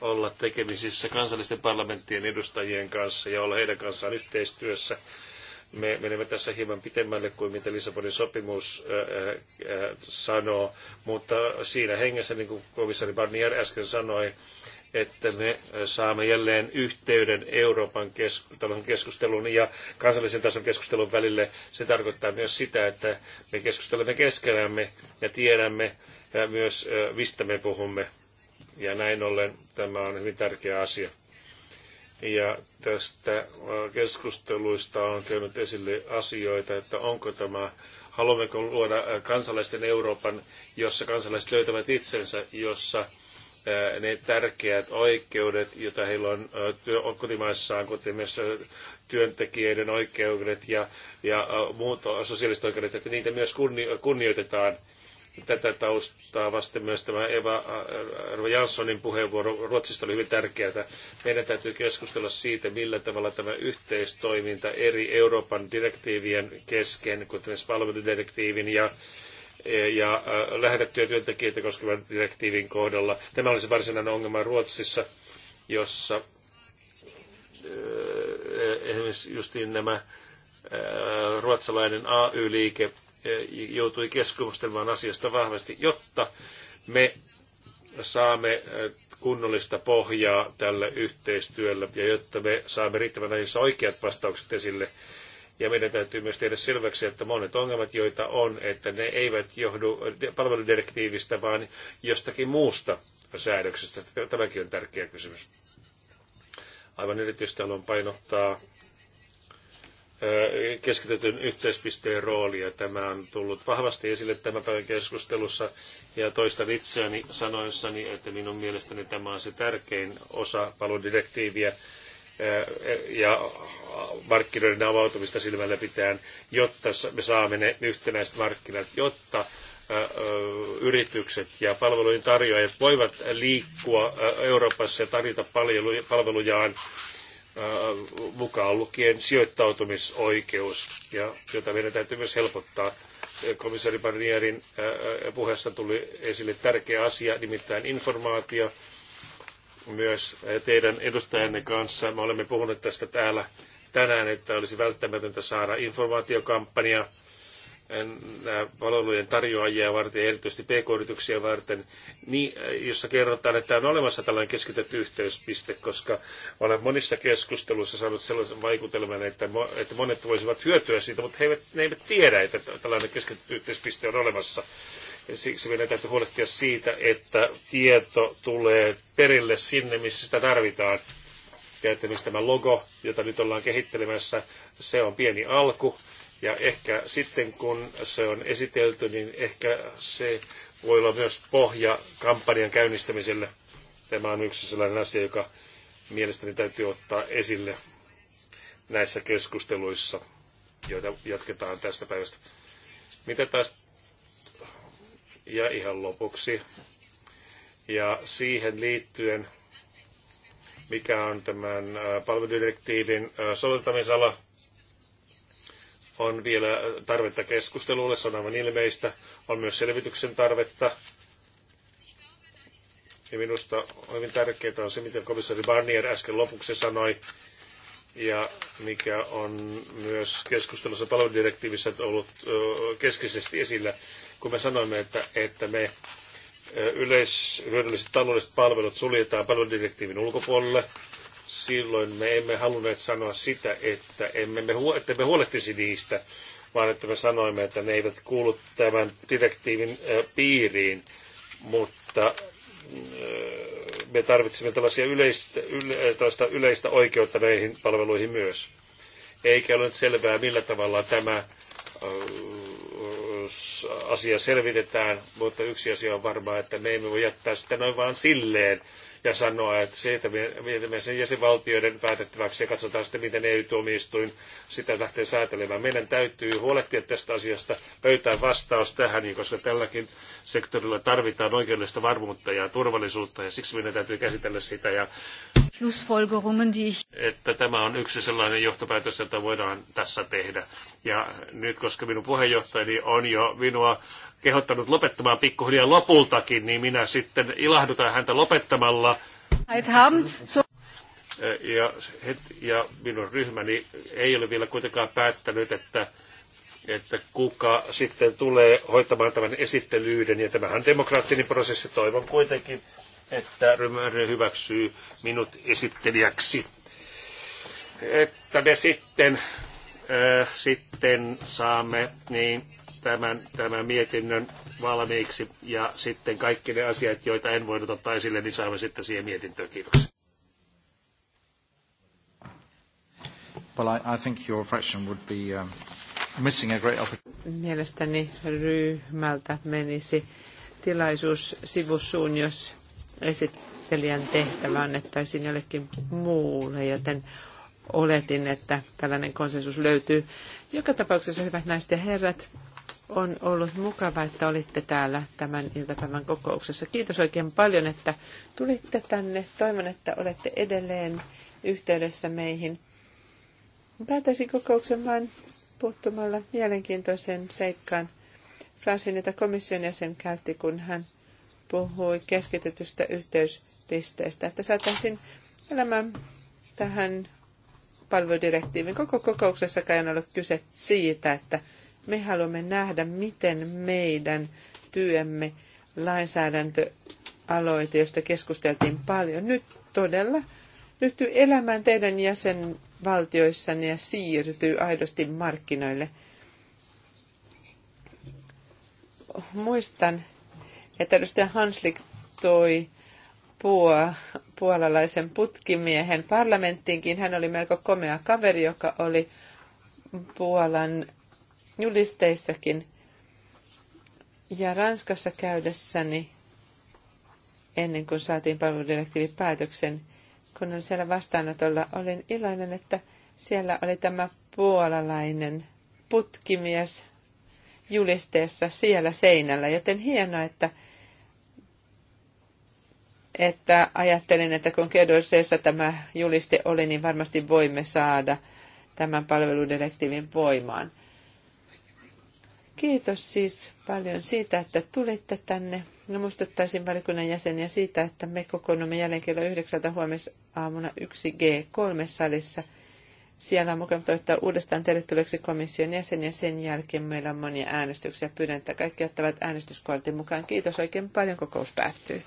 olla tekemisissä kansallisten parlamenttien edustajien kanssa ja olla heidän kanssaan yhteistyössä me menemme tässä hieman pitemmälle kuin mitä Lissabonin sopimus sanoo, mutta siinä hengessä, niin kuin komissaari Barnier äsken sanoi, että me saamme jälleen yhteyden Euroopan keskustelun, keskustelun ja kansallisen tason keskustelun välille. Se tarkoittaa myös sitä, että me keskustelemme keskenämme ja tiedämme ja myös, mistä me puhumme. Ja näin ollen tämä on hyvin tärkeä asia. Ja tästä äh, keskusteluista on käynyt esille asioita, että onko tämä, haluammeko luoda äh, kansalaisten Euroopan, jossa kansalaiset löytävät itsensä, jossa äh, ne tärkeät oikeudet, joita heillä on kotimaissaan, kuten myös työntekijöiden oikeudet ja, ja muut sosiaaliset oikeudet, että niitä myös kunnioitetaan – Tätä taustaa vasten myös tämä Eva äh, Janssonin puheenvuoro Ruotsista oli hyvin tärkeää. Meidän täytyy keskustella siitä, millä tavalla tämä yhteistoiminta eri Euroopan direktiivien kesken, kuten palveludirektiivin ja ja äh, lähetettyjä työntekijöitä koskevan direktiivin kohdalla. Tämä olisi varsinainen ongelma Ruotsissa, jossa äh, eh, eh, esimerkiksi justiin nämä ruotsalainen AY-liike Eh, joutui keskustelemaan asiasta vahvasti, jotta me saamme eh, kunnollista pohjaa tälle yhteistyölle ja jotta me saamme riittävän ajoissa oikeat vastaukset esille. Ja meidän täytyy myös tehdä selväksi, että monet ongelmat, joita on, että ne eivät johdu palveludirektiivistä, vaan jostakin muusta säädöksestä. Tämäkin on tärkeä kysymys. Aivan erityisesti haluan painottaa keskitetyn yhteispisteen roolia. Tämä on tullut vahvasti esille tämän päivän keskustelussa ja toistan itseäni sanoissani, että minun mielestäni tämä on se tärkein osa paluudirektiiviä ja markkinoiden avautumista silmällä pitäen, jotta me saamme ne yhtenäiset markkinat, jotta yritykset ja palvelujen tarjoajat voivat liikkua Euroopassa ja tarjota palvelujaan mukaan lukien sijoittautumisoikeus, ja, jota meidän täytyy myös helpottaa. Komissaari Barnierin puheessa tuli esille tärkeä asia, nimittäin informaatio myös teidän edustajanne kanssa. Me olemme puhuneet tästä täällä tänään, että olisi välttämätöntä saada informaatiokampanja – nämä palvelujen tarjoajia varten, erityisesti pk-yrityksiä varten, niin, jossa kerrotaan, että on olemassa tällainen keskitetty yhteyspiste, koska olen monissa keskusteluissa saanut sellaisen vaikutelman, että, että monet voisivat hyötyä siitä, mutta he eivät, ne eivät tiedä, että tällainen keskitetty yhteyspiste on olemassa. Siksi meidän täytyy huolehtia siitä, että tieto tulee perille sinne, missä sitä tarvitaan. Ja että tämä logo, jota nyt ollaan kehittelemässä, se on pieni alku, ja ehkä sitten kun se on esitelty, niin ehkä se voi olla myös pohja kampanjan käynnistämiselle. Tämä on yksi sellainen asia, joka mielestäni täytyy ottaa esille näissä keskusteluissa, joita jatketaan tästä päivästä. Mitä taas? Ja ihan lopuksi. Ja siihen liittyen, mikä on tämän palveludirektiivin soveltamisala, on vielä tarvetta keskustelulle, se on aivan ilmeistä. On myös selvityksen tarvetta. Ja minusta hyvin tärkeää on se, mitä komissaari Barnier äsken lopuksi sanoi, ja mikä on myös keskustelussa palveludirektiivissä ollut keskeisesti esillä, kun me sanoimme, että, että me yleishyödylliset taloudelliset palvelut suljetaan palveludirektiivin ulkopuolelle, silloin me emme halunneet sanoa sitä, että emme me, että me huolehtisi niistä, vaan että me sanoimme, että ne eivät kuulu tämän direktiivin piiriin, mutta me tarvitsemme tällaisia yleistä, yle, tällaista yleistä oikeutta näihin palveluihin myös. Eikä ole nyt selvää, millä tavalla tämä asia selvitetään, mutta yksi asia on varmaa, että me emme voi jättää sitä noin vaan silleen, ja sanoa, että siitä mietimme sen jäsenvaltioiden päätettäväksi ja katsotaan sitten, miten EU-tuomioistuin sitä lähtee säätelemään. Meidän täytyy huolehtia tästä asiasta, löytää vastaus tähän, niin koska tälläkin sektorilla tarvitaan oikeudellista varmuutta ja turvallisuutta ja siksi meidän täytyy käsitellä sitä ja Schlussfolgerungen, die ich... Että tämä on yksi sellainen johtopäätös, jota voidaan tässä tehdä. Ja nyt, koska minun puheenjohtajani on jo minua kehottanut lopettamaan pikkuhiljaa lopultakin, niin minä sitten ilahdutan häntä lopettamalla. Ja, ja minun ryhmäni ei ole vielä kuitenkaan päättänyt, että että kuka sitten tulee hoitamaan tämän esittelyyden, ja tämähän demokraattinen prosessi. Toivon kuitenkin, että Rymöre hyväksyy minut esittelijäksi. Että me sitten, äh, sitten saamme niin tämän, tämän mietinnön valmiiksi ja sitten kaikki ne asiat, joita en voinut ottaa esille, niin saamme sitten siihen mietintöön. Kiitoksia. Well, I, I think your fraction would be um, missing a great opportunity. Mielestäni ryhmältä menisi tilaisuus sivussuun, jos esittelijän tehtävä annettaisiin jollekin muulle, joten oletin, että tällainen konsensus löytyy. Joka tapauksessa, hyvät naiset ja herrat, on ollut mukava, että olitte täällä tämän iltapäivän kokouksessa. Kiitos oikein paljon, että tulitte tänne. Toivon, että olette edelleen yhteydessä meihin. Päätäisin kokouksen vain puuttumalla mielenkiintoisen seikkaan fraasiin, jota komission jäsen käytti, kun hän puhui keskitetystä yhteyspisteestä, että saataisiin elämään tähän palveludirektiivin koko kokouksessakaan en ollut kyse siitä, että me haluamme nähdä, miten meidän työmme lainsäädäntöaloite, josta keskusteltiin paljon, nyt todella ryhtyy elämään teidän jäsenvaltioissanne ja siirtyy aidosti markkinoille. Muistan että edustaja Hanslik toi puo, puolalaisen putkimiehen parlamenttiinkin. Hän oli melko komea kaveri, joka oli Puolan julisteissakin. Ja Ranskassa käydessäni, ennen kuin saatiin palveludirektiivipäätöksen, päätöksen, kun olin siellä vastaanotolla, olin iloinen, että siellä oli tämä puolalainen putkimies – julisteessa siellä seinällä, joten hienoa, että, että ajattelin, että kun Kedoseessa tämä juliste oli, niin varmasti voimme saada tämän palveludirektiivin voimaan. Kiitos siis paljon siitä, että tulitte tänne. No, muistuttaisin valikunnan jäseniä siitä, että me kokoonnumme jälleen kello yhdeksältä huomisaamuna 1G3-salissa – siellä on mukava toivottaa uudestaan tervetulleeksi komission jäseniä sen jälkeen meillä on monia äänestyksiä. Pyydän, että kaikki ottavat äänestyskortin mukaan. Kiitos oikein paljon. Kokous päättyy.